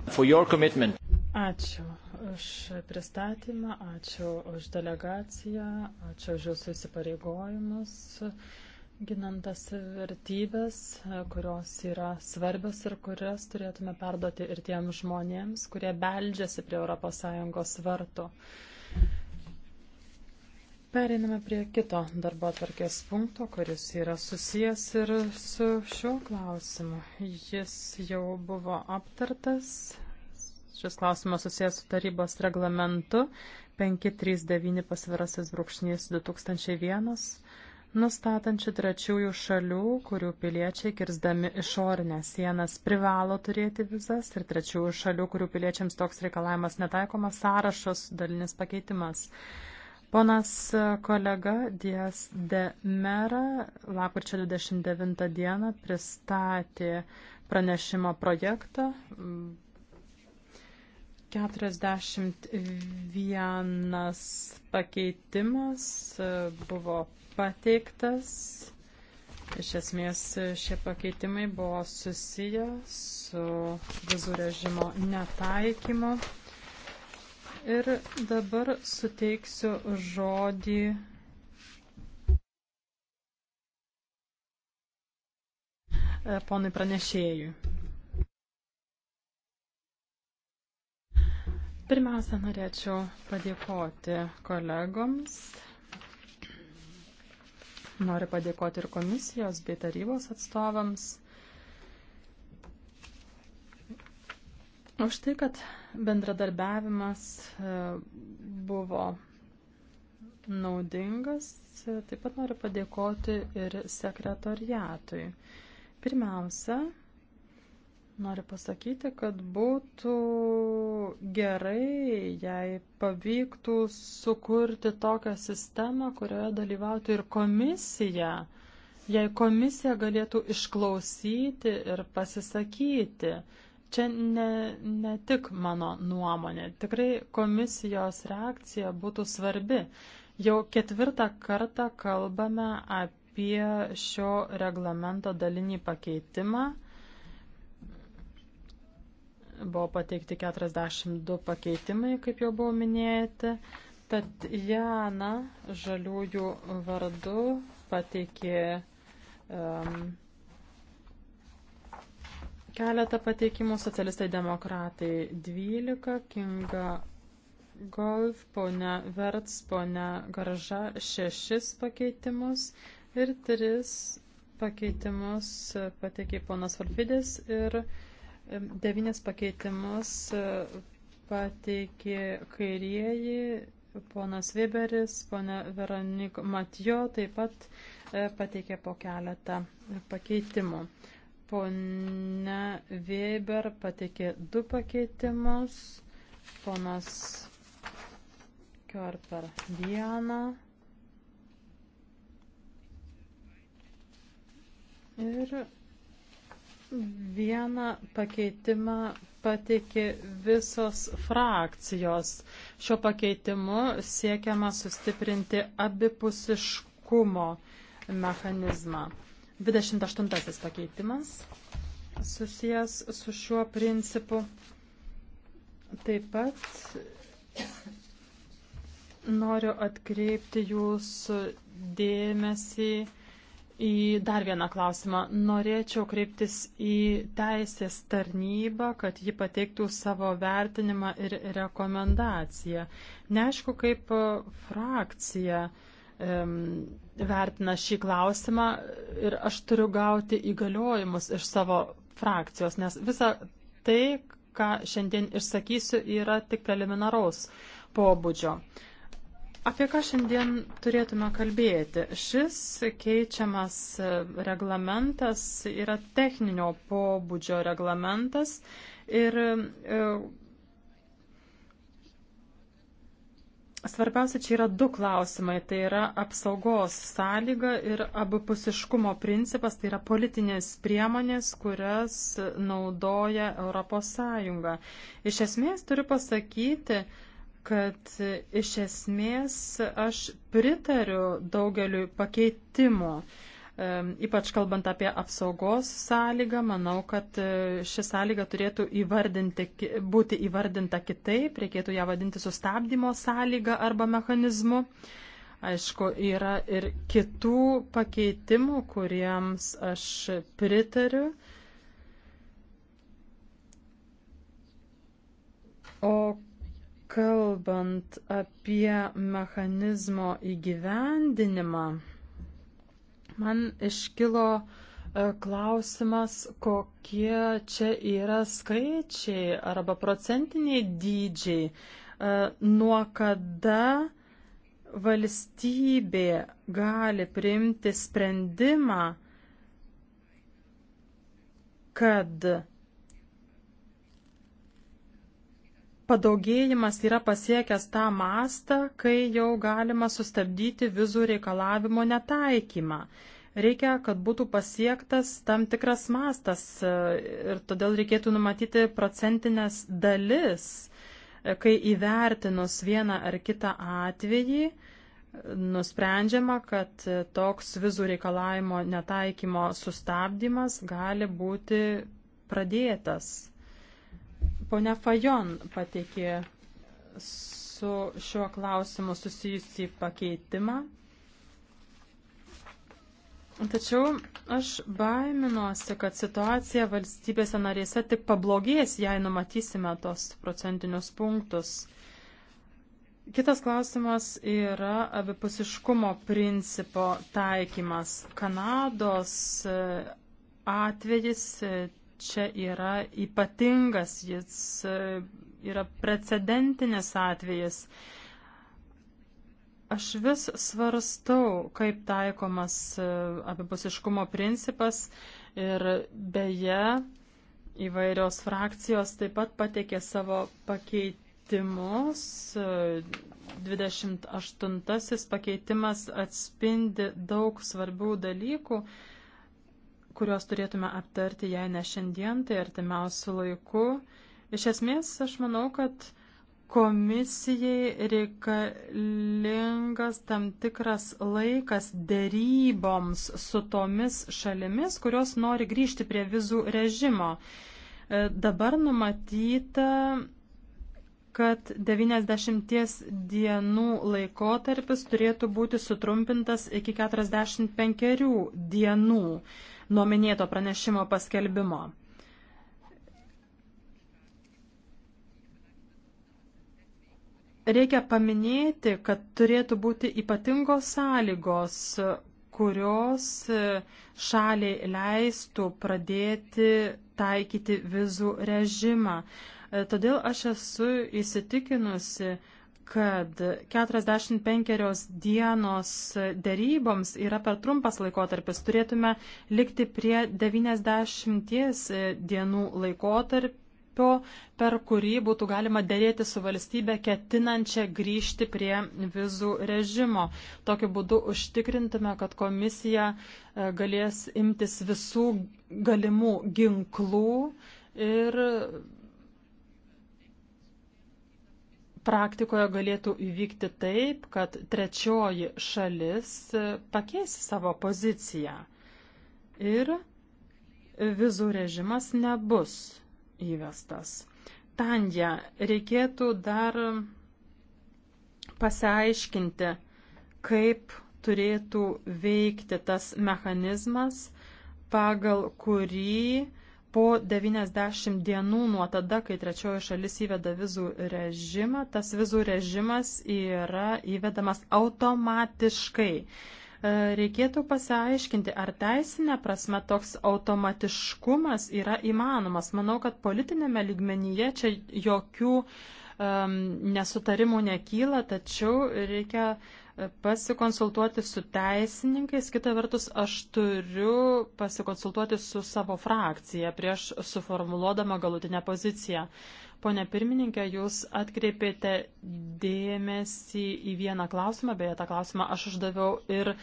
Ačiū už pristatymą, ačiū už delegaciją, ačiū už jūsų įsipareigojimus ginantas vertybės, e, kurios yra svarbios ir kurias turėtume perduoti ir tiems žmonėms, kurie beldžiasi prie ES vartų. Pereiname prie kito darbo atvarkės punkto, kuris yra susijęs ir su šiuo klausimu. Jis jau buvo aptartas. Šis klausimas susijęs su tarybos reglamentu 539 pasvirasis brūkšnys 2001 nustatančių trečiųjų šalių, kurių piliečiai kirzdami išorinę sienas privalo turėti vizas ir trečiųjų šalių, kurių piliečiams toks reikalavimas netaikomas, sąrašos dalinis pakeitimas. Ponas kolega Dies de Mera lapkričio 29 dieną pristatė pranešimo projektą. 41 pakeitimas buvo pateiktas. Iš esmės šie pakeitimai buvo susiję su vizų režimo netaikymu. Ir dabar suteiksiu žodį. Ponui pranešėjui. Pirmiausia, norėčiau padėkoti kolegoms Noriu padėkoti ir komisijos bei tarybos atstovams už tai, kad bendradarbiavimas e, buvo naudingas. Taip pat noriu padėkoti ir sekretoriatui. Pirmiausia, Noriu pasakyti, kad būtų gerai, jei pavyktų sukurti tokią sistemą, kurioje dalyvautų ir komisija, jei komisija galėtų išklausyti ir pasisakyti. Čia ne, ne tik mano nuomonė, tikrai komisijos reakcija būtų svarbi. Jau ketvirtą kartą kalbame apie šio reglamento dalinį pakeitimą. Buvo pateikti 42 pakeitimai, kaip jau buvau minėjote. Tad Jana žaliųjų vardu pateikė um, keletą pateikimų, socialistai demokratai 12, Kinga Golf, ponia Verts, ponia Garža 6 pakeitimus ir 3 pakeitimus pateikė ponas Valfidis ir uh, Devynis pakeitimus e, pateikė kairieji, ponas Weberis, ponė Veronik Matijo taip pat e, pateikė po keletą pakeitimų. Pone Weber pateikė du pakeitimus, ponas Körper vieną. Ir Vieną pakeitimą pateikė visos frakcijos. Šio pakeitimu siekiama sustiprinti abipusiškumo mechanizmą. 28 pakeitimas susijęs su šiuo principu. Taip pat noriu atkreipti jūsų dėmesį į dar vieną klausimą. Norėčiau kreiptis į teisės tarnybą, kad ji pateiktų savo vertinimą ir rekomendaciją. Neaišku, kaip e, frakcija um, vertina šį klausimą ir aš turiu gauti įgaliojimus iš savo frakcijos, nes visa tai, ką šiandien išsakysiu, yra tik preliminaraus pobūdžio. Uh, Apie ką šiandien turėtume kalbėti? Šis keičiamas reglamentas yra techninio pobūdžio reglamentas ir e, svarbiausia čia yra du klausimai. Tai yra apsaugos sąlyga ir abipusiškumo principas, tai yra politinės priemonės, kurias naudoja Europos Sąjunga. Iš esmės turiu pasakyti, kad iš esmės aš pritariu daugeliu pakeitimų. Ypač kalbant apie apsaugos sąlygą, manau, kad e, ši sąlyga turėtų įvardinti, būti įvardinta kitaip, reikėtų ją vadinti sustabdymo sąlyga arba mechanizmu. Aišku, yra ir kitų pakeitimų, kuriems aš pritariu. O Kalbant apie mechanizmo įgyvendinimą, man iškilo e, klausimas, kokie čia yra skaičiai arba procentiniai dydžiai, e, nuo kada valstybė gali priimti sprendimą, kad padaugėjimas yra pasiekęs tą mastą, kai jau galima sustabdyti vizų reikalavimo netaikymą. Reikia, kad būtų pasiektas tam tikras mastas e, ir todėl reikėtų numatyti procentinės dalis, e, kai įvertinus vieną ar kitą atvejį, nusprendžiama, kad e, toks vizų reikalavimo netaikymo sustabdymas gali būti pradėtas. Pone Fajon pateikė su šiuo klausimu susijusi pakeitimą. Tačiau aš baiminuosi, kad situacija valstybėse narėse tik pablogės, jei numatysime tos procentinius punktus. Kitas klausimas yra abipusiškumo principo taikymas. Kanados e, atvejis e, čia yra ypatingas, jis e, yra precedentinis atvejis. Aš vis svarstau, kaip taikomas e, abipusiškumo principas ir beje, įvairios frakcijos taip pat pateikė savo pakeitimus. 28 e, pakeitimas atspindi daug svarbių dalykų kuriuos turėtume aptarti, jei ne šiandien, tai artimiausių laikų. Iš esmės, aš manau, kad komisijai reikalingas tam tikras laikas deryboms su tomis šalimis, kurios nori grįžti prie vizų režimo. E, dabar numatyta, kad 90 dienų laikotarpis turėtų būti sutrumpintas iki 45 dienų nuo minėto pranešimo paskelbimo. Reikia paminėti, kad turėtų būti ypatingos sąlygos, kurios šaliai leistų pradėti taikyti vizų režimą. Todėl aš esu įsitikinusi, kad 45 dienos deryboms yra per trumpas laikotarpis. Turėtume likti prie 90 dienų laikotarpio, per kurį būtų galima dėrėti su valstybė ketinančia grįžti prie vizų režimo. Tokiu būdu užtikrintume, kad komisija e, galės imtis visų galimų ginklų ir praktikoje galėtų įvykti taip, kad trečioji šalis e, pakeis savo poziciją ir vizų režimas nebus įvestas. Tanja, reikėtų dar pasiaiškinti, kaip turėtų veikti tas mechanizmas, pagal kurį po 90 dienų nuo tada, kai trečioji šalis įveda vizų režimą, tas vizų režimas yra įvedamas automatiškai. E, reikėtų pasiaiškinti, ar teisinė prasme toks automatiškumas yra įmanomas. Manau, kad politinėme lygmenyje čia jokių um, nesutarimų nekyla, tačiau reikia uh, pasikonsultuoti su teisininkais, kita vertus aš turiu pasikonsultuoti su savo frakcija prieš suformuluodama galutinę poziciją. Pone pirmininkė, jūs atkreipėte dėmesį į vieną klausimą, beje, tą klausimą aš uždaviau ir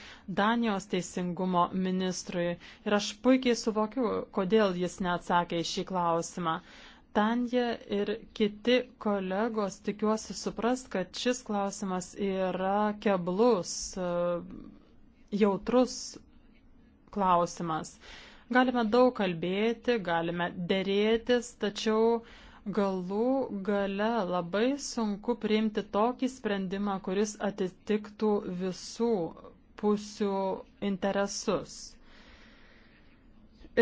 Danijos teisingumo ministrui ir aš puikiai suvokiu, kodėl jis neatsakė į šį klausimą. Tanja ir kiti kolegos tikiuosi supras, kad šis klausimas yra keblus, e, jautrus klausimas. Galime daug kalbėti, galime dėrėtis, tačiau galų gale labai sunku priimti tokį sprendimą, kuris atitiktų visų pusių interesus.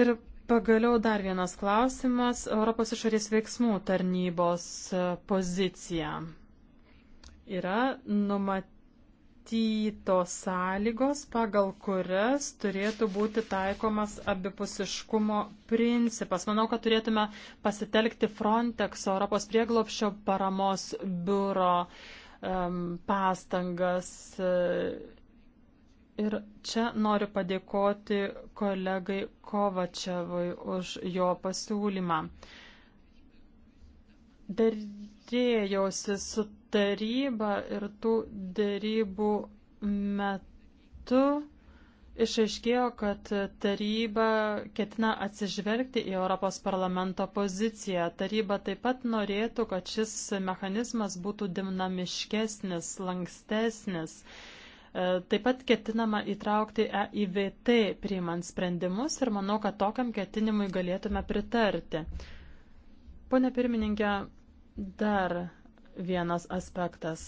Ir Pagaliau dar vienas klausimas - Europos išorės veiksmų tarnybos e, pozicija. Yra numatytos sąlygos, pagal kurias turėtų būti taikomas abipusiškumo principas. Manau, kad turėtume pasitelkti Frontex Europos prieglopščio paramos biuro um, pastangas. Uh, Ir čia noriu padėkoti kolegai Kovačevui už jo pasiūlymą. Dėrėjausi su taryba ir tų dėrybų metu išaiškėjo, kad taryba ketina atsižvelgti į Europos parlamento poziciją. Taryba taip pat norėtų, kad šis mechanizmas būtų dinamiškesnis, lankstesnis. E, taip pat ketinama įtraukti EIVT priimant sprendimus ir manau, kad tokiam ketinimui galėtume pritarti. Pone pirmininkė, dar vienas aspektas.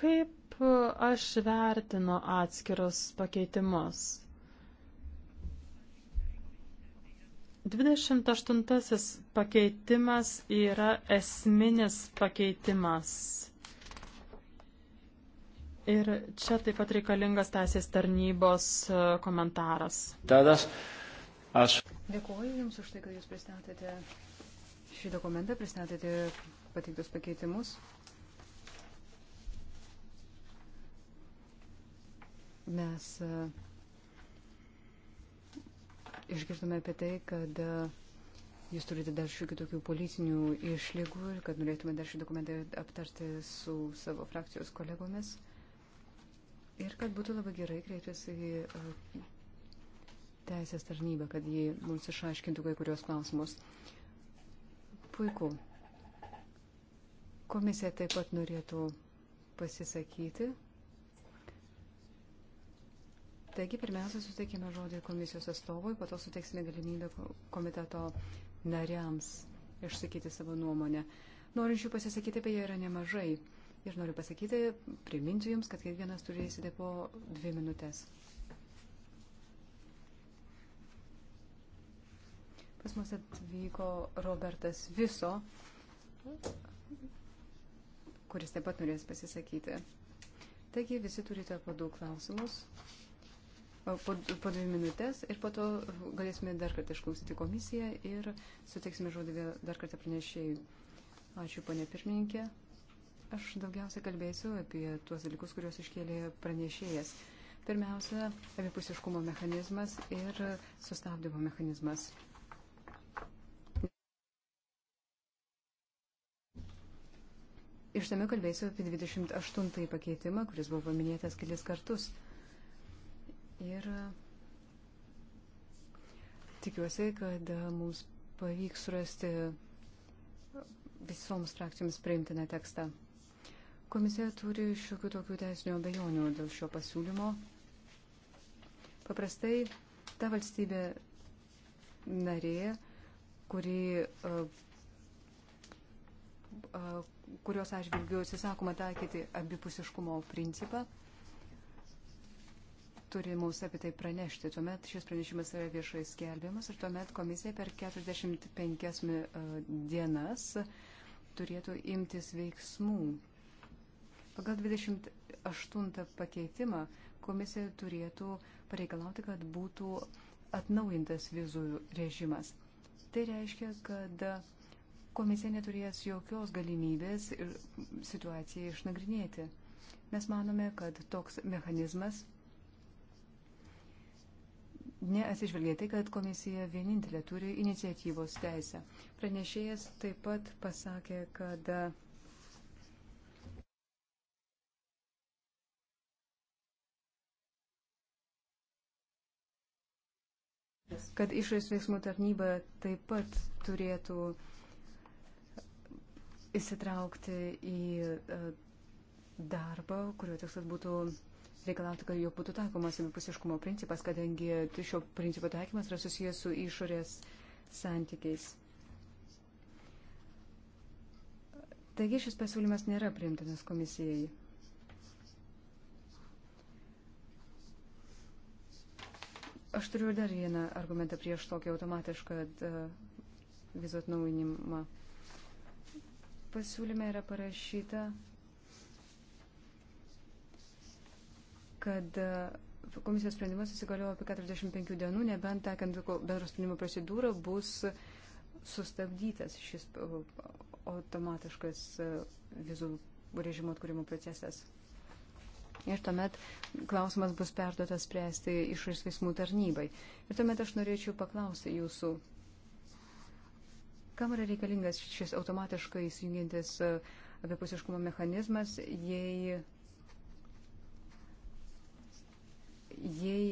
Kaip aš vertinu atskirus pakeitimus? 28 pakeitimas yra esminis pakeitimas Ir čia taip pat reikalingas teisės tarnybos e, komentaras. Tadas, aš. Dėkuoju Jums už tai, kad Jūs pristatėte šį dokumentą, pristatėte pateiktus pakeitimus. Mes e, išgirdome apie tai, kad e, jūs turite dar šių kitokių politinių išlygų ir kad norėtume dar šį dokumentą aptarti su savo frakcijos kolegomis. Ir kad būtų labai gerai kreiptis į e, teisės tarnybą, kad jį mums išaiškintų kai kurios klausimus. Puiku. Komisija taip pat norėtų pasisakyti. Taigi, pirmiausia, suteikime žodį komisijos atstovui, po to suteiksime galimybę komiteto nariams išsakyti savo nuomonę. Norinčių pasisakyti beje yra nemažai. Ir noriu pasakyti, priminsiu Jums, kad kiekvienas turėsite po dvi minutės. Pas mus atvyko Robertas Viso, kuris taip pat norės pasisakyti. Taigi visi turite po du klausimus, po, po dvi minutės ir po to galėsime dar kartą išklausyti komisiją ir suteiksime žodį dar kartą pranešėjui. Ačiū, ponė pirmininkė. Aš daugiausiai kalbėsiu apie tuos dalykus, kuriuos iškėlė pranešėjas. Pirmiausia, abipusiškumo mechanizmas ir sustabdymo mechanizmas. Išsamiu kalbėsiu apie 28 pakeitimą, kuris buvo paminėtas kelis kartus. Ir tikiuosi, kad mums pavyks surasti visoms frakcijoms priimtiną tekstą. Komisija turi šiokių tokių teisinių abejonių dėl šio pasiūlymo. Paprastai ta valstybė narė, kuri, kurios atžvilgiu atsisakoma taikyti abipusiškumo principą, turi mums apie tai pranešti. Tuomet šis pranešimas yra viešai skelbiamas ir tuomet komisija per 45 dienas turėtų imtis veiksmų Pagal 28 pakeitimą komisija turėtų pareikalauti, kad būtų atnaujintas vizų režimas. Tai reiškia, kad komisija neturės jokios galimybės situaciją išnagrinėti. Mes manome, kad toks mechanizmas neatsižvelgia tai, kad komisija vienintelė turi iniciatyvos teisę. Pranešėjas taip pat pasakė, kad kad išorės veiksmų tarnyba taip pat turėtų įsitraukti į e, darbą, kurio tikslas būtų reikalauti, kad jau būtų taikomas abipusiškumo principas, kadangi šio principo taikymas yra susijęs su išorės santykiais. Taigi šis pasiūlymas nėra priimtinas komisijai. Aš turiu dar vieną argumentą prieš tokį automatišką e, vizų atnaujinimą. Pasiūlyme yra parašyta, kad e, komisijos sprendimas įsigaliojo apie 45 dienų, nebent tekant bendro sprendimo procedūrą bus sustabdytas šis e, automatiškas vizų režimo atkūrimo procesas. Ir tuomet klausimas bus perduotas spręsti išorės veiksmų tarnybai. Ir tuomet aš norėčiau paklausti jūsų, kam yra reikalingas šis automatiškai įsijungiantis e, abipusiškumo mechanizmas, jei, jei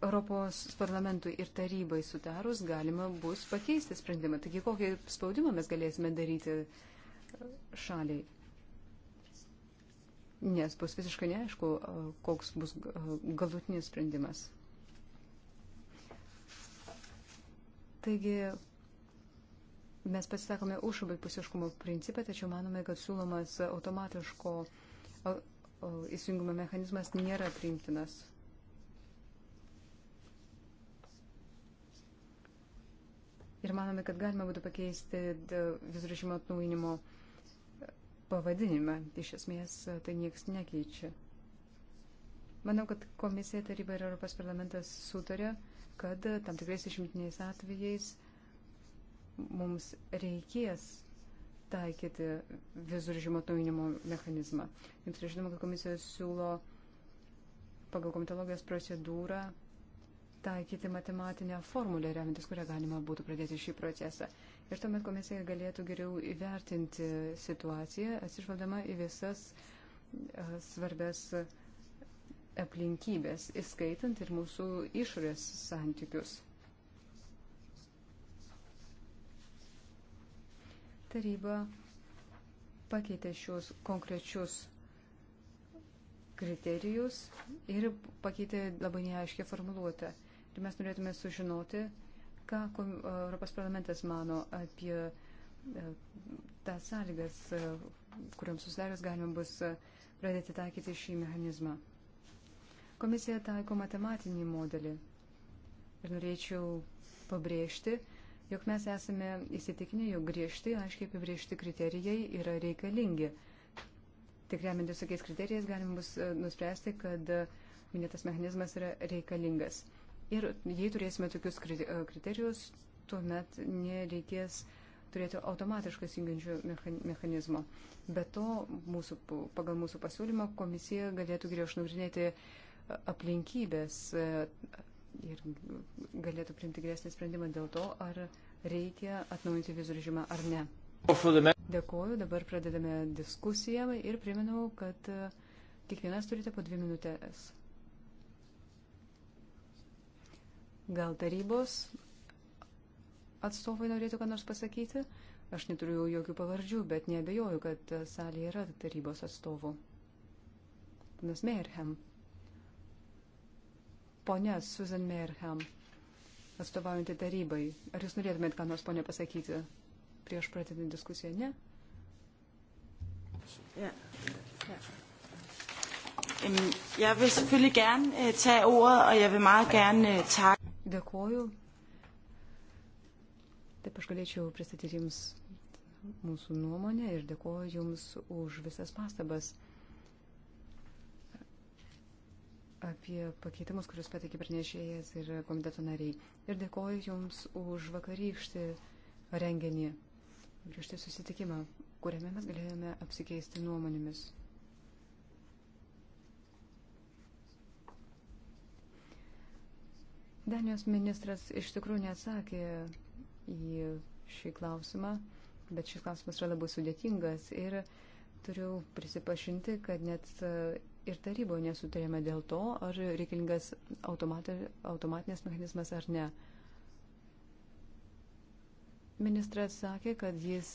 Europos parlamentui ir tarybai sutarus galima bus pakeisti sprendimą. Taigi kokį spaudimą mes galėsime daryti šaliai nes bus visiškai neaišku, koks bus galutinis sprendimas. Taigi mes pasisakome už abipusiškumo principą, tačiau manome, kad siūlomas automatiško įsijungimo mechanizmas nėra priimtinas. Ir manome, kad galima būtų pakeisti vizų režimo atnaujinimo uh, pavadinimą. Iš esmės e, tai niekas nekeičia. Manau, kad komisija, taryba ir Europos parlamentas sutarė, kad e, tam tikrais išimtiniais atvejais mums reikės taikyti vizų režimo atnaujinimo mechanizmą. Jums žinoma, kad komisija siūlo pagal komitologijos procedūrą taikyti matematinę formulę, remintis, kurią galima būtų pradėti šį procesą. Ir tuomet komisija galėtų geriau įvertinti situaciją, atsižvelgdama į visas e, svarbės aplinkybės, įskaitant ir mūsų išorės santykius. Taryba pakeitė šios konkrečius kriterijus ir pakeitė labai neaiškę formuluotę. Ir mes norėtume sužinoti, ką Europos parlamentas mano apie e, tas sąlygas, e, kuriuoms susidarius galima bus e, pradėti taikyti šį mechanizmą. Komisija taiko matematinį modelį ir norėčiau pabrėžti, jog mes esame įsitikinę, jog griežti, aiškiai apibriežti kriterijai yra reikalingi. Tik remintis tokiais kriterijais galima bus nuspręsti, kad minėtas mechanizmas yra reikalingas. Ir jei turėsime tokius e, kriterijus, tuomet nereikės turėti automatiškai jungiančių mechanizmo. Be to, mūsų, pagal mūsų pasiūlymą komisija galėtų geriau išnagrinėti e, aplinkybės e, ir galėtų priimti geresnį sprendimą dėl to, ar reikia atnaujinti vizų režimą ar ne. Dėkuoju, dabar pradedame diskusiją ir primenu, kad kiekvienas turite po dvi minutės. Gal tarybos atstovai norėtų ką nors pasakyti? Aš neturiu jokių pavardžių, bet nebejoju, kad salėje yra tarybos atstovų. Panas Merhem. Pone Susan Merhem, atstovaujantį tarybai. Ar jūs norėtumėt ką nors, ponė, pasakyti prieš pradedant diskusiją? Ne? Ja. ja. Jeg vil selvfølgelig gerne eh, tage ordet, og jeg vil meget gerne eh, takke. Dėkoju. Taip aš galėčiau pristatyti Jums mūsų nuomonę ir dėkoju Jums už visas pastabas apie pakeitimus, kuriuos pateikė pranešėjas ir komiteto nariai. Ir dėkoju Jums už vakarykštį renginį, prieš tai susitikimą, kuriame mes galėjome apsikeisti nuomonėmis. Danijos ministras iš tikrųjų neatsakė į šį klausimą, bet šis klausimas yra labai sudėtingas ir turiu prisipažinti, kad net ir taryboje nesutarėme dėl to, ar reikalingas automatinės mechanizmas ar ne. Ministras sakė, kad jis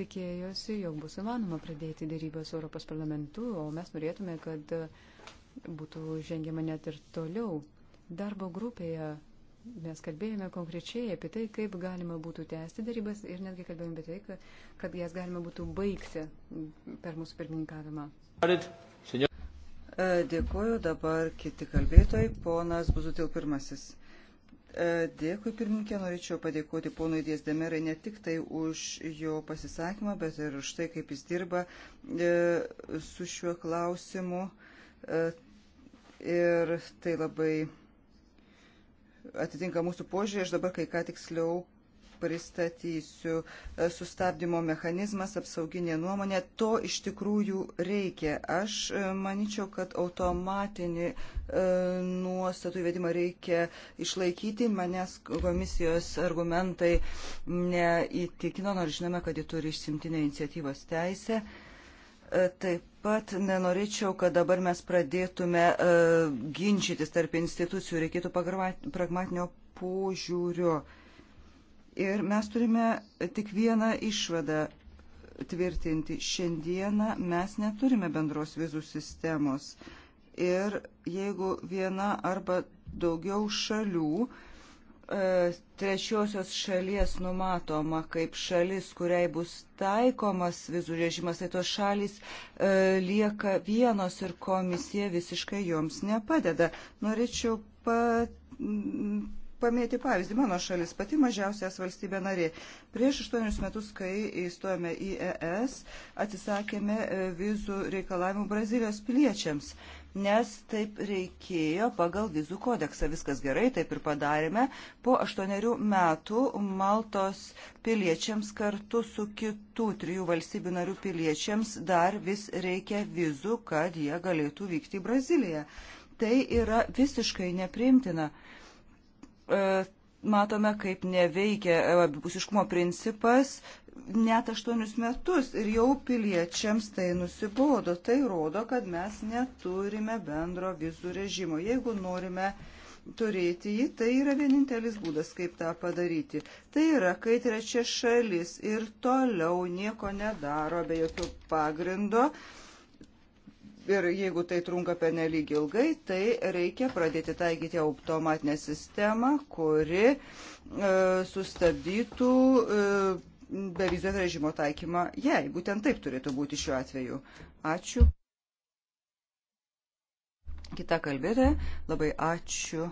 tikėjosi, jog bus įmanoma pradėti dėrybę su Europos parlamentu, o mes norėtume, kad būtų žengiama net ir toliau. Darbo grupėje mes kalbėjome konkrečiai apie tai, kaip galima būtų tęsti darybas ir netgi kalbėjome apie tai, kad jas galima būtų baigti per mūsų pirmininkavimą. E, Dėkuoju dabar kiti kalbėtojai, ponas Buzutil pirmasis. E, dėkui pirmininkė, norėčiau padėkoti ponui Diezdemerai ne tik tai už jo pasisakymą, bet ir už tai, kaip jis dirba e, su šiuo klausimu. Ir tai labai atitinka mūsų požiūrį. Aš dabar kai ką tiksliau pristatysiu. E, sustabdymo mechanizmas, apsauginė nuomonė, to iš tikrųjų reikia. Aš e, manyčiau, kad automatinį e, nuostatų įvedimą reikia išlaikyti. Manęs komisijos argumentai neįtikino, nors žinome, kad ji turi išsimtinę iniciatyvos teisę. E, taip pat nenorėčiau, kad dabar mes pradėtume e, ginčytis tarp institucijų, reikėtų pragmatinio požiūrio. Ir mes turime tik vieną išvadą tvirtinti. Šiandieną mes neturime bendros vizų sistemos. Ir jeigu viena arba daugiau šalių uh, E, trečiosios šalies numatoma kaip šalis, kuriai bus taikomas vizų režimas, tai tos šalis e, lieka vienos ir komisija visiškai joms nepadeda. Norėčiau pa, pamėti pavyzdį. Mano šalis pati mažiausias valstybė narė. Prieš aštuonius metus, kai įstojome į ES, atsisakėme e, vizų reikalavimų Brazilijos piliečiams. E, nes taip reikėjo pagal vizų kodeksą. Viskas gerai, taip ir padarėme. Po aštuonerių metų Maltos piliečiams kartu su kitų trijų valstybių narių piliečiams dar vis reikia vizų, kad jie galėtų vykti į Braziliją. Tai yra visiškai nepriimtina. E, matome, kaip neveikia abipusiškumo principas net aštuonius metus ir jau piliečiams tai nusibodo. Tai rodo, kad mes neturime bendro vizų režimo. Jeigu norime turėti jį, tai yra vienintelis būdas, kaip tą padaryti. Tai yra, kai trečia šalis ir toliau nieko nedaro be jokių pagrindo, uh, Ir jeigu tai trunka penelyg ilgai, tai reikia pradėti taikyti automatinę sistemą, kuri e, sustabdytų e, bevizio režimo taikymą jai. Yeah, būtent taip turėtų būti šiuo atveju. Ačiū. Kita kalbėtoja, labai ačiū.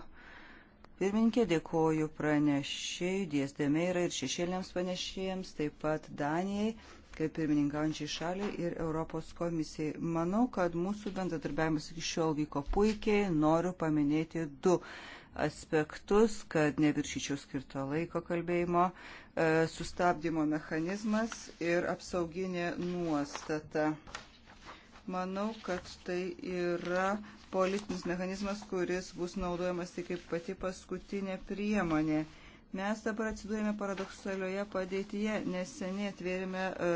Pirminkė, dėkoju pranešėjai, dėstėmeirai ir šešėliams panešėjams, taip pat Danijai kaip pirmininkaujančiai šaliai ir Europos komisijai. Manau, kad mūsų bendradarbiavimas iki šiol vyko puikiai. Noriu paminėti du aspektus, kad neviršyčiau skirto laiko kalbėjimo, e, sustabdymo mechanizmas ir apsauginė nuostata. Manau, kad tai yra politinis mechanizmas, kuris bus naudojamas tik kaip pati paskutinė priemonė. E, Mes dabar atsidūrėme paradoksalioje padėtyje, nes seniai atvėrėme e,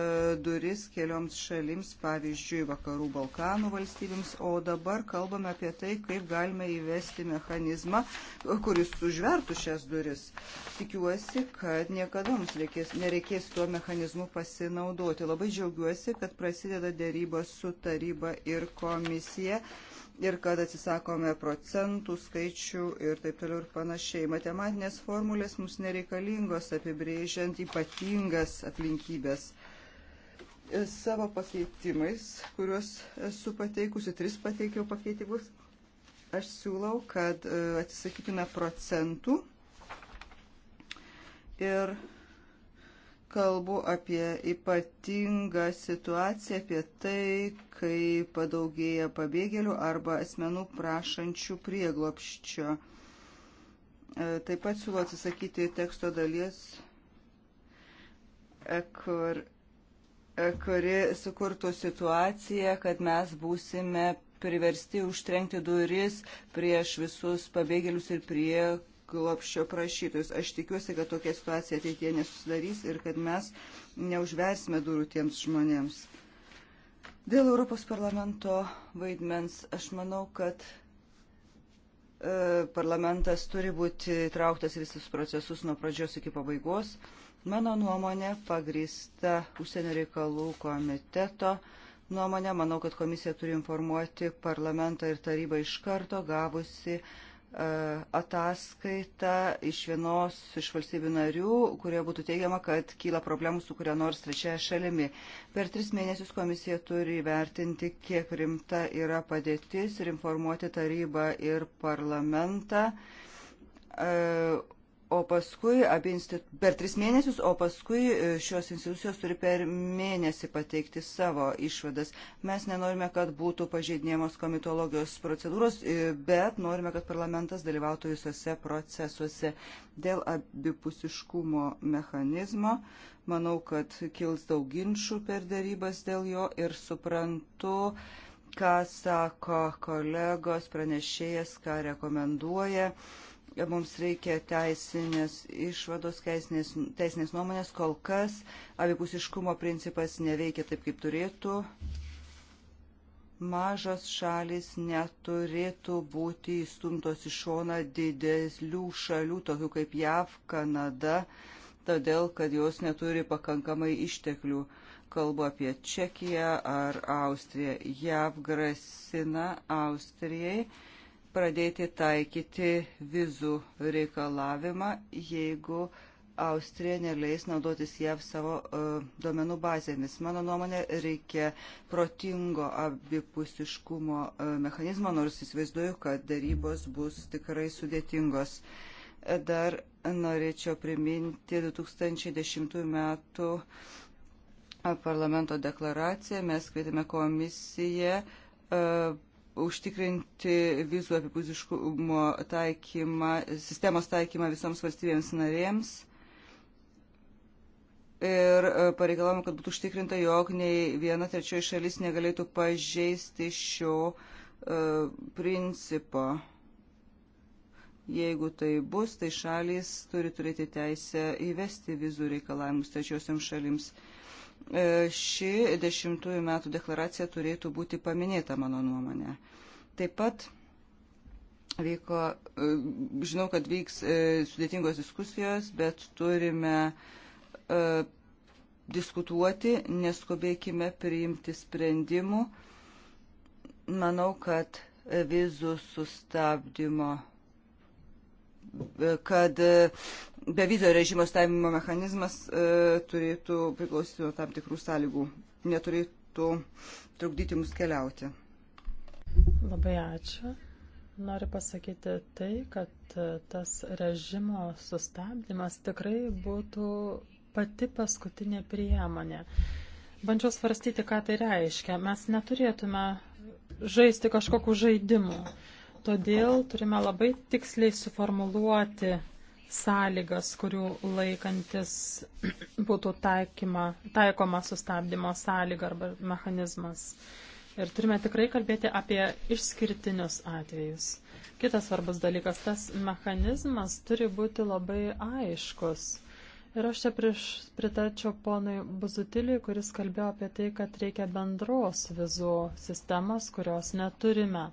duris kelioms šalims, pavyzdžiui, vakarų Balkanų valstybėms, o dabar kalbame apie tai, kaip galime įvesti mechanizmą, kuris užvertų šias duris. Tikiuosi, kad niekada mums reikės, nereikės tuo mechanizmu pasinaudoti. Labai džiaugiuosi, kad prasideda dėrybos su taryba ir komisija. E, ir kad atsisakome procentų, skaičių ir taip toliau ir panašiai. Matematinės formulės mums nereikalingos apibrėžiant ypatingas aplinkybės. Savo pakeitimais, kuriuos esu pateikusi, tris pateikiau pakeitimus, aš siūlau, kad e, atsisakytume procentų ir kalbu apie ypatingą situaciją, apie tai, kai padaugėja pabėgėlių arba asmenų prašančių prieglopščio. E, taip pat siūlau atsisakyti teksto dalies, kur, kuri sukurtų situaciją, kad mes būsime priversti užtrenkti duris prieš visus pabėgėlius ir prie prieglopščio prašytojus. Aš tikiuosi, kad tokia situacija ateitie nesusidarys ir kad mes neužversime durų tiems žmonėms. Dėl Europos parlamento vaidmens aš manau, kad e, parlamentas turi būti trauktas visus procesus nuo pradžios iki pabaigos. Mano nuomonė pagrįsta užsienio reikalų komiteto nuomonė. Manau, kad komisija turi informuoti parlamentą ir tarybą iš karto gavusi uh, E, ataskaitą iš vienos iš valstybių narių, kurioje būtų teigiama, kad kyla problemų su kuria nors trečiaja šalimi. Per tris mėnesius komisija turi įvertinti, kiek rimta yra padėtis ir informuoti tarybą ir parlamentą e, o paskui institu... per tris mėnesius, o paskui e, šios institucijos turi per mėnesį pateikti savo išvadas. Mes nenorime, kad būtų pažeidinėjamos komitologijos procedūros, e, bet norime, kad parlamentas dalyvautų visose procesuose. Dėl abipusiškumo mechanizmo manau, kad kils daug ginčių per darybas dėl jo ir suprantu, ką sako kolegos pranešėjas, ką rekomenduoja. Uh, mums reikia teisinės išvados, teisinės, teisinės nuomonės, kol kas abipusiškumo principas neveikia taip, kaip turėtų. Mažas šalis neturėtų būti įstumtos į šoną didelių šalių, tokių kaip JAV, Kanada, todėl, kad jos neturi pakankamai išteklių. Kalbu apie Čekiją ar Austriją. JAV grasina Austrijai pradėti taikyti vizų reikalavimą, jeigu Austrija neleis naudotis JAV savo uh, duomenų bazėmis. Mano nuomonė, reikia protingo abipusiškumo uh, mechanizmo, nors įsivaizduoju, kad darybos bus tikrai sudėtingos. E, dar norėčiau priminti 2010 metų parlamento deklaraciją. Mes kvietėme komisiją uh, užtikrinti vizų apipuziškumo taikymą, sistemos taikymą visoms valstybėms narėms. Ir e, pareikalavome, kad būtų užtikrinta, jog nei viena trečioji šalis negalėtų pažeisti šio uh, principo. Jeigu tai bus, tai šalis turi turėti teisę įvesti vizų reikalavimus trečiosiam šalims. Uh, E, ši dešimtųjų metų deklaracija turėtų būti paminėta, mano nuomonė. Taip pat vyko, e, žinau, kad vyks e, sudėtingos diskusijos, bet turime diskutuoti, neskubėkime priimti sprendimų. Manau, kad vizų sustabdymo kad bevizio režimo stavimo mechanizmas e, turėtų priklausyti nuo tam tikrų sąlygų, neturėtų trukdyti mus keliauti. Labai ačiū. Noriu pasakyti tai, kad e, tas režimo sustabdymas tikrai būtų pati paskutinė priemonė. Bandžiau svarstyti, ką tai reiškia. Mes neturėtume žaisti kažkokų žaidimų. Todėl turime labai tiksliai suformuluoti sąlygas, kurių laikantis būtų taikyma, taikoma sustabdymo sąlyga arba mechanizmas. Ir turime tikrai kalbėti apie išskirtinius atvejus. Kitas svarbus dalykas, tas mechanizmas turi būti labai aiškus. Ir aš čia prieš pritarčiau ponui Buzutiliui, kuris kalbėjo apie tai, kad reikia bendros vizų sistemos, kurios neturime.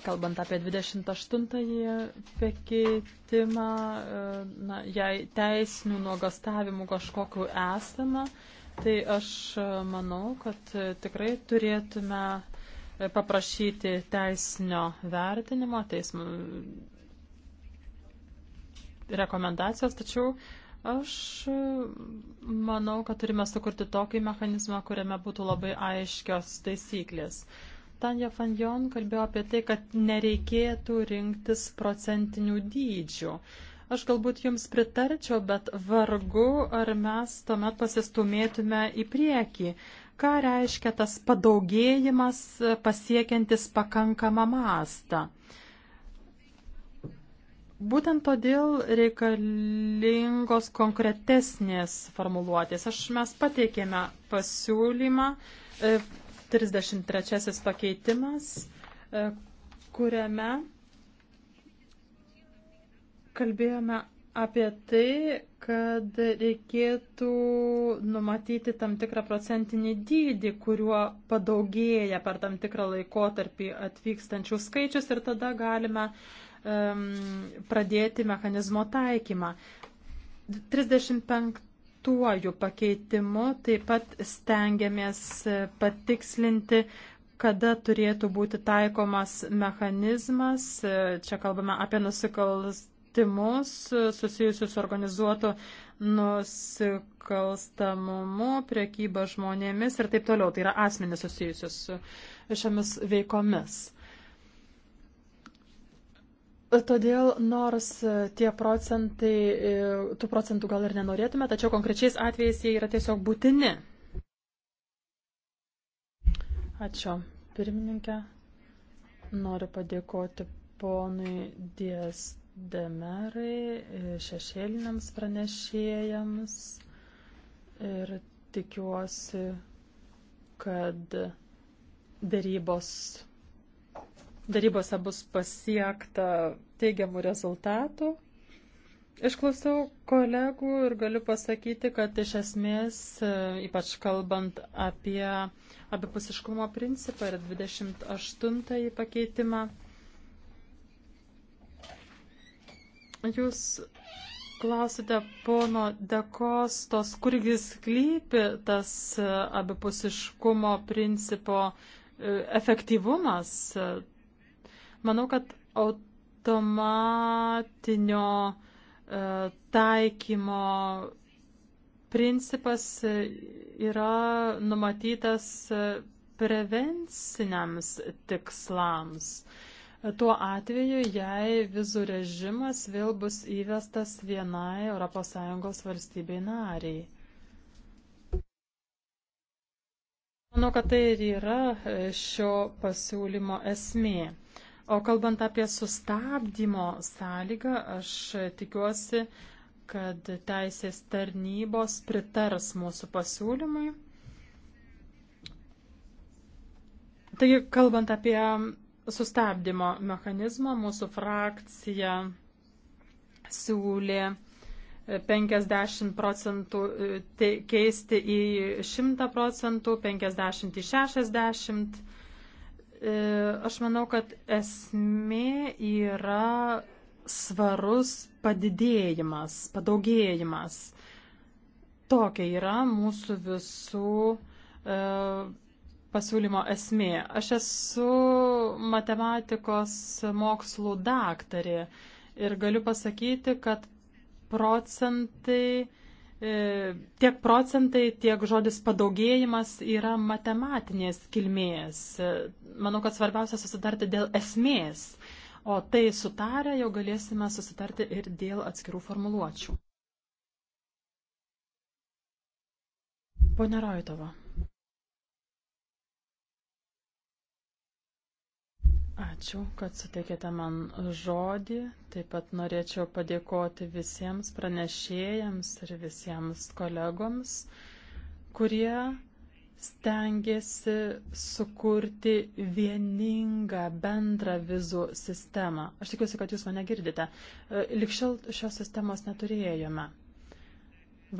Kalbant apie 28-ąjį pakeitimą, e, na, jei teisinių nuogastavimų kažkokiu esame, tai aš e, manau, kad e, tikrai turėtume paprašyti teisinio vertinimo, teismo rekomendacijos, tačiau aš manau, kad turime sukurti tokį mechanizmą, kuriame būtų labai aiškios taisyklės. Tanja Fanjon kalbėjo apie tai, kad nereikėtų rinktis procentinių dydžių. Aš galbūt jums pritarčiau, bet vargu, ar mes tuomet pasistumėtume į priekį. Ką reiškia tas padaugėjimas e, pasiekiantis pakankamą mastą? Būtent todėl reikalingos konkretesnės formuluotės. Aš mes pateikėme pasiūlymą e, 33 pakeitimas, e, kuriame kalbėjome apie tai, kad reikėtų numatyti tam tikrą procentinį dydį, kuriuo padaugėja per tam tikrą laikotarpį atvykstančių skaičius ir tada galime um, pradėti mechanizmo taikymą. 35 penktuoju pakeitimu taip pat stengiamės patikslinti, kada turėtų būti taikomas mechanizmas. Čia kalbame apie nusikaltimus susijusius organizuotų nusikalstamumu, priekybą žmonėmis ir taip toliau. Tai yra asmenys susijusius su šiomis veikomis. Todėl nors e, tie procentai, e, tų procentų gal ir nenorėtume, tačiau konkrečiais atvejais jie yra tiesiog būtini. Ačiū, pirmininkė. Noriu padėkoti ponui Dies Demerai, e, šešėliniams pranešėjams ir tikiuosi, kad dėrybos darybose bus pasiekta teigiamų rezultatų. Išklausiau kolegų ir galiu pasakyti, kad iš esmės, e, ypač kalbant apie abipusiškumo principą ir 28 pakeitimą, jūs klausite pono Dekostos, kurgi sklypi tas e, abipusiškumo principo e, efektyvumas, Manau, kad automatinio e, taikymo principas yra numatytas e, prevenciniams tikslams. Tuo atveju, jei vizų režimas vėl bus įvestas vienai ES valstybei nariai. Manau, kad tai ir yra e, šio pasiūlymo esmė. O kalbant apie sustabdymo sąlygą, aš tikiuosi, kad teisės tarnybos pritars mūsų pasiūlymui. Taigi, kalbant apie sustabdymo mechanizmą, mūsų frakcija siūlė 50 procentų e, keisti į 100 procentų, 50 į 60. E, aš manau, kad esmė yra svarus padidėjimas, padaugėjimas. Tokia yra mūsų visų e, pasiūlymo esmė. Aš esu matematikos mokslų daktarė ir galiu pasakyti, kad procentai E, tiek procentai, tiek žodis padaugėjimas yra matematinės kilmės. E, manau, kad svarbiausia susitarti dėl esmės, o tai sutarę jau galėsime susitarti ir dėl atskirų formuluočių. Pone Roitova. Ačiū, kad suteikėte man žodį. Taip pat norėčiau padėkoti visiems pranešėjams ir visiems kolegoms, kurie stengiasi sukurti vieningą bendrą vizų sistemą. Aš tikiuosi, kad jūs mane girdite. E, Likščiau šios sistemos neturėjome.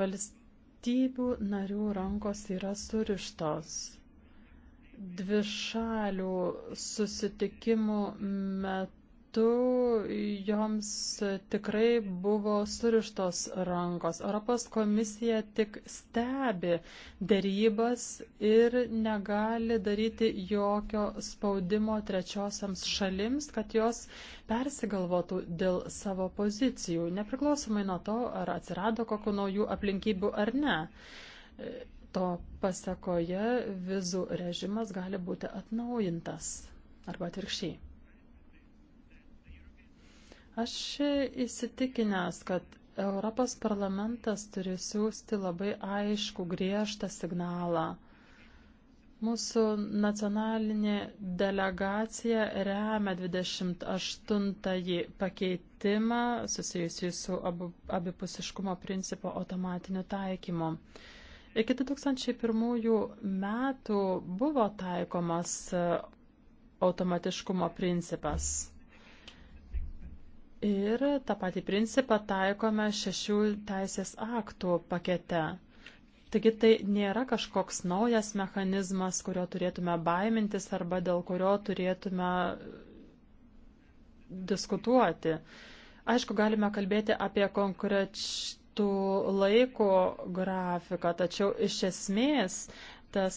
Valstybių narių rankos yra surištos dvišalių susitikimų metu joms tikrai buvo surištos rankos. Europos komisija tik stebi dėrybas ir negali daryti jokio spaudimo trečiosiams šalims, kad jos persigalvotų dėl savo pozicijų, nepriklausomai nuo to, ar atsirado kokiu naujų aplinkybių ar ne To pasakoje vizų režimas gali būti atnaujintas arba atvirkščiai. Aš įsitikinęs, kad Europos parlamentas turi siūsti labai aišku, griežtą signalą. Mūsų nacionalinė delegacija remia 28-ąjį pakeitimą susijusį su abipusiškumo principo automatiniu taikymu. Iki 2001 metų buvo taikomas e, automatiškumo principas. Ir tą patį principą taikome šešių teisės aktų pakete. Taigi tai nėra kažkoks naujas mechanizmas, kurio turėtume baimintis arba dėl kurio turėtume diskutuoti. Aišku, galime kalbėti apie konkreč numatytų laiko grafiką, tačiau iš esmės tas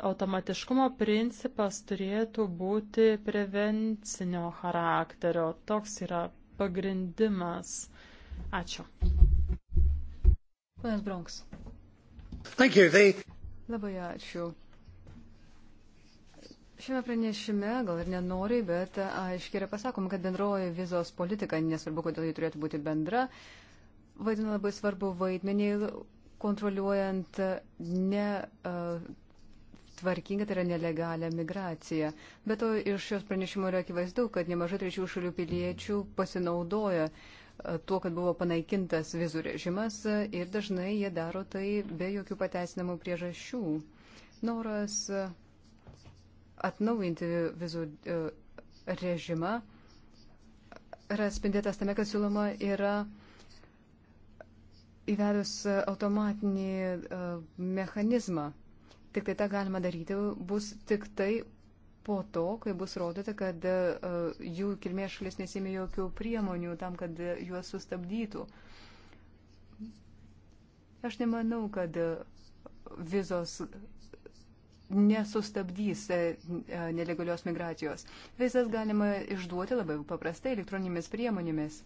automatiškumo principas turėtų būti prevencinio charakterio. Toks yra pagrindimas. Ačiū. Ponas Bronks. Thank you, they... Labai ačiū. Šiame pranešime, gal ir nenori, bet aiškiai yra pasakoma, kad bendroji vizos politika, nesvarbu, kodėl ji turėtų būti bendra, uh, vaidina labai svarbu vaidmenį kontroliuojant ne. Uh, tvarkinga, tai yra nelegalia migracija. Bet to iš šios pranešimo yra akivaizdu, kad nemažai trečių šalių piliečių pasinaudoja tuo, kad buvo panaikintas vizų režimas ir dažnai jie daro tai be jokių pateisinamų priežasčių. Noras atnaujinti vizų režimą yra spindėtas tame, kad siūloma yra įvedus e, automatinį e, mechanizmą. Tik tai tą galima daryti bus tik tai po to, kai bus rodyta, kad e, jų kilmės šalis nesėmė jokių priemonių tam, kad juos sustabdytų. Aš nemanau, kad vizos nesustabdys nelegalios migracijos. Vizas galima išduoti labai paprastai elektroninėmis priemonėmis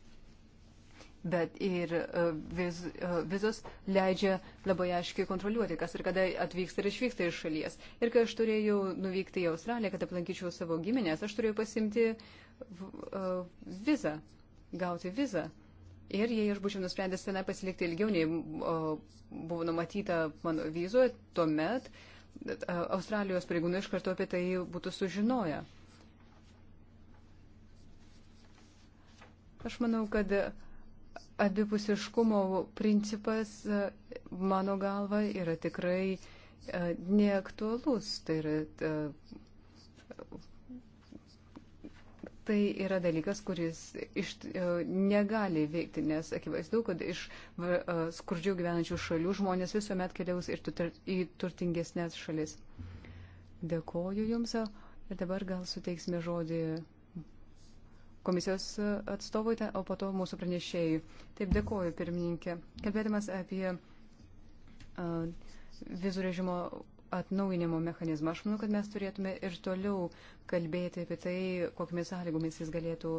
bet ir e, viz, e, vizos leidžia labai aiškiai kontroliuoti, kas ir kada atvyksta ir išvyksta iš šalies. Ir kai aš turėjau nuvykti į Australiją, kad aplankyčiau savo giminės, aš turėjau pasimti e, vizą, gauti vizą. Ir jei aš būčiau nusprendęs tenai pasilikti ilgiau, nei buvo numatyta mano vizoje, tuomet Australijos pareigūnai iš karto apie tai būtų sužinoję. Aš manau, kad abipusiškumo principas, mano galva, yra tikrai e, neaktualus. Tai yra, e, tai yra dalykas, kuris iš, e, negali veikti, nes akivaizdu, kad iš skurdžiau gyvenančių šalių žmonės visuomet keliaus ir į turtingesnės šalis. Dėkoju Jums ir dabar gal suteiksime žodį komisijos atstovui, o po to mūsų pranešėjai. Taip dėkoju, pirmininkė. Kalbėdamas apie vizų režimo atnaujinimo mechanizmą, aš manau, kad mes turėtume ir toliau kalbėti apie tai, kokiamis sąlygomis jis galėtų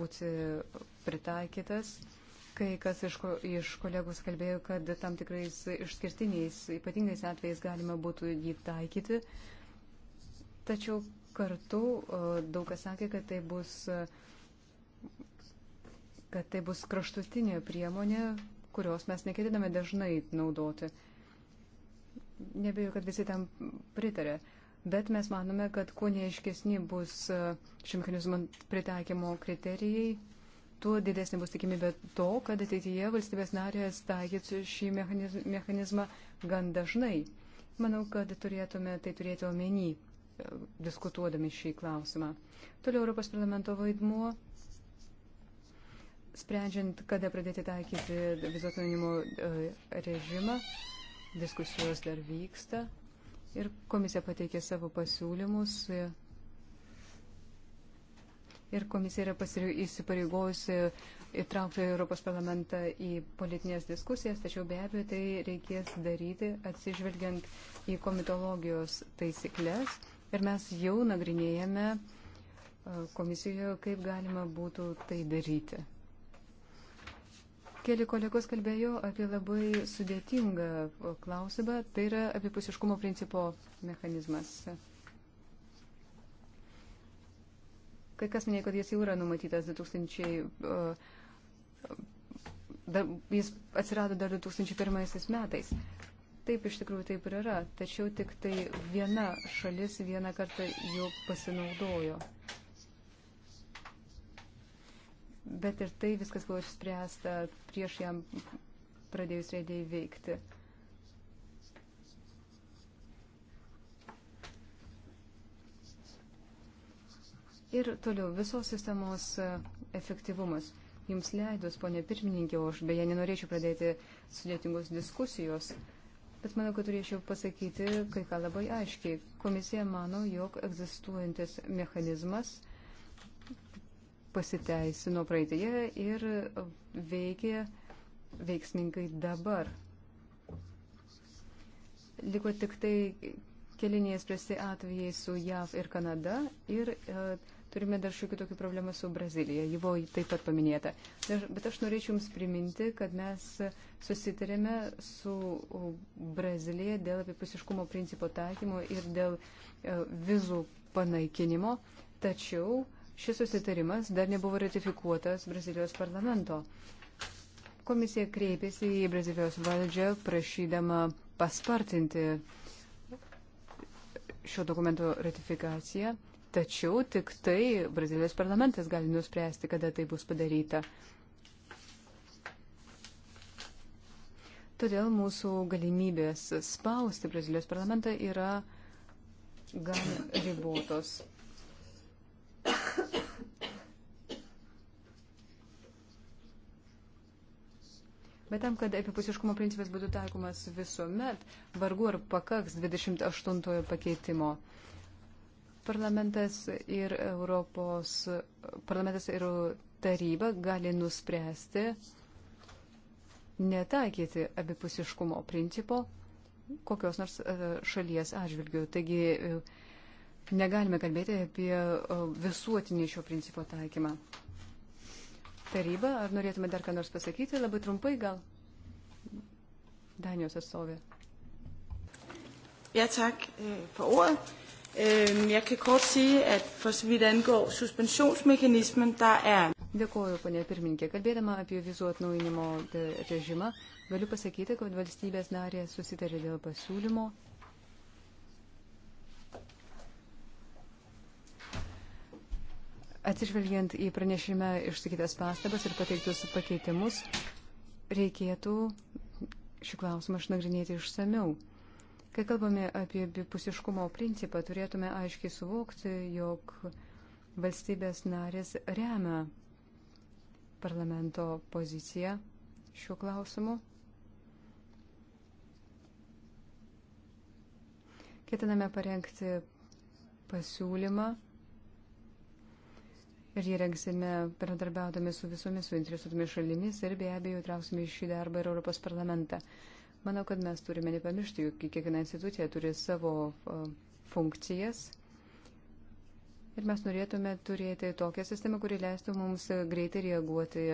būti pritaikytas. Kai kas iš, ko, iš kolegos kalbėjo, kad tam tikrais išskirtiniais, ypatingais atvejais galima būtų jį taikyti. Tačiau Kartu daug kas sakė, kad tai bus, kad tai bus kraštutinė priemonė, kurios mes neketiname dažnai naudoti. Nebejoju, kad visi tam pritarė. Bet mes manome, kad kuo neaiškesni bus e, šio mechanizmo pritaikymo kriterijai, tuo didesnė bus tikimybė to, kad ateityje valstybės narės taikys šį mechanizmą gan dažnai. Manau, kad turėtume tai turėti omeny diskutuodami šį klausimą. Toliau Europos parlamento vaidmuo, sprendžiant, kada pradėti taikyti vizotinimo e, režimą, diskusijos dar vyksta ir komisija pateikė savo pasiūlymus. Ir komisija yra įsipareigojusi įtraukti Europos parlamentą į politinės diskusijas, tačiau be abejo tai reikės daryti atsižvelgiant į komitologijos taisyklės Ir mes jau nagrinėjame e, komisijoje, kaip galima būtų tai daryti. Keli kolegos kalbėjo apie labai sudėtingą e, klausimą, tai yra abipusiškumo principo mechanizmas. Kai kas minėjo, kad jis jau yra numatytas 2000, e, dar, jis atsirado dar 2001 metais. Taip, iš tikrųjų taip ir yra, tačiau tik tai viena šalis vieną kartą jau pasinaudojo. Bet ir tai viskas buvo išspręsta prieš jam pradėjus reidėjai veikti. Ir toliau visos sistemos e, efektyvumas. Jums leidus, ponė pirmininkė, o aš beje nenorėčiau pradėti sudėtingos diskusijos bet manau, kad turėčiau pasakyti kai ką labai aiškiai. Komisija mano, jog egzistuojantis mechanizmas pasiteisino praeitėje ir veikia veiksmingai dabar. Liko tik tai kelinės presti atvejai su JAV ir Kanada ir uh, Turime dar šiokių tokių problemų su Brazilija, ji buvo taip pat paminėta. Bet aš norėčiau Jums priminti, kad mes susitarėme su Brazilija dėl apipusiškumo principo taikymo ir dėl e, vizų panaikinimo, tačiau šis susitarimas dar nebuvo ratifikuotas Brazilijos parlamento. Komisija kreipėsi į Brazilijos valdžią prašydama paspartinti šio dokumento ratifikaciją Tačiau tik tai Brazilijos parlamentas gali nuspręsti, kada tai bus padaryta. Todėl mūsų galimybės spausti Brazilijos parlamentą yra gan ribotos. Bet tam, kad apipusiškumo principas būtų taikomas visuomet, vargu ar pakaks 28 pakeitimo. Parlamentas ir Europos parlamentas ir taryba gali nuspręsti netaikyti abipusiškumo principo kokios nors e, šalies atžvilgių. Taigi e, negalime kalbėti apie e, visuotinį šio principo taikymą. Taryba, ar norėtume dar ką nors pasakyti? Labai trumpai gal. Danijos atstovė. Ja, tak for ordet. Jeg kan kort sige, at for så vidt angår suspensionsmekanismen, der er... Dėkuoju, ponė pirmininkė. Kalbėdama apie vizų atnaujinimo e, režimą, galiu pasakyti, kad valstybės narė susitarė dėl pasiūlymo. Atsižvelgiant į pranešimą išsakytas pastabas ir pateiktus pakeitimus, reikėtų šį klausimą išnagrinėti išsameu. Kai kalbame apie bipusiškumo principą, turėtume aiškiai suvokti, jog valstybės narės remia parlamento poziciją šiuo klausimu. Ketiname parengti pasiūlymą ir jį rengsime bendradarbiaudami su visomis suinteresuotomis šalimis ir be abejo trauksime į šį darbą ir Europos parlamentą. Manau, kad mes turime nepamiršti, jog kiekviena institucija turi savo funkcijas. Ir mes norėtume turėti tokią sistemą, kuri leistų mums greitai reaguoti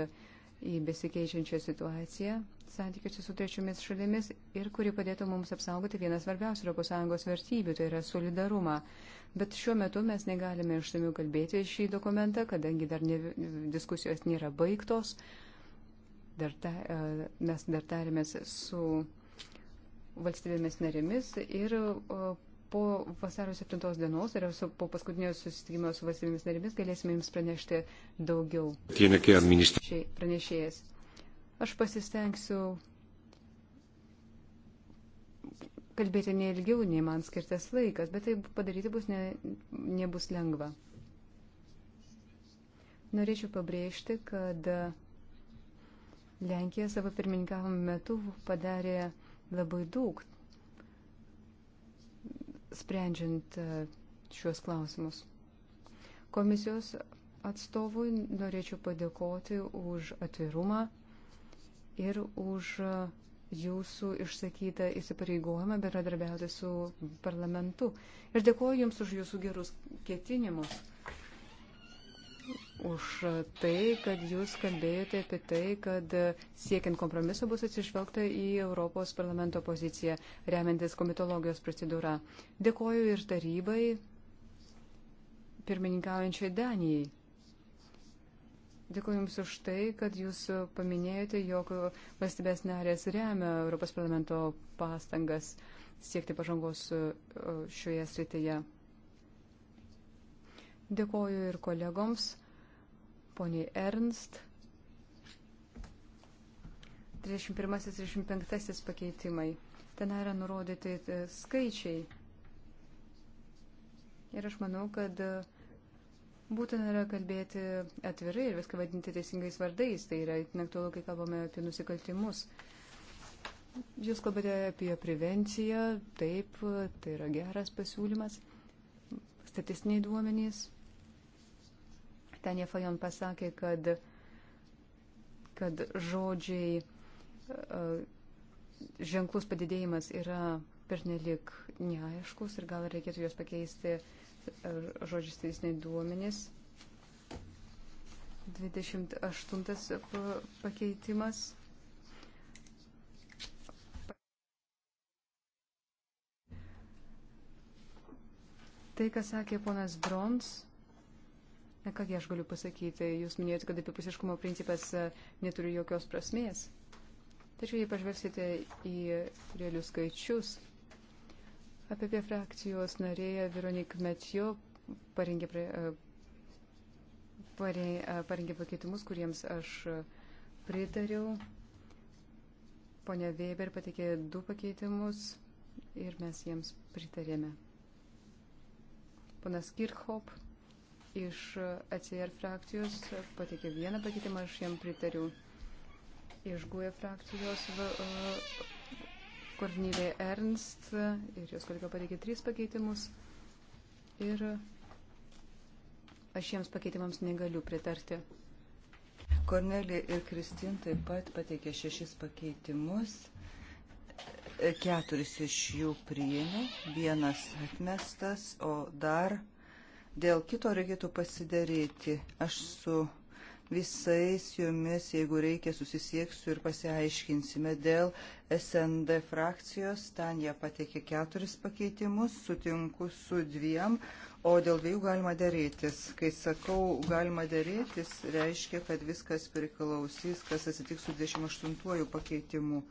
į besikeičiančią situaciją santykiuose su trečiomis šalimis ir kuri padėtų mums apsaugoti vieną svarbiausių ES vertybių, tai yra solidarumą. Bet šiuo metu mes negalime išsamiu kalbėti šį dokumentą, kadangi dar ne, diskusijos nėra baigtos. Dar ta, mes dar tarėmės su valstybėmis narėmis ir po vasario 7 dienos ir po paskutinio susitikimo su valstybėmis narėmis galėsime jums pranešti daugiau. Pranešėjas. Aš pasistengsiu kalbėti ne ilgiau, nei man skirtas laikas, bet tai padaryti bus ne, nebus lengva. Norėčiau pabrėžti, kad Lenkija savo pirmininkavimo metu padarė labai daug, sprendžiant e, šiuos klausimus. Komisijos atstovui norėčiau padėkoti už atvirumą ir už jūsų išsakytą įsipareigojimą bendradarbiauti su parlamentu. Ir dėkuoju Jums už Jūsų gerus ketinimus už tai, kad jūs kalbėjote apie tai, kad siekiant kompromiso bus atsižvelgta į Europos parlamento poziciją, remiantis komitologijos procedūrą. Dėkoju ir tarybai pirmininkaujančiai Danijai. Dėkuoju Jums už tai, kad Jūs paminėjote, jog valstybės narės remia Europos parlamento pastangas siekti pažangos e, šioje srityje. Dėkuoju ir kolegoms poniai Ernst. 31-35 pakeitimai. Ten yra nurodyti e, skaičiai. Ir aš manau, kad e, būtina yra kalbėti atvirai ir viską vadinti teisingais vardais. Tai yra aktualu, kai kalbame apie nusikaltimus. Jūs kalbate apie prevenciją, taip, tai yra geras pasiūlymas. Statistiniai duomenys, Tanja Fajon pasakė, kad, kad žodžiai e, ženklus padidėjimas yra pernelik neaiškus ir gal reikėtų juos pakeisti e, žodžiais teisiniai duomenys. 28 pakeitimas. Tai, ką sakė ponas Brons, Na kągi aš galiu pasakyti, jūs minėjote, kad apipusiškumo principas e, neturi jokios prasmės. Tačiau jei pažvelgsite į realius skaičius, apie frakcijos narėje Veronik Metjo parengė, prie, pare, e, parengė pakeitimus, kuriems aš e, pritariau. Pone Weber patikė du pakeitimus ir mes jiems pritarėme. Ponas Kirchhoff iš ACR frakcijos pateikė vieną pakeitimą, aš jam pritariu. Iš GUE frakcijos Kornelė Ernst ir jos kolega pateikė tris pakeitimus. Ir aš jiems pakeitimams negaliu pritarti. Kornelė ir Kristin taip pat pateikė šešis pakeitimus keturis iš jų priėmė, vienas atmestas, o dar Dėl kito reikėtų pasidaryti. Aš su visais jumis, jeigu reikia, susisieksiu ir pasiaiškinsime. Dėl SND frakcijos ten jie pateikė keturis pakeitimus, sutinku su dviem. O dėl dviejų galima dėrėtis. Kai sakau galima dėrėtis, reiškia, kad viskas priklausys, kas atsitiks su 28 pakeitimu.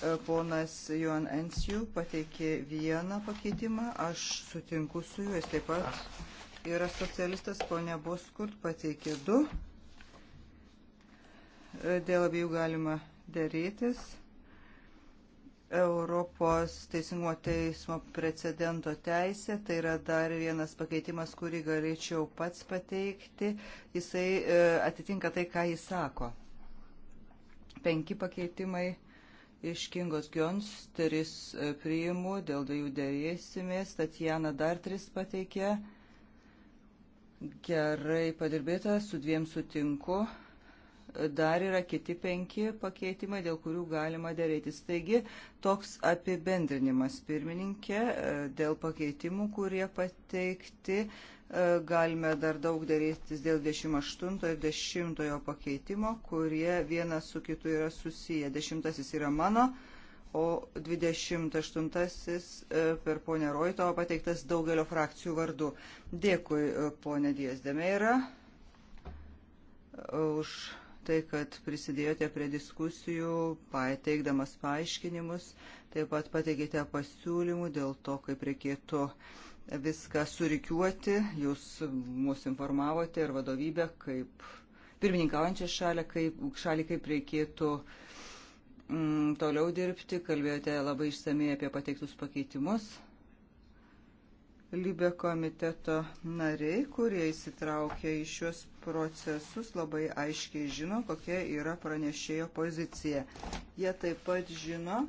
E, ponas Juan Ensijų pateikė vieną pakeitimą, aš sutinku su juo, jis taip pat yra socialistas, ponia Boskurt pateikė du. E, dėl abiejų galima dėrėtis. Europos teisingumo teismo precedento teisė. Tai yra dar vienas pakeitimas, kurį galėčiau pats pateikti. Jisai e, atitinka tai, ką jis sako. Penki pakeitimai iš Kingos Gions tris e, priimu, dėl dviejų dėrėsimės, Tatjana dar tris pateikė. Gerai padirbėta, su dviem sutinku. Dar yra kiti penki pakeitimai, dėl kurių galima dėrėtis. Taigi, toks apibendrinimas pirmininkė e, dėl pakeitimų, kurie pateikti E, galime dar daug darytis dėl 28 ir 10 pakeitimo, kurie vienas su kitu yra susiję. 10 yra mano, o 28 e, per ponę Roitovą pateiktas daugelio frakcijų vardu. Dėkui, e, ponė Diezdemėra, už tai, kad prisidėjote prie diskusijų, pateikdamas paaiškinimus, taip pat pateikėte pasiūlymų dėl to, kaip reikėtų uh, viską surikiuoti. Jūs mus informavote ir vadovybę, kaip pirmininkaujančią šalį, kaip, šalį, kaip reikėtų mm, toliau dirbti. Kalbėjote labai išsamei apie pateiktus pakeitimus. Libė komiteto nariai, kurie įsitraukia į šios procesus, labai aiškiai žino, kokia yra pranešėjo pozicija. Jie taip pat žino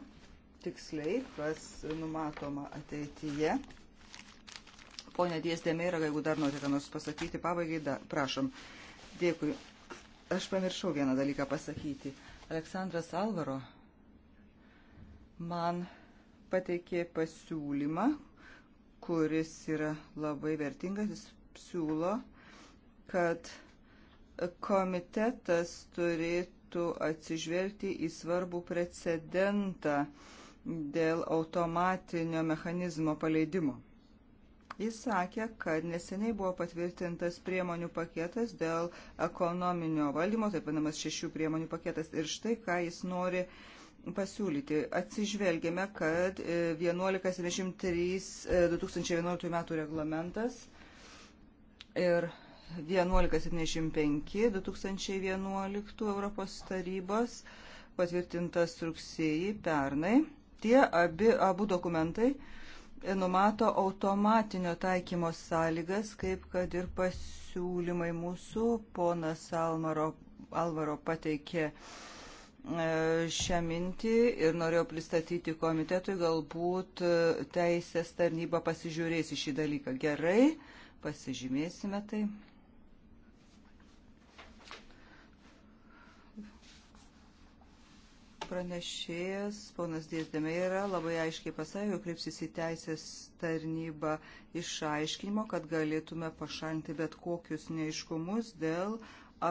tiksliai, kas numatoma ateityje. Pone Dėsdėmė yra, jeigu dar norite ką nors pasakyti, pabaigai, da, prašom. Dėkui. Aš pamiršau vieną dalyką pasakyti. Aleksandras Alvaro man pateikė pasiūlymą, kuris yra labai vertingas. Jis siūlo, kad komitetas turėtų atsižvelgti į svarbų precedentą dėl automatinio mechanizmo paleidimo. Jis sakė, kad neseniai buvo patvirtintas priemonių paketas dėl ekonominio valdymo, taip vadinamas šešių priemonių paketas. Ir štai, ką jis nori pasiūlyti. Atsižvelgėme, kad 1173 e, 2011 e, metų reglamentas ir 1175 2011 Europos tarybos patvirtintas rugsėjį pernai. Tie abi, abu dokumentai uh, numato automatinio taikymo sąlygas, kaip kad ir pasiūlymai mūsų ponas Almaro, Alvaro pateikė e, šią mintį ir norėjau pristatyti komitetui, galbūt e, teisės tarnyba pasižiūrės į šį dalyką gerai, pasižymėsime tai. Pranešėjas, ponas Dėdėme, yra labai aiškiai pasakė, jog kreipsis į teisės tarnybą išaiškinimo, kad galėtume pašalinti bet kokius neiškumus dėl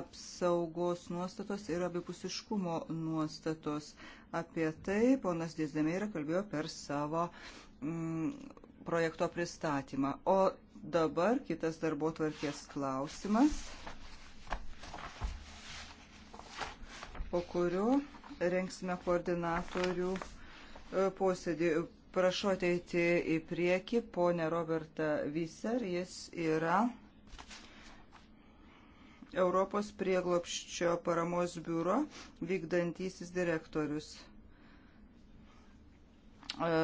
apsaugos nuostatos ir abipusiškumo nuostatos. Apie tai ponas Dėdėme yra kalbėjo per savo mm, projekto pristatymą. O dabar kitas darbo tvarkės klausimas. po kurio rengsime koordinatorių e, posėdį. Prašau ateiti į priekį ponę Robertą Viser, jis yra Europos prieglopščio paramos biuro vykdantysis direktorius. E,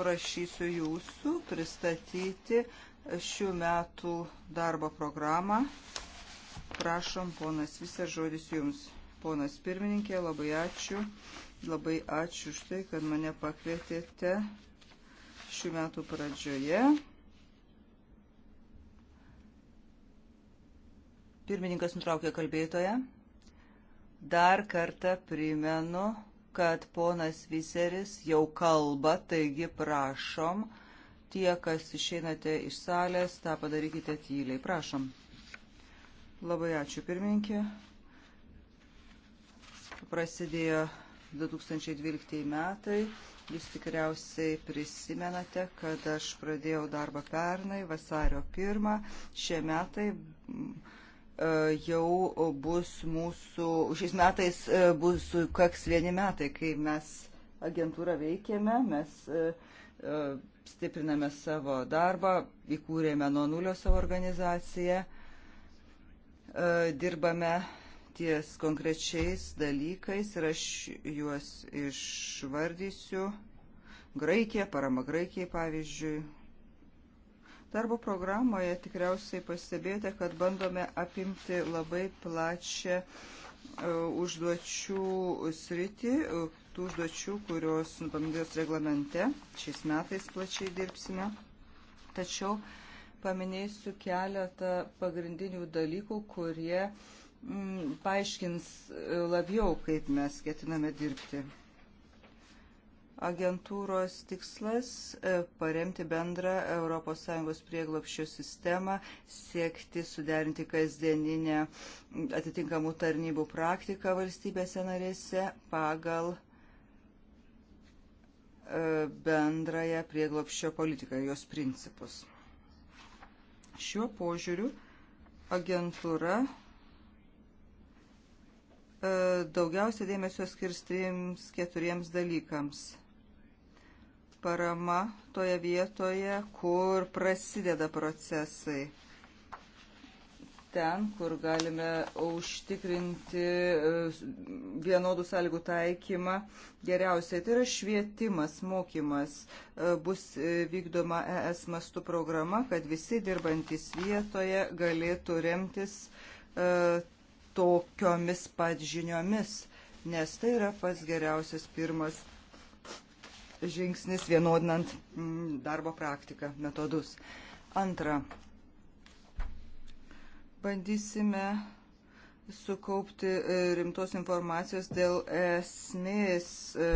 prašysiu jūsų pristatyti šių metų darbo programą. Prašom, ponas, visas žodis jums. Ponas pirmininkė, labai ačiū. Labai ačiū už tai, kad mane pakvietėte šių metų pradžioje. Pirmininkas nutraukė kalbėtoją. Dar kartą primenu, kad ponas Viseris jau kalba, taigi prašom, tie, kas išeinate iš salės, tą padarykite tyliai. Prašom. Labai ačiū pirmininkė prasidėjo 2012 metai. Jūs tikriausiai prisimenate, kad aš pradėjau darbą pernai, vasario 1. Šie metai mm, e, jau bus mūsų, šiais metais e, bus kaks vieni metai, kai mes agentūrą veikėme, mes e, stipriname savo darbą, įkūrėme nuo nulio savo organizaciją, dirbame ties konkrečiais dalykais ir aš juos išvardysiu. Graikija, parama Graikijai pavyzdžiui. Darbo programoje tikriausiai pastebėjote, kad bandome apimti labai plačią e, užduočių sritį, e, tų užduočių, kurios paminėtos reglamente. Šiais metais plačiai dirbsime. Tačiau paminėsiu keletą pagrindinių dalykų, kurie Mm, paaiškins e, labiau, kaip mes ketiname dirbti. Agentūros tikslas e, - paremti bendrą ES prieglopščio sistemą, siekti suderinti kasdieninę atitinkamų tarnybų praktiką valstybėse narėse pagal e, bendrąją prieglopščio politiką ir jos principus. Šiuo požiūriu agentūra E, daugiausia dėmesio skirs trims keturiems dalykams. Parama toje vietoje, kur prasideda procesai. Ten, kur galime užtikrinti e, vienodų sąlygų taikymą geriausiai. Tai yra švietimas, mokymas. E, bus vykdoma ES mastų programa, kad visi dirbantis vietoje galėtų remtis tokiomis pat žiniomis, nes tai yra pats geriausias pirmas žingsnis vienodinant mm, darbo praktiką, metodus. Antra, bandysime sukaupti e, rimtos informacijos dėl esmės e,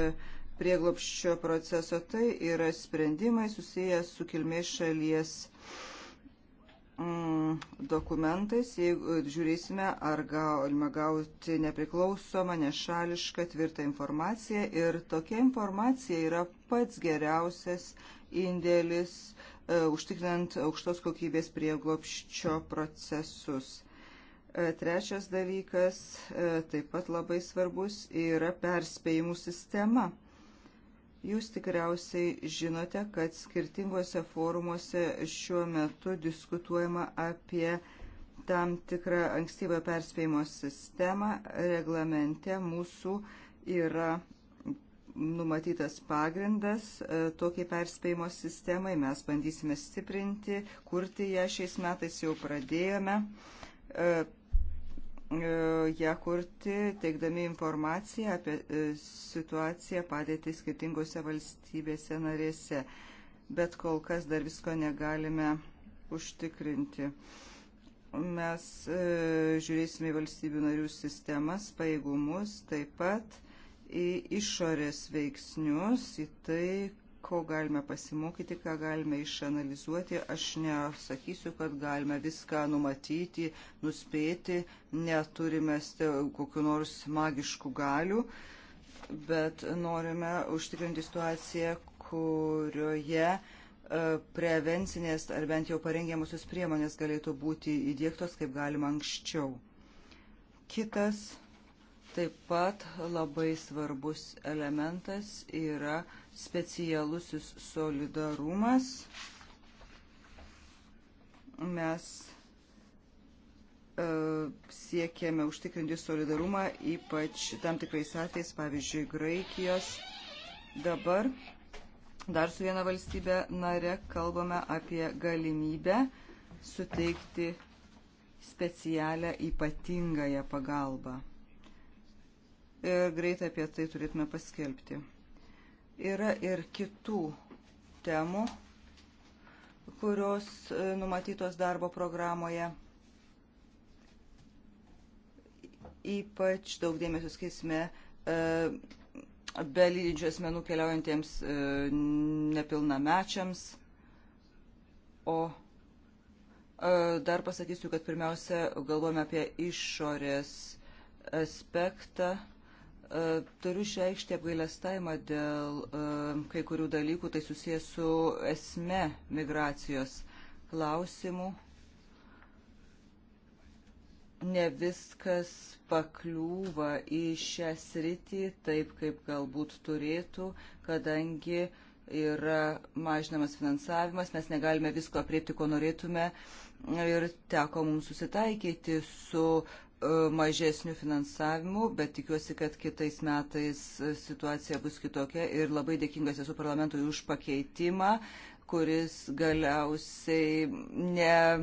prieglopščio proceso. Tai yra sprendimai susijęs su kilmės šalies Mm, dokumentais, jeigu žiūrėsime, ar galima gauti nepriklausomą, nešališką, tvirtą informaciją. Ir tokia informacija yra pats geriausias indėlis e, užtikrinant aukštos kokybės prieglopščio procesus. E, trečias dalykas, e, taip pat labai svarbus, yra perspėjimų sistema Jūs tikriausiai žinote, kad skirtingose forumuose šiuo metu diskutuojama apie tam tikrą ankstyvą perspėjimo sistemą. Reglamente mūsų yra numatytas pagrindas e, tokiai perspėjimo sistemai. Mes bandysime stiprinti, kurti ją šiais metais jau pradėjome e, E, ją kurti, teikdami informaciją apie e, situaciją padėti skirtingose valstybėse narėse. Bet kol kas dar visko negalime užtikrinti. Mes e, žiūrėsime į valstybių narių sistemas, pajėgumus, taip pat į išorės veiksnius, į tai, ko galime pasimokyti, ką galime išanalizuoti. Aš nesakysiu, kad galime viską numatyti, nuspėti, neturime kokiu nors magiškų galių, bet norime užtikrinti situaciją, kurioje e, prevencinės ar bent jau parengiamusios priemonės galėtų būti įdėktos kaip galima anksčiau. Kitas taip pat labai svarbus elementas yra uh, specialusis solidarumas. Mes e, siekėme užtikrinti solidarumą, ypač tam tikrais atvejais, pavyzdžiui, Graikijos. Dabar dar su viena valstybė nare kalbame apie galimybę suteikti specialią ypatingąją pagalbą. Ir greitai apie tai turėtume paskelbti. Yra ir kitų temų, kurios e, numatytos darbo programoje. Ypač daug dėmesio skaisime e, be lydinčių asmenų keliaujantiems e, nepilnamečiams. O dar pasakysiu, kad pirmiausia galvojame apie išorės aspektą E, turiu išreikšti apgailestavimą dėl e, kai kurių dalykų, tai susijęs su esme migracijos klausimų. Ne viskas pakliūva į šią sritį taip, kaip galbūt turėtų, kadangi yra mažinamas finansavimas, mes negalime visko apriepti, ko norėtume ir teko mums susitaikyti su mažesniu finansavimu, bet tikiuosi, kad kitais metais situacija bus kitokia ir labai dėkingas esu parlamentui už pakeitimą, kuris galiausiai ne e,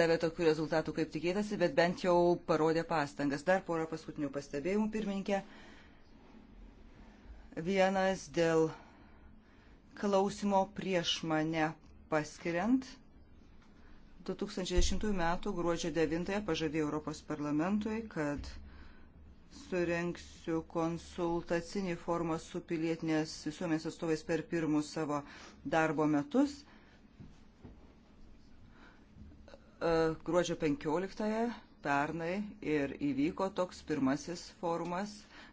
davė tokių rezultatų, kaip tikėtasi, bet bent jau parodė pastangas. Dar porą paskutinių pastebėjimų, pirmininkė. Vienas dėl klausimo prieš mane paskiriant 2010 m. gruodžio 9 pažadėjau Europos parlamentui, kad surenksiu konsultacinį formą su pilietinės visuomenės atstovais per pirmus savo darbo metus. E, gruodžio 15 pernai ir įvyko toks pirmasis forumas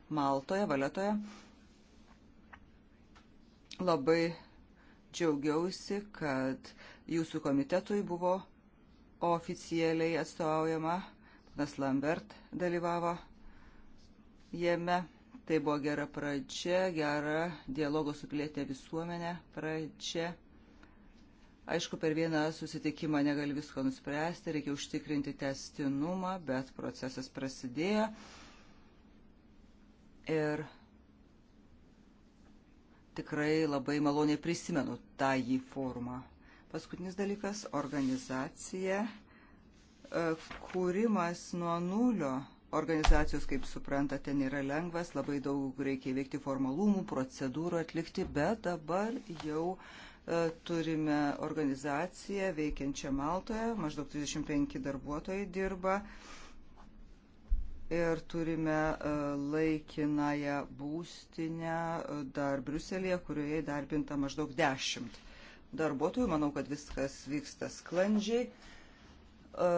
Maltoje, Valetoje. Labai džiaugiausi, kad jūsų komitetui buvo oficialiai atstovaujama. Panas Lambert dalyvavo jame. Tai buvo gera pradžia, gera dialogo su pilietė visuomenė pradžia. Aišku, per vieną susitikimą negali visko nuspręsti, reikia užtikrinti testinumą, bet procesas prasidėjo. Ir tikrai labai maloniai prisimenu tą jį formą. Paskutinis dalykas - organizacija, e, kūrimas nuo nulio. Organizacijos, kaip suprantate, nėra lengvas, labai daug reikia įveikti formalumų, procedūrų atlikti, bet dabar jau e, turime organizaciją veikiančią Maltoje, maždaug 35 darbuotojai dirba ir turime e, laikinąją būstinę dar Briuselėje, kurioje įdarbinta maždaug dešimt darbuotojų. Manau, kad viskas vyksta sklandžiai. E,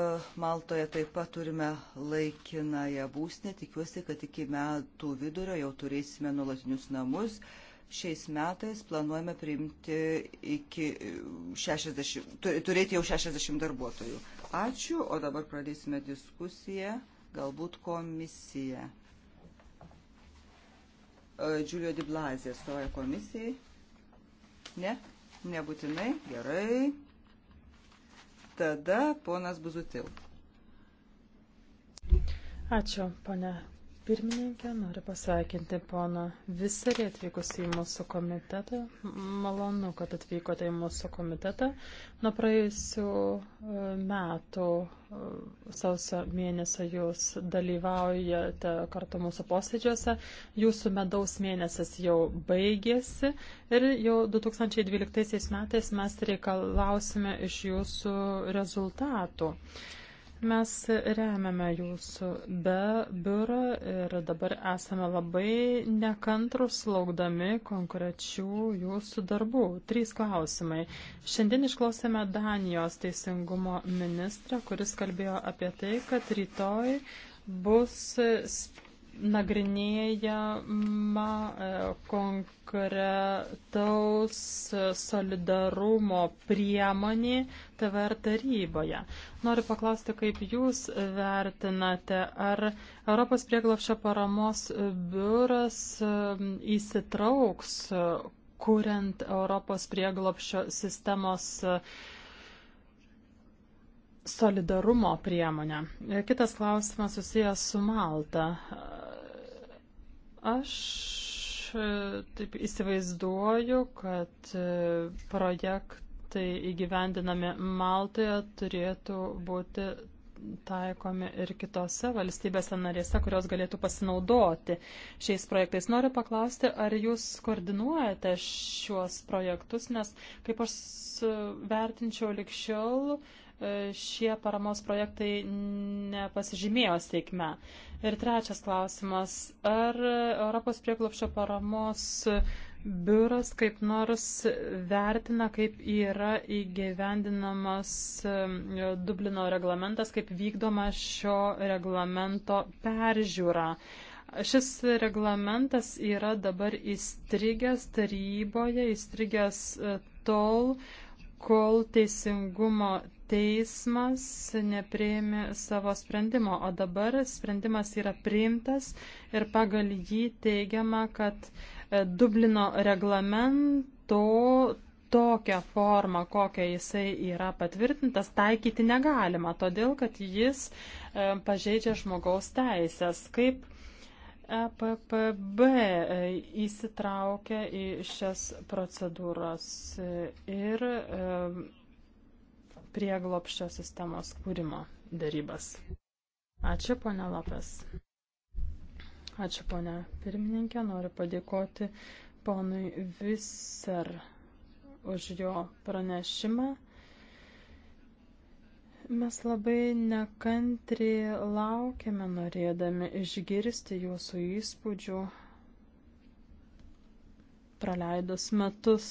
Maltoje taip pat turime laikinąją būsnę. Tikiuosi, kad iki metų vidurio jau turėsime nulatinius namus. Šiais metais planuojame priimti iki 60, turėti jau 60 darbuotojų. Ačiū, o dabar pradėsime diskusiją, galbūt komisiją. Džiulio e, Diblazė stoja komisijai. Ne? Nebūtinai, gerai. Tada ponas Buzutil. Ačiū, ponė pirmininkė, noriu pasveikinti pono Viserį atvykus į mūsų komitetą. Malonu, kad atvykote į mūsų komitetą. Nuo praėjusių e, metų e, sausio mėnesio jūs dalyvaujate kartu mūsų posėdžiuose. Jūsų medaus mėnesis jau baigėsi ir jau 2012 metais mes reikalausime iš jūsų rezultatų. Mes remiame jūsų be biuro ir dabar esame labai nekantrus laukdami konkrečių jūsų darbų. Trys klausimai. Šiandien išklausėme Danijos teisingumo ministrą, kuris kalbėjo apie tai, kad rytoj bus nagrinėjama e, konkretaus solidarumo priemonė TVR taryboje. Noriu paklausti, kaip Jūs vertinate, ar Europos prieglapščio paramos biuras e, įsitrauks, e, kuriant Europos prieglapščio sistemos solidarumo priemonę. Kitas klausimas susijęs su Malta. Aš e, taip įsivaizduoju, kad e, projektai įgyvendinami Maltoje turėtų būti taikomi ir kitose valstybėse narėse, kurios galėtų pasinaudoti šiais projektais. Noriu paklausti, ar jūs koordinuojate šiuos projektus, nes kaip aš vertinčiau likščiau, e, šie paramos projektai nepasižymėjo sėkme. Ir trečias klausimas. Ar Europos prieklopščio paramos biuras kaip nors vertina, kaip yra įgyvendinamas Dublino reglamentas, kaip vykdoma šio reglamento peržiūra? Šis reglamentas yra dabar įstrigęs taryboje, įstrigęs e, tol, kol teisingumo teismas neprieimė savo sprendimo, o dabar sprendimas yra priimtas ir pagal jį teigiama, kad e, Dublino reglamento tokią formą, kokią jisai yra patvirtintas, taikyti negalima, todėl kad jis e, pažeidžia žmogaus teisės. Kaip EPPB e, įsitraukia į šias procedūras ir prieglopščio sistemos kūrimo darybas. Ačiū, ponė Lopes. Ačiū, ponė pirmininkė. Noriu padėkoti ponui Viser už jo pranešimą. Mes labai nekantriai laukiame norėdami išgirsti jūsų įspūdžių praleidus metus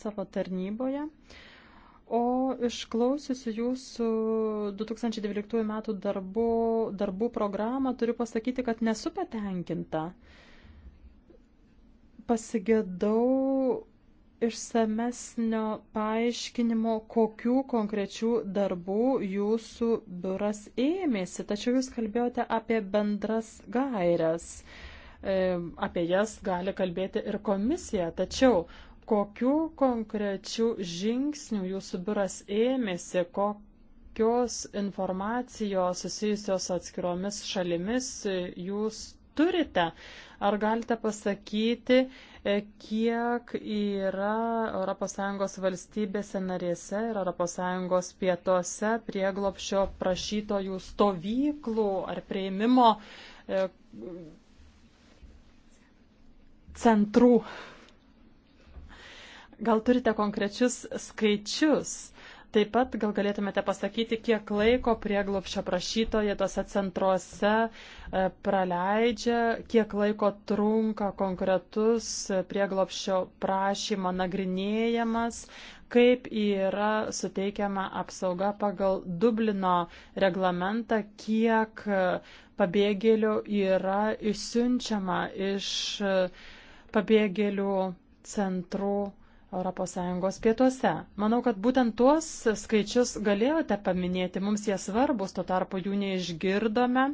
savo tarnyboje. Uh, O išklausiusi jūsų 2012 metų darbų, darbų programą, turiu pasakyti, kad nesu patenkinta. Pasigėdau išsamesnio paaiškinimo, kokių konkrečių darbų jūsų biuras ėmėsi, tačiau jūs kalbėjote apie bendras gairias. Apie jas gali kalbėti ir komisija, tačiau Kokių konkrečių žingsnių jūsų biuras ėmėsi, kokios informacijos susijusios atskiromis šalimis jūs turite? Ar galite pasakyti, e, kiek yra ES valstybėse narėse ir ES pietuose prieglopšio prašytojų stovyklų ar prieimimo e, centrų? Gal turite konkrečius skaičius? Taip pat gal galėtumėte pasakyti, kiek laiko prieglopščio prašytoje tose centruose e, praleidžia, kiek laiko trunka konkretus prieglopščio prašymo nagrinėjimas, kaip yra suteikiama apsauga pagal Dublino reglamentą, kiek pabėgėlių yra išsiunčiama iš pabėgėlių centrų ES pietuose. Manau, kad būtent tuos skaičius galėjote paminėti, mums jie svarbus, tuo tarpu jų neišgirdome.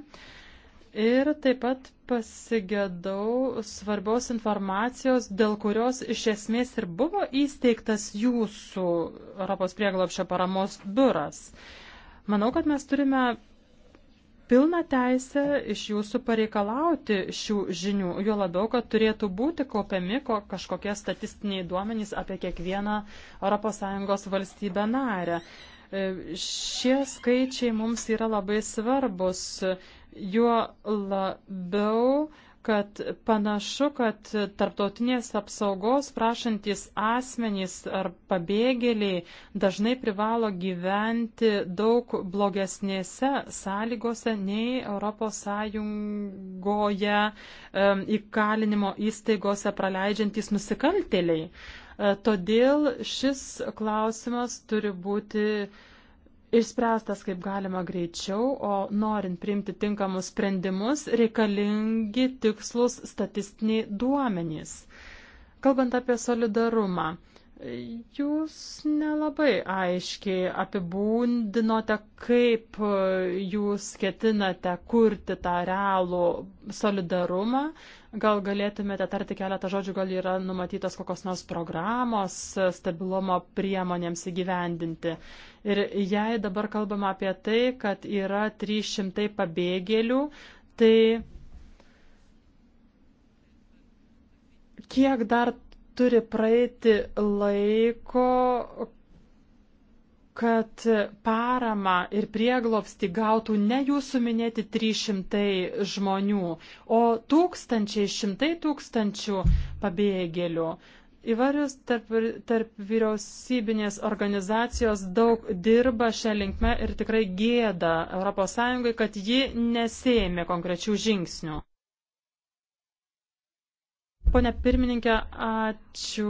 Ir taip pat pasigėdau svarbios informacijos, dėl kurios iš esmės ir buvo įsteigtas jūsų Europos prieglopšio paramos biuras. Manau, kad mes turime pilną teisę iš jūsų pareikalauti šių žinių, jo labiau, kad turėtų būti kaupiami kažkokie statistiniai duomenys apie kiekvieną ES valstybę narę. E, šie skaičiai mums yra labai svarbus, juo labiau, kad panašu, kad tarptautinės apsaugos prašantis asmenys ar pabėgėliai dažnai privalo gyventi daug blogesnėse sąlygose nei ES įkalinimo įstaigose praleidžiantys nusikaltėliai. E, todėl šis klausimas turi būti išspręstas kaip galima greičiau, o norint priimti tinkamus sprendimus, reikalingi tikslus statistiniai duomenys. Kalbant apie solidarumą, Jūs nelabai aiškiai apibūdinote, kaip jūs ketinate kurti tą realų solidarumą. Gal galėtumėte tarti keletą žodžių, gal yra numatytos kokios nors programos stabilumo priemonėms įgyvendinti. Ir jei dabar kalbama apie tai, kad yra 300 pabėgėlių, tai kiek dar turi praeiti laiko, kad paramą ir prieglopstį gautų ne jūsų minėti 300 žmonių, o tūkstančiai, šimtai tūkstančių pabėgėlių. Įvarius tarp, tarp vyriausybinės organizacijos daug dirba šią linkmę ir tikrai gėda ES, kad ji nesėmė konkrečių žingsnių. Pone pirmininkė, ačiū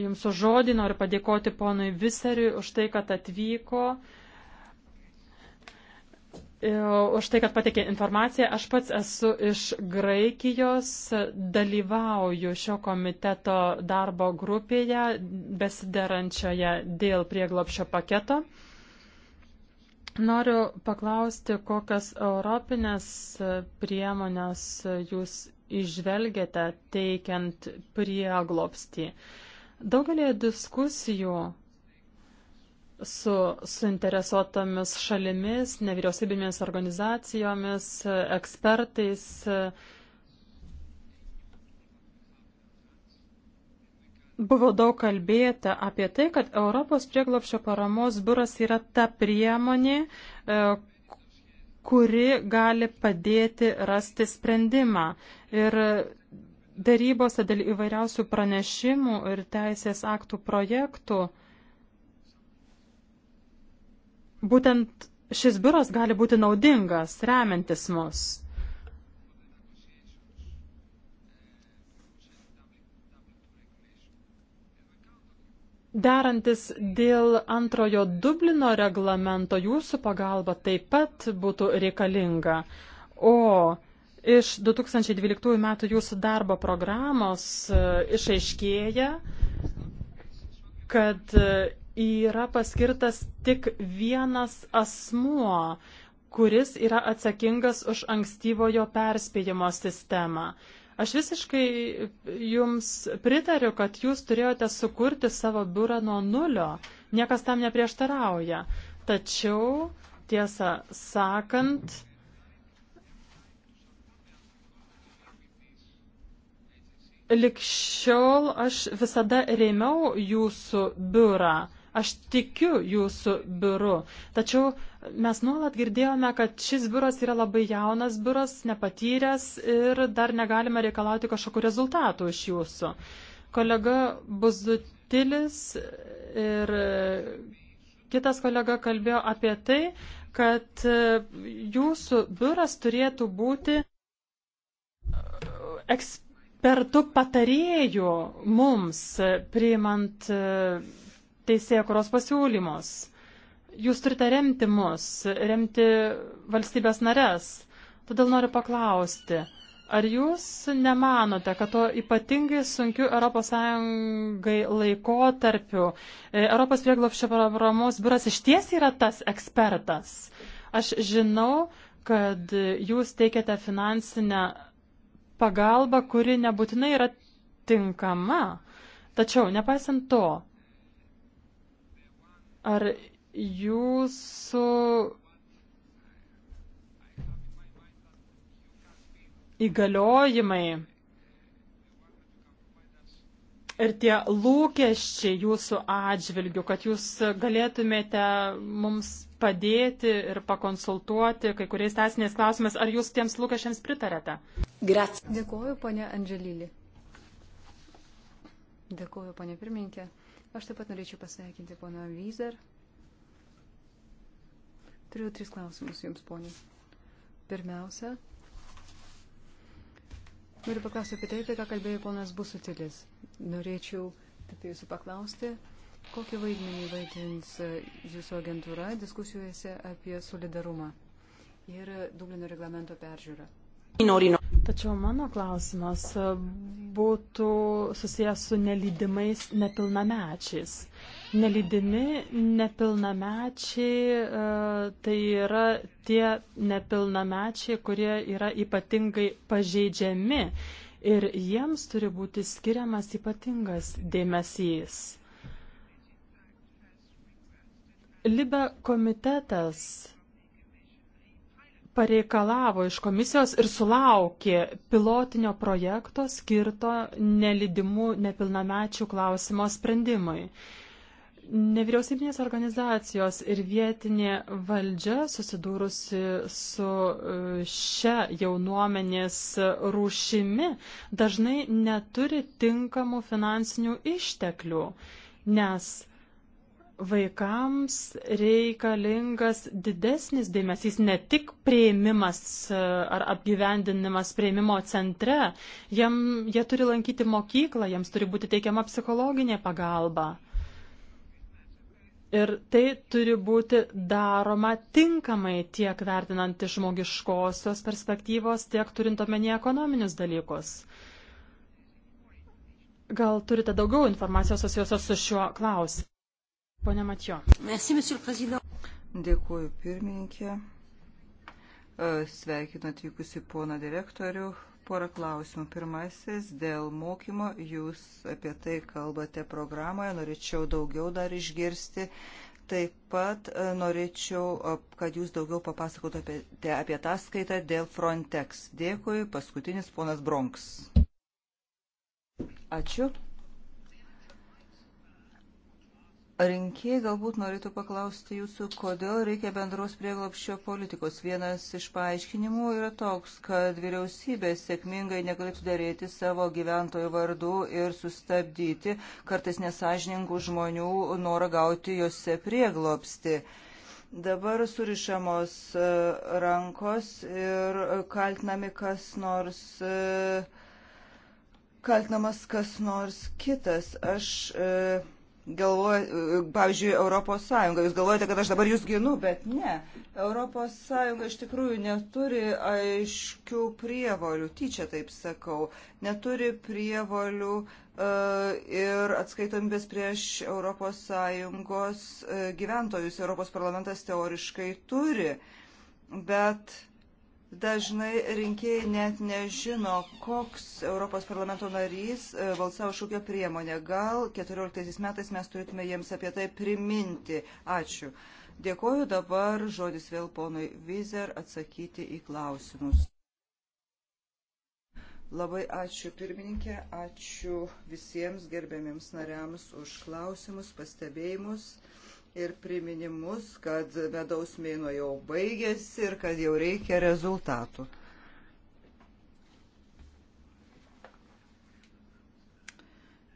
Jums už žodį, noriu padėkoti ponui Viseriui už tai, kad atvyko, e, už tai, kad patekė informaciją. Aš pats esu iš Graikijos, dalyvauju šio komiteto darbo grupėje, besiderančioje dėl prieglopšio paketo. Noriu paklausti, kokias europinės priemonės jūs išvelgiate teikiant prieglopstį. Daugelį diskusijų su suinteresuotomis šalimis, nevyriausybinėmis organizacijomis, ekspertais. Buvo daug kalbėta apie tai, kad Europos prieglopščio paramos biuras yra ta priemonė, e, kuri gali padėti rasti sprendimą. Ir darybose dėl įvairiausių pranešimų ir teisės aktų projektų būtent šis biuras gali būti naudingas, remiantis mus. Derantis dėl antrojo Dublino reglamento jūsų pagalba taip pat būtų reikalinga. O iš 2012 metų jūsų darbo programos e, išaiškėja, kad e, yra paskirtas tik vienas asmuo, kuris yra atsakingas už ankstyvojo perspėjimo sistemą. Aš visiškai jums pritariu, kad jūs turėjote sukurti savo biurą nuo nulio. Niekas tam neprieštarauja. Tačiau, tiesą sakant, likščiol aš visada rėmiau jūsų biurą. Aš tikiu jūsų biuru, tačiau mes nuolat girdėjome, kad šis biuras yra labai jaunas biuras, nepatyręs ir dar negalime reikalauti kažkokiu rezultatu iš jūsų. Kolega Buzutilis ir kitas kolega kalbėjo apie tai, kad jūsų biuras turėtų būti ekspertų patarėjų mums priimant teisėkuros pasiūlymus. Jūs turite remti mus, remti valstybės nares. Todėl noriu paklausti, ar jūs nemanote, kad to ypatingai sunkiu ES laikotarpiu e, Europos prieglopščio paramos biuras iš ties yra tas ekspertas? Aš žinau, kad jūs teikiate finansinę pagalbą, kuri nebūtinai yra tinkama. Tačiau, nepaisant to, Ar jūsų įgaliojimai ir tie lūkesčiai jūsų atžvilgių, kad jūs galėtumėte mums padėti ir pakonsultuoti kai kuriais teisiniais klausimais, ar jūs tiems lūkesčiams pritarėte? Grazie. Dėkuoju, ponė Andželylį. Dėkuoju, ponė pirmininkė. Aš taip pat norėčiau pasveikinti pono Vyzer. Turiu tris klausimus jums, ponė. Pirmiausia, noriu paklausti apie tai, apie ką kalbėjo ponas Busutilis. Norėčiau apie jūsų paklausti, kokį vaidmenį vaidins e, jūsų agentūra diskusijose apie solidarumą ir Dublino reglamento peržiūrą. Norino. Tačiau mano klausimas e, būtų susijęs su nelydimais nepilnamečiais. Nelydimi nepilnamečiai e, tai yra tie nepilnamečiai, kurie yra ypatingai pažeidžiami ir jiems turi būti skiriamas ypatingas dėmesys. Libe komitetas pareikalavo iš komisijos ir sulaukė pilotinio projekto skirto nelidimų nepilnamečių klausimo sprendimai. Nevyriausybinės organizacijos ir vietinė valdžia susidūrusi su e, šia jaunuomenės rūšimi dažnai neturi tinkamų finansinių išteklių, nes Vaikams reikalingas didesnis dėmesys, ne tik prieimimas e, ar apgyvendinimas prieimimo centre, jam, jie turi lankyti mokyklą, jiems turi būti teikiama psichologinė pagalba. Ir tai turi būti daroma tinkamai tiek vertinant iš žmogiškosios perspektyvos, tiek turint omenyje ekonominius dalykus. Gal turite daugiau informacijos susijusios su šiuo klausimu? Pone Matijo. Dėkuoju pirmininkė. E, sveikinu atvykusi poną direktorių. Porą klausimų. Pirmasis, dėl mokymo jūs apie tai kalbate programoje, norėčiau daugiau dar išgirsti. Taip pat e, norėčiau, e, kad jūs daugiau papasakotų apie, apie tą skaitą dėl Frontex. Dėkui, paskutinis ponas Bronks. Ačiū. Rinkėjai galbūt norėtų paklausti jūsų, kodėl reikia bendros prieglopščio politikos. Vienas iš paaiškinimų yra toks, kad vyriausybė sėkmingai negalėtų daryti savo gyventojų vardų ir sustabdyti kartais nesažiningų žmonių norą gauti jose prieglopsti. Dabar surišamos e, rankos ir kaltinami kas nors e, kaltinamas kas nors kitas. Aš e, galvoja, e, pavyzdžiui, Europos Sąjunga. Jūs galvojate, kad aš dabar jūs ginu, bet ne. Europos Sąjunga iš tikrųjų neturi aiškių prievolių, tyčia taip sakau, neturi prievolių uh, ir atskaitomybės prieš Europos Sąjungos uh, gyventojus. Europos parlamentas teoriškai turi, bet uh, Dažnai rinkėjai net nežino, koks Europos parlamento narys e, balsavo šūkio priemonę. Gal 14 metais mes turėtume jiems apie tai priminti. Ačiū. Dėkoju dabar žodis vėl ponui Vizer atsakyti į klausimus. Labai ačiū pirmininkė, ačiū visiems gerbėmiems nariams už klausimus, pastebėjimus ir priminimus, kad medaus mėnuo jau baigėsi ir kad jau reikia rezultatų.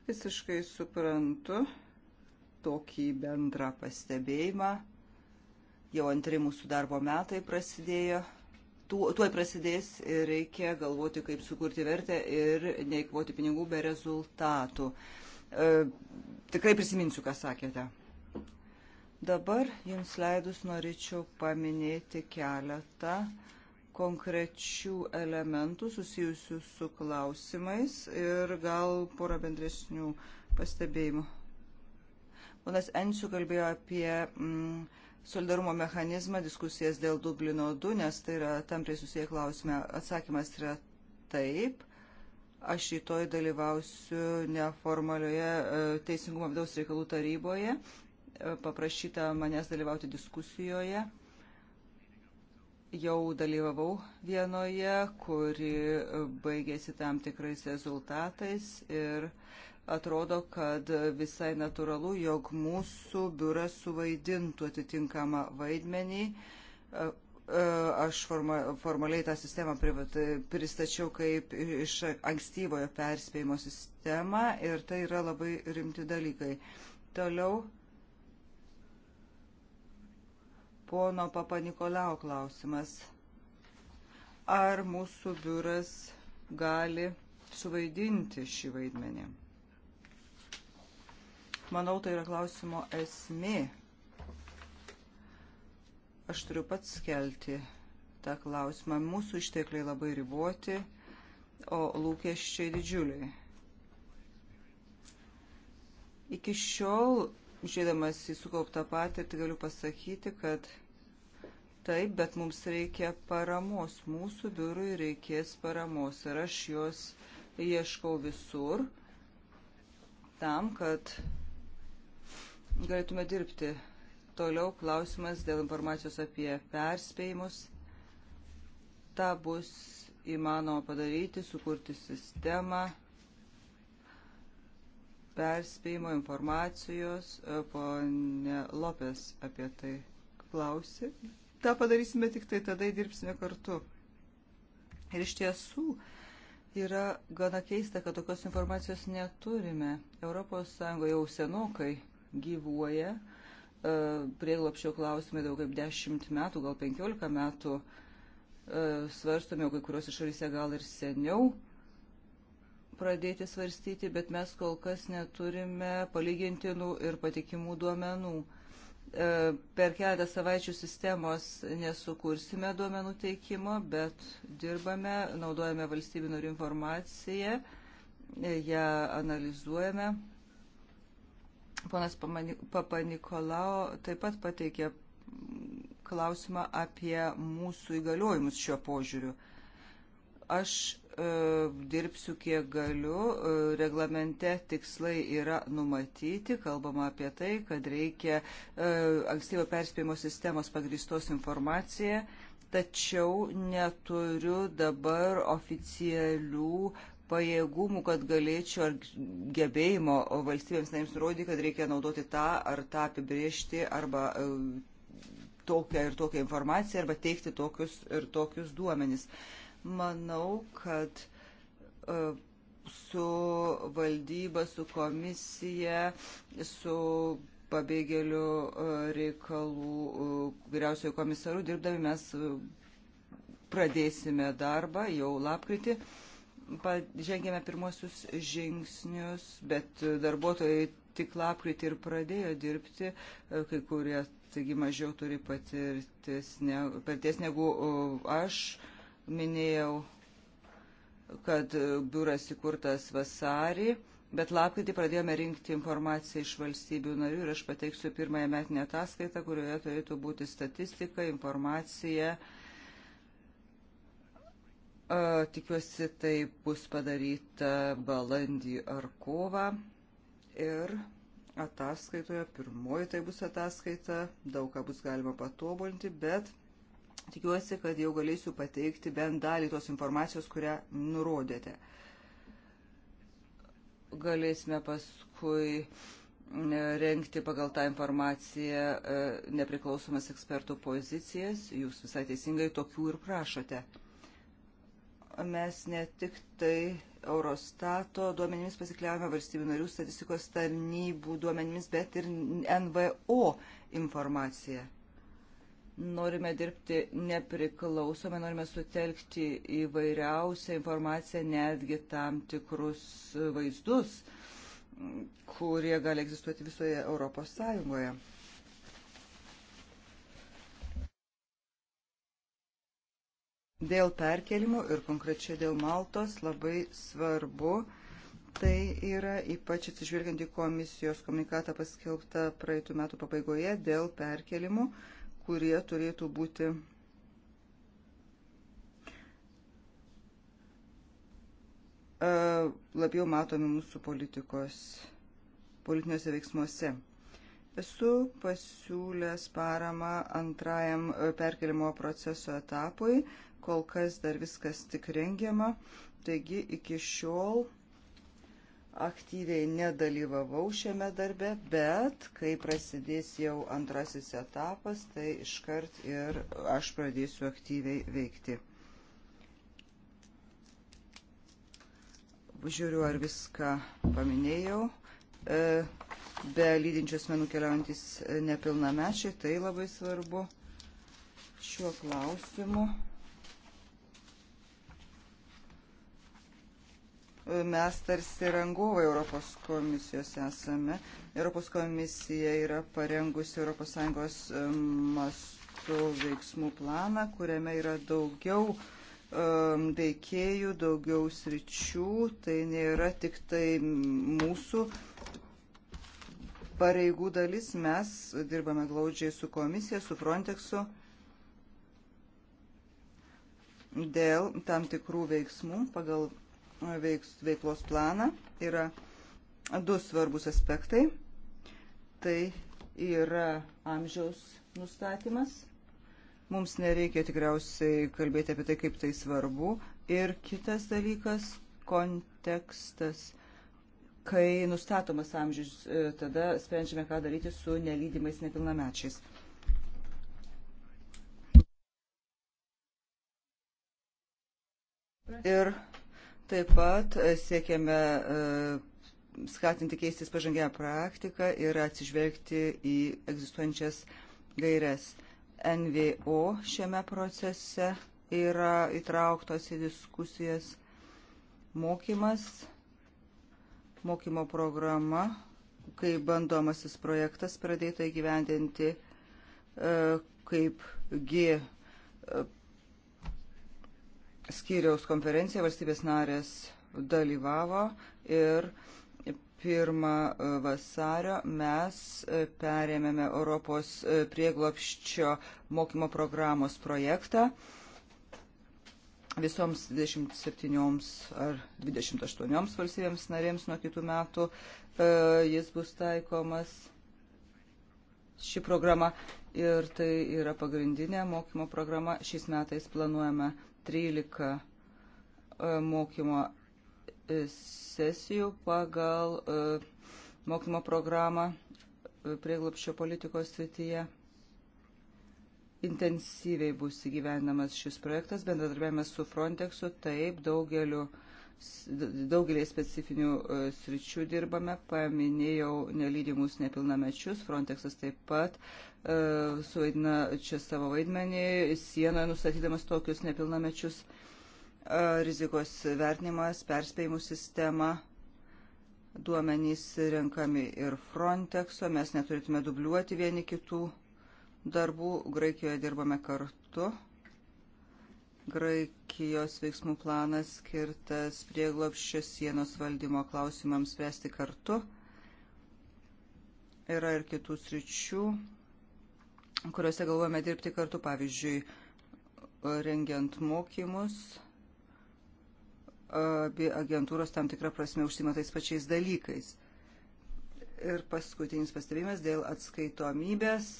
Visiškai suprantu tokį bendrą pastebėjimą. Jau antri mūsų darbo metai prasidėjo. Tuoj prasidės ir reikia galvoti, kaip sukurti vertę ir neikvoti pinigų be rezultatų. E, tikrai prisiminsiu, ką sakėte. Dabar jums leidus norėčiau paminėti keletą konkrečių elementų susijusių su klausimais ir gal porą bendresnių pastebėjimų. Ponas Ensiu kalbėjo apie mm, solidarumo mechanizmą, diskusijas dėl Dublino 2, nes tai yra tampriai susiję klausime. Atsakymas yra taip. Aš rytoj dalyvausiu neformalioje e, Teisingumo vidaus reikalų taryboje paprašyta manęs dalyvauti diskusijoje. Jau dalyvavau vienoje, kuri baigėsi tam tikrais rezultatais ir atrodo, kad visai natūralu, jog mūsų biuras suvaidintų atitinkamą vaidmenį. Aš forma, formaliai tą sistemą privat, pristačiau kaip iš ankstyvojo perspėjimo sistemą ir tai yra labai rimti dalykai. Toliau pono Papa Nikolau klausimas. Ar mūsų biuras gali suvaidinti šį vaidmenį? Manau, tai yra klausimo esmė. Aš turiu pats kelti tą klausimą. Mūsų ištekliai labai riboti, o lūkesčiai didžiuliai. Iki šiol žiūrėdamas į sukauptą patirtį, galiu pasakyti, kad taip, bet mums reikia paramos. Mūsų biurui reikės paramos ir aš jos ieškau visur tam, kad galėtume dirbti. Toliau klausimas dėl informacijos apie perspėjimus. Ta bus įmanoma padaryti, sukurti sistemą perspėjimo informacijos, e, ponė Lopės apie tai klausė. Ta padarysime tik tai tada dirbsime kartu. Ir iš tiesų yra gana keista, kad tokios informacijos neturime. ES jau senokai gyvuoja, e, prieglopščio klausimai daug kaip 10 metų, gal 15 metų e, svarstome, kai kuriuose šalyse gal ir seniau pradėti svarstyti, bet mes kol kas neturime palygintinų ir patikimų duomenų. E, per keletą savaičių sistemos nesukursime duomenų teikimo, bet dirbame, naudojame valstybių narių informaciją, e, ją analizuojame. Ponas Papanikolau taip pat pateikė klausimą apie mūsų įgaliojimus šiuo požiūriu. Aš E, dirbsiu kiek galiu. E, reglamente tikslai yra numatyti, kalbama apie tai, kad reikia e, ankstyvo perspėjimo sistemos pagristos informaciją, tačiau neturiu dabar oficialių pajėgumų, kad galėčiau ar gebėjimo valstybėms naims nurodyti, kad reikia naudoti tą ar tą apibriežti arba tokią ir tokią informaciją arba teikti tokius ir tokius duomenis. Uh, Manau, kad e, su valdyba, su komisija, su pabėgėlių e, reikalų e, vyriausiojo komisaru dirbdami mes pradėsime darbą jau lapkritį. Žengėme pirmosius žingsnius, bet darbuotojai tik lapkritį ir pradėjo dirbti, kai kurie, taigi, mažiau turi patirtis, ne, patirties negu aš. Uh, Minėjau, kad biuras įkurtas vasarį, bet lapkritį pradėjome rinkti informaciją iš valstybių narių ir aš pateiksiu pirmąją metinę ataskaitą, kurioje turėtų būti statistika, informacija. Tikiuosi, tai bus padaryta balandį ar kovą. Ir ataskaitoje, pirmoji tai bus ataskaita, daug ką bus galima patobulinti, bet Tikiuosi, kad jau galėsiu pateikti bent dalį tos informacijos, kurią nurodėte. Galėsime paskui rengti pagal tą informaciją e, nepriklausomas ekspertų pozicijas. Jūs visai teisingai tokių ir prašote. Mes ne tik tai Eurostato duomenimis pasikliavome valstybių narių statistikos tarnybų duomenimis, bet ir NVO informaciją norime dirbti nepriklausomai, norime sutelkti įvairiausią informaciją, netgi tam tikrus vaizdus, kurie gali egzistuoti visoje Europos Sąjungoje. Dėl perkelimų ir konkrečiai dėl Maltos labai svarbu tai yra ypač atsižvelgiant į komisijos komunikatą paskelbtą praeitų metų pabaigoje dėl perkelimų. Uh, kurie turėtų būti e, labiau matomi mūsų politikos, politiniuose veiksmuose. Esu pasiūlęs paramą antrajam e, perkelimo proceso etapui, kol kas dar viskas tik rengiama, taigi iki šiol aktyviai nedalyvavau šiame darbe, bet kai prasidės jau antrasis etapas, tai iškart ir aš pradėsiu aktyviai veikti. Žiūriu, ar viską paminėjau. E, be lydinčių asmenų keliaujantis nepilnamečiai, tai labai svarbu šiuo klausimu. mes tarsi rangovai Europos komisijos esame. Europos komisija yra parengusi ES mastų veiksmų planą, kuriame yra daugiau veikėjų, daugiau sričių. Tai nėra tik tai mūsų pareigų dalis. Mes dirbame glaudžiai su komisija, su Frontexu dėl tam tikrų veiksmų pagal veiklos planą yra du svarbus aspektai. Tai yra amžiaus nustatymas. Mums nereikia tikriausiai kalbėti apie tai, kaip tai svarbu. Ir kitas dalykas - kontekstas. Kai nustatomas amžius, e, tada sprendžiame, ką daryti su nelydimais nepilnamečiais. Ir Taip pat e, siekiame e, skatinti keistis pažangę praktiką ir atsižvelgti į egzistuojančias gairias. NVO šiame procese yra įtrauktos į diskusijas mokymas, mokymo programa, kai bandomasis projektas pradėta įgyvendinti e, kaip G skyriaus konferencija valstybės narės dalyvavo ir 1 e, vasario mes e, perėmėme Europos e, prieglopščio mokymo programos projektą visoms 27 ar 28 valstybėms narėms nuo kitų metų jis bus taikomas ši programa ir tai yra pagrindinė mokymo programa. Šiais metais planuojame 13 e, mokymo e, sesijų pagal e, mokymo programą prieglopščio politikos srityje. Intensyviai bus įgyvendinamas šis projektas, bendradarbiavimas su Frontexu, taip daugeliu uh, daugelį specifinių e, sričių dirbame, paminėjau nelydimus nepilnamečius, Frontexas taip pat e, suvaidina čia savo vaidmenį, sienoje nustatydamas tokius nepilnamečius, e, rizikos vertinimas, perspėjimų sistema, duomenys renkami ir Frontexo, mes neturėtume dubliuoti vieni kitų darbų, Graikijoje dirbame kartu Graikijos veiksmų planas skirtas prieglopščio sienos valdymo klausimams spręsti kartu. Yra ir kitų sričių, kuriuose galvojame dirbti kartu, pavyzdžiui, rengiant mokymus. Abi agentūros tam tikrą prasme užsima tais pačiais dalykais. Ir paskutinis pastebėjimas dėl atskaitomybės.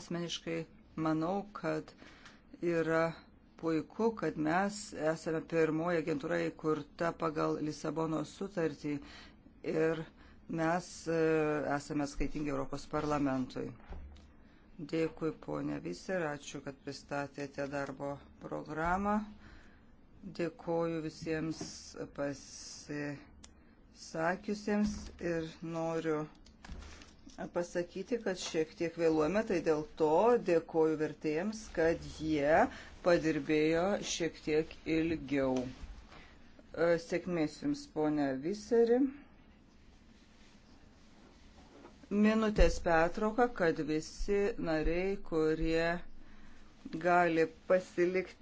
Asmeniškai manau, kad uh, yra puiku, kad mes esame pirmoji agentūra įkurta pagal Lisabono sutartį ir mes e, esame skaitingi Europos parlamentui. Dėkui, ponė Viser, ačiū, kad pristatėte darbo programą. Dėkoju visiems pasisakiusiems ir noriu pasakyti, kad šiek tiek vėluojame, tai dėl to dėkoju vertėjams, kad jie padirbėjo šiek tiek ilgiau. E, sėkmės jums, ponė Viseri. Minutės petroka, kad visi nariai, kurie gali pasilikti.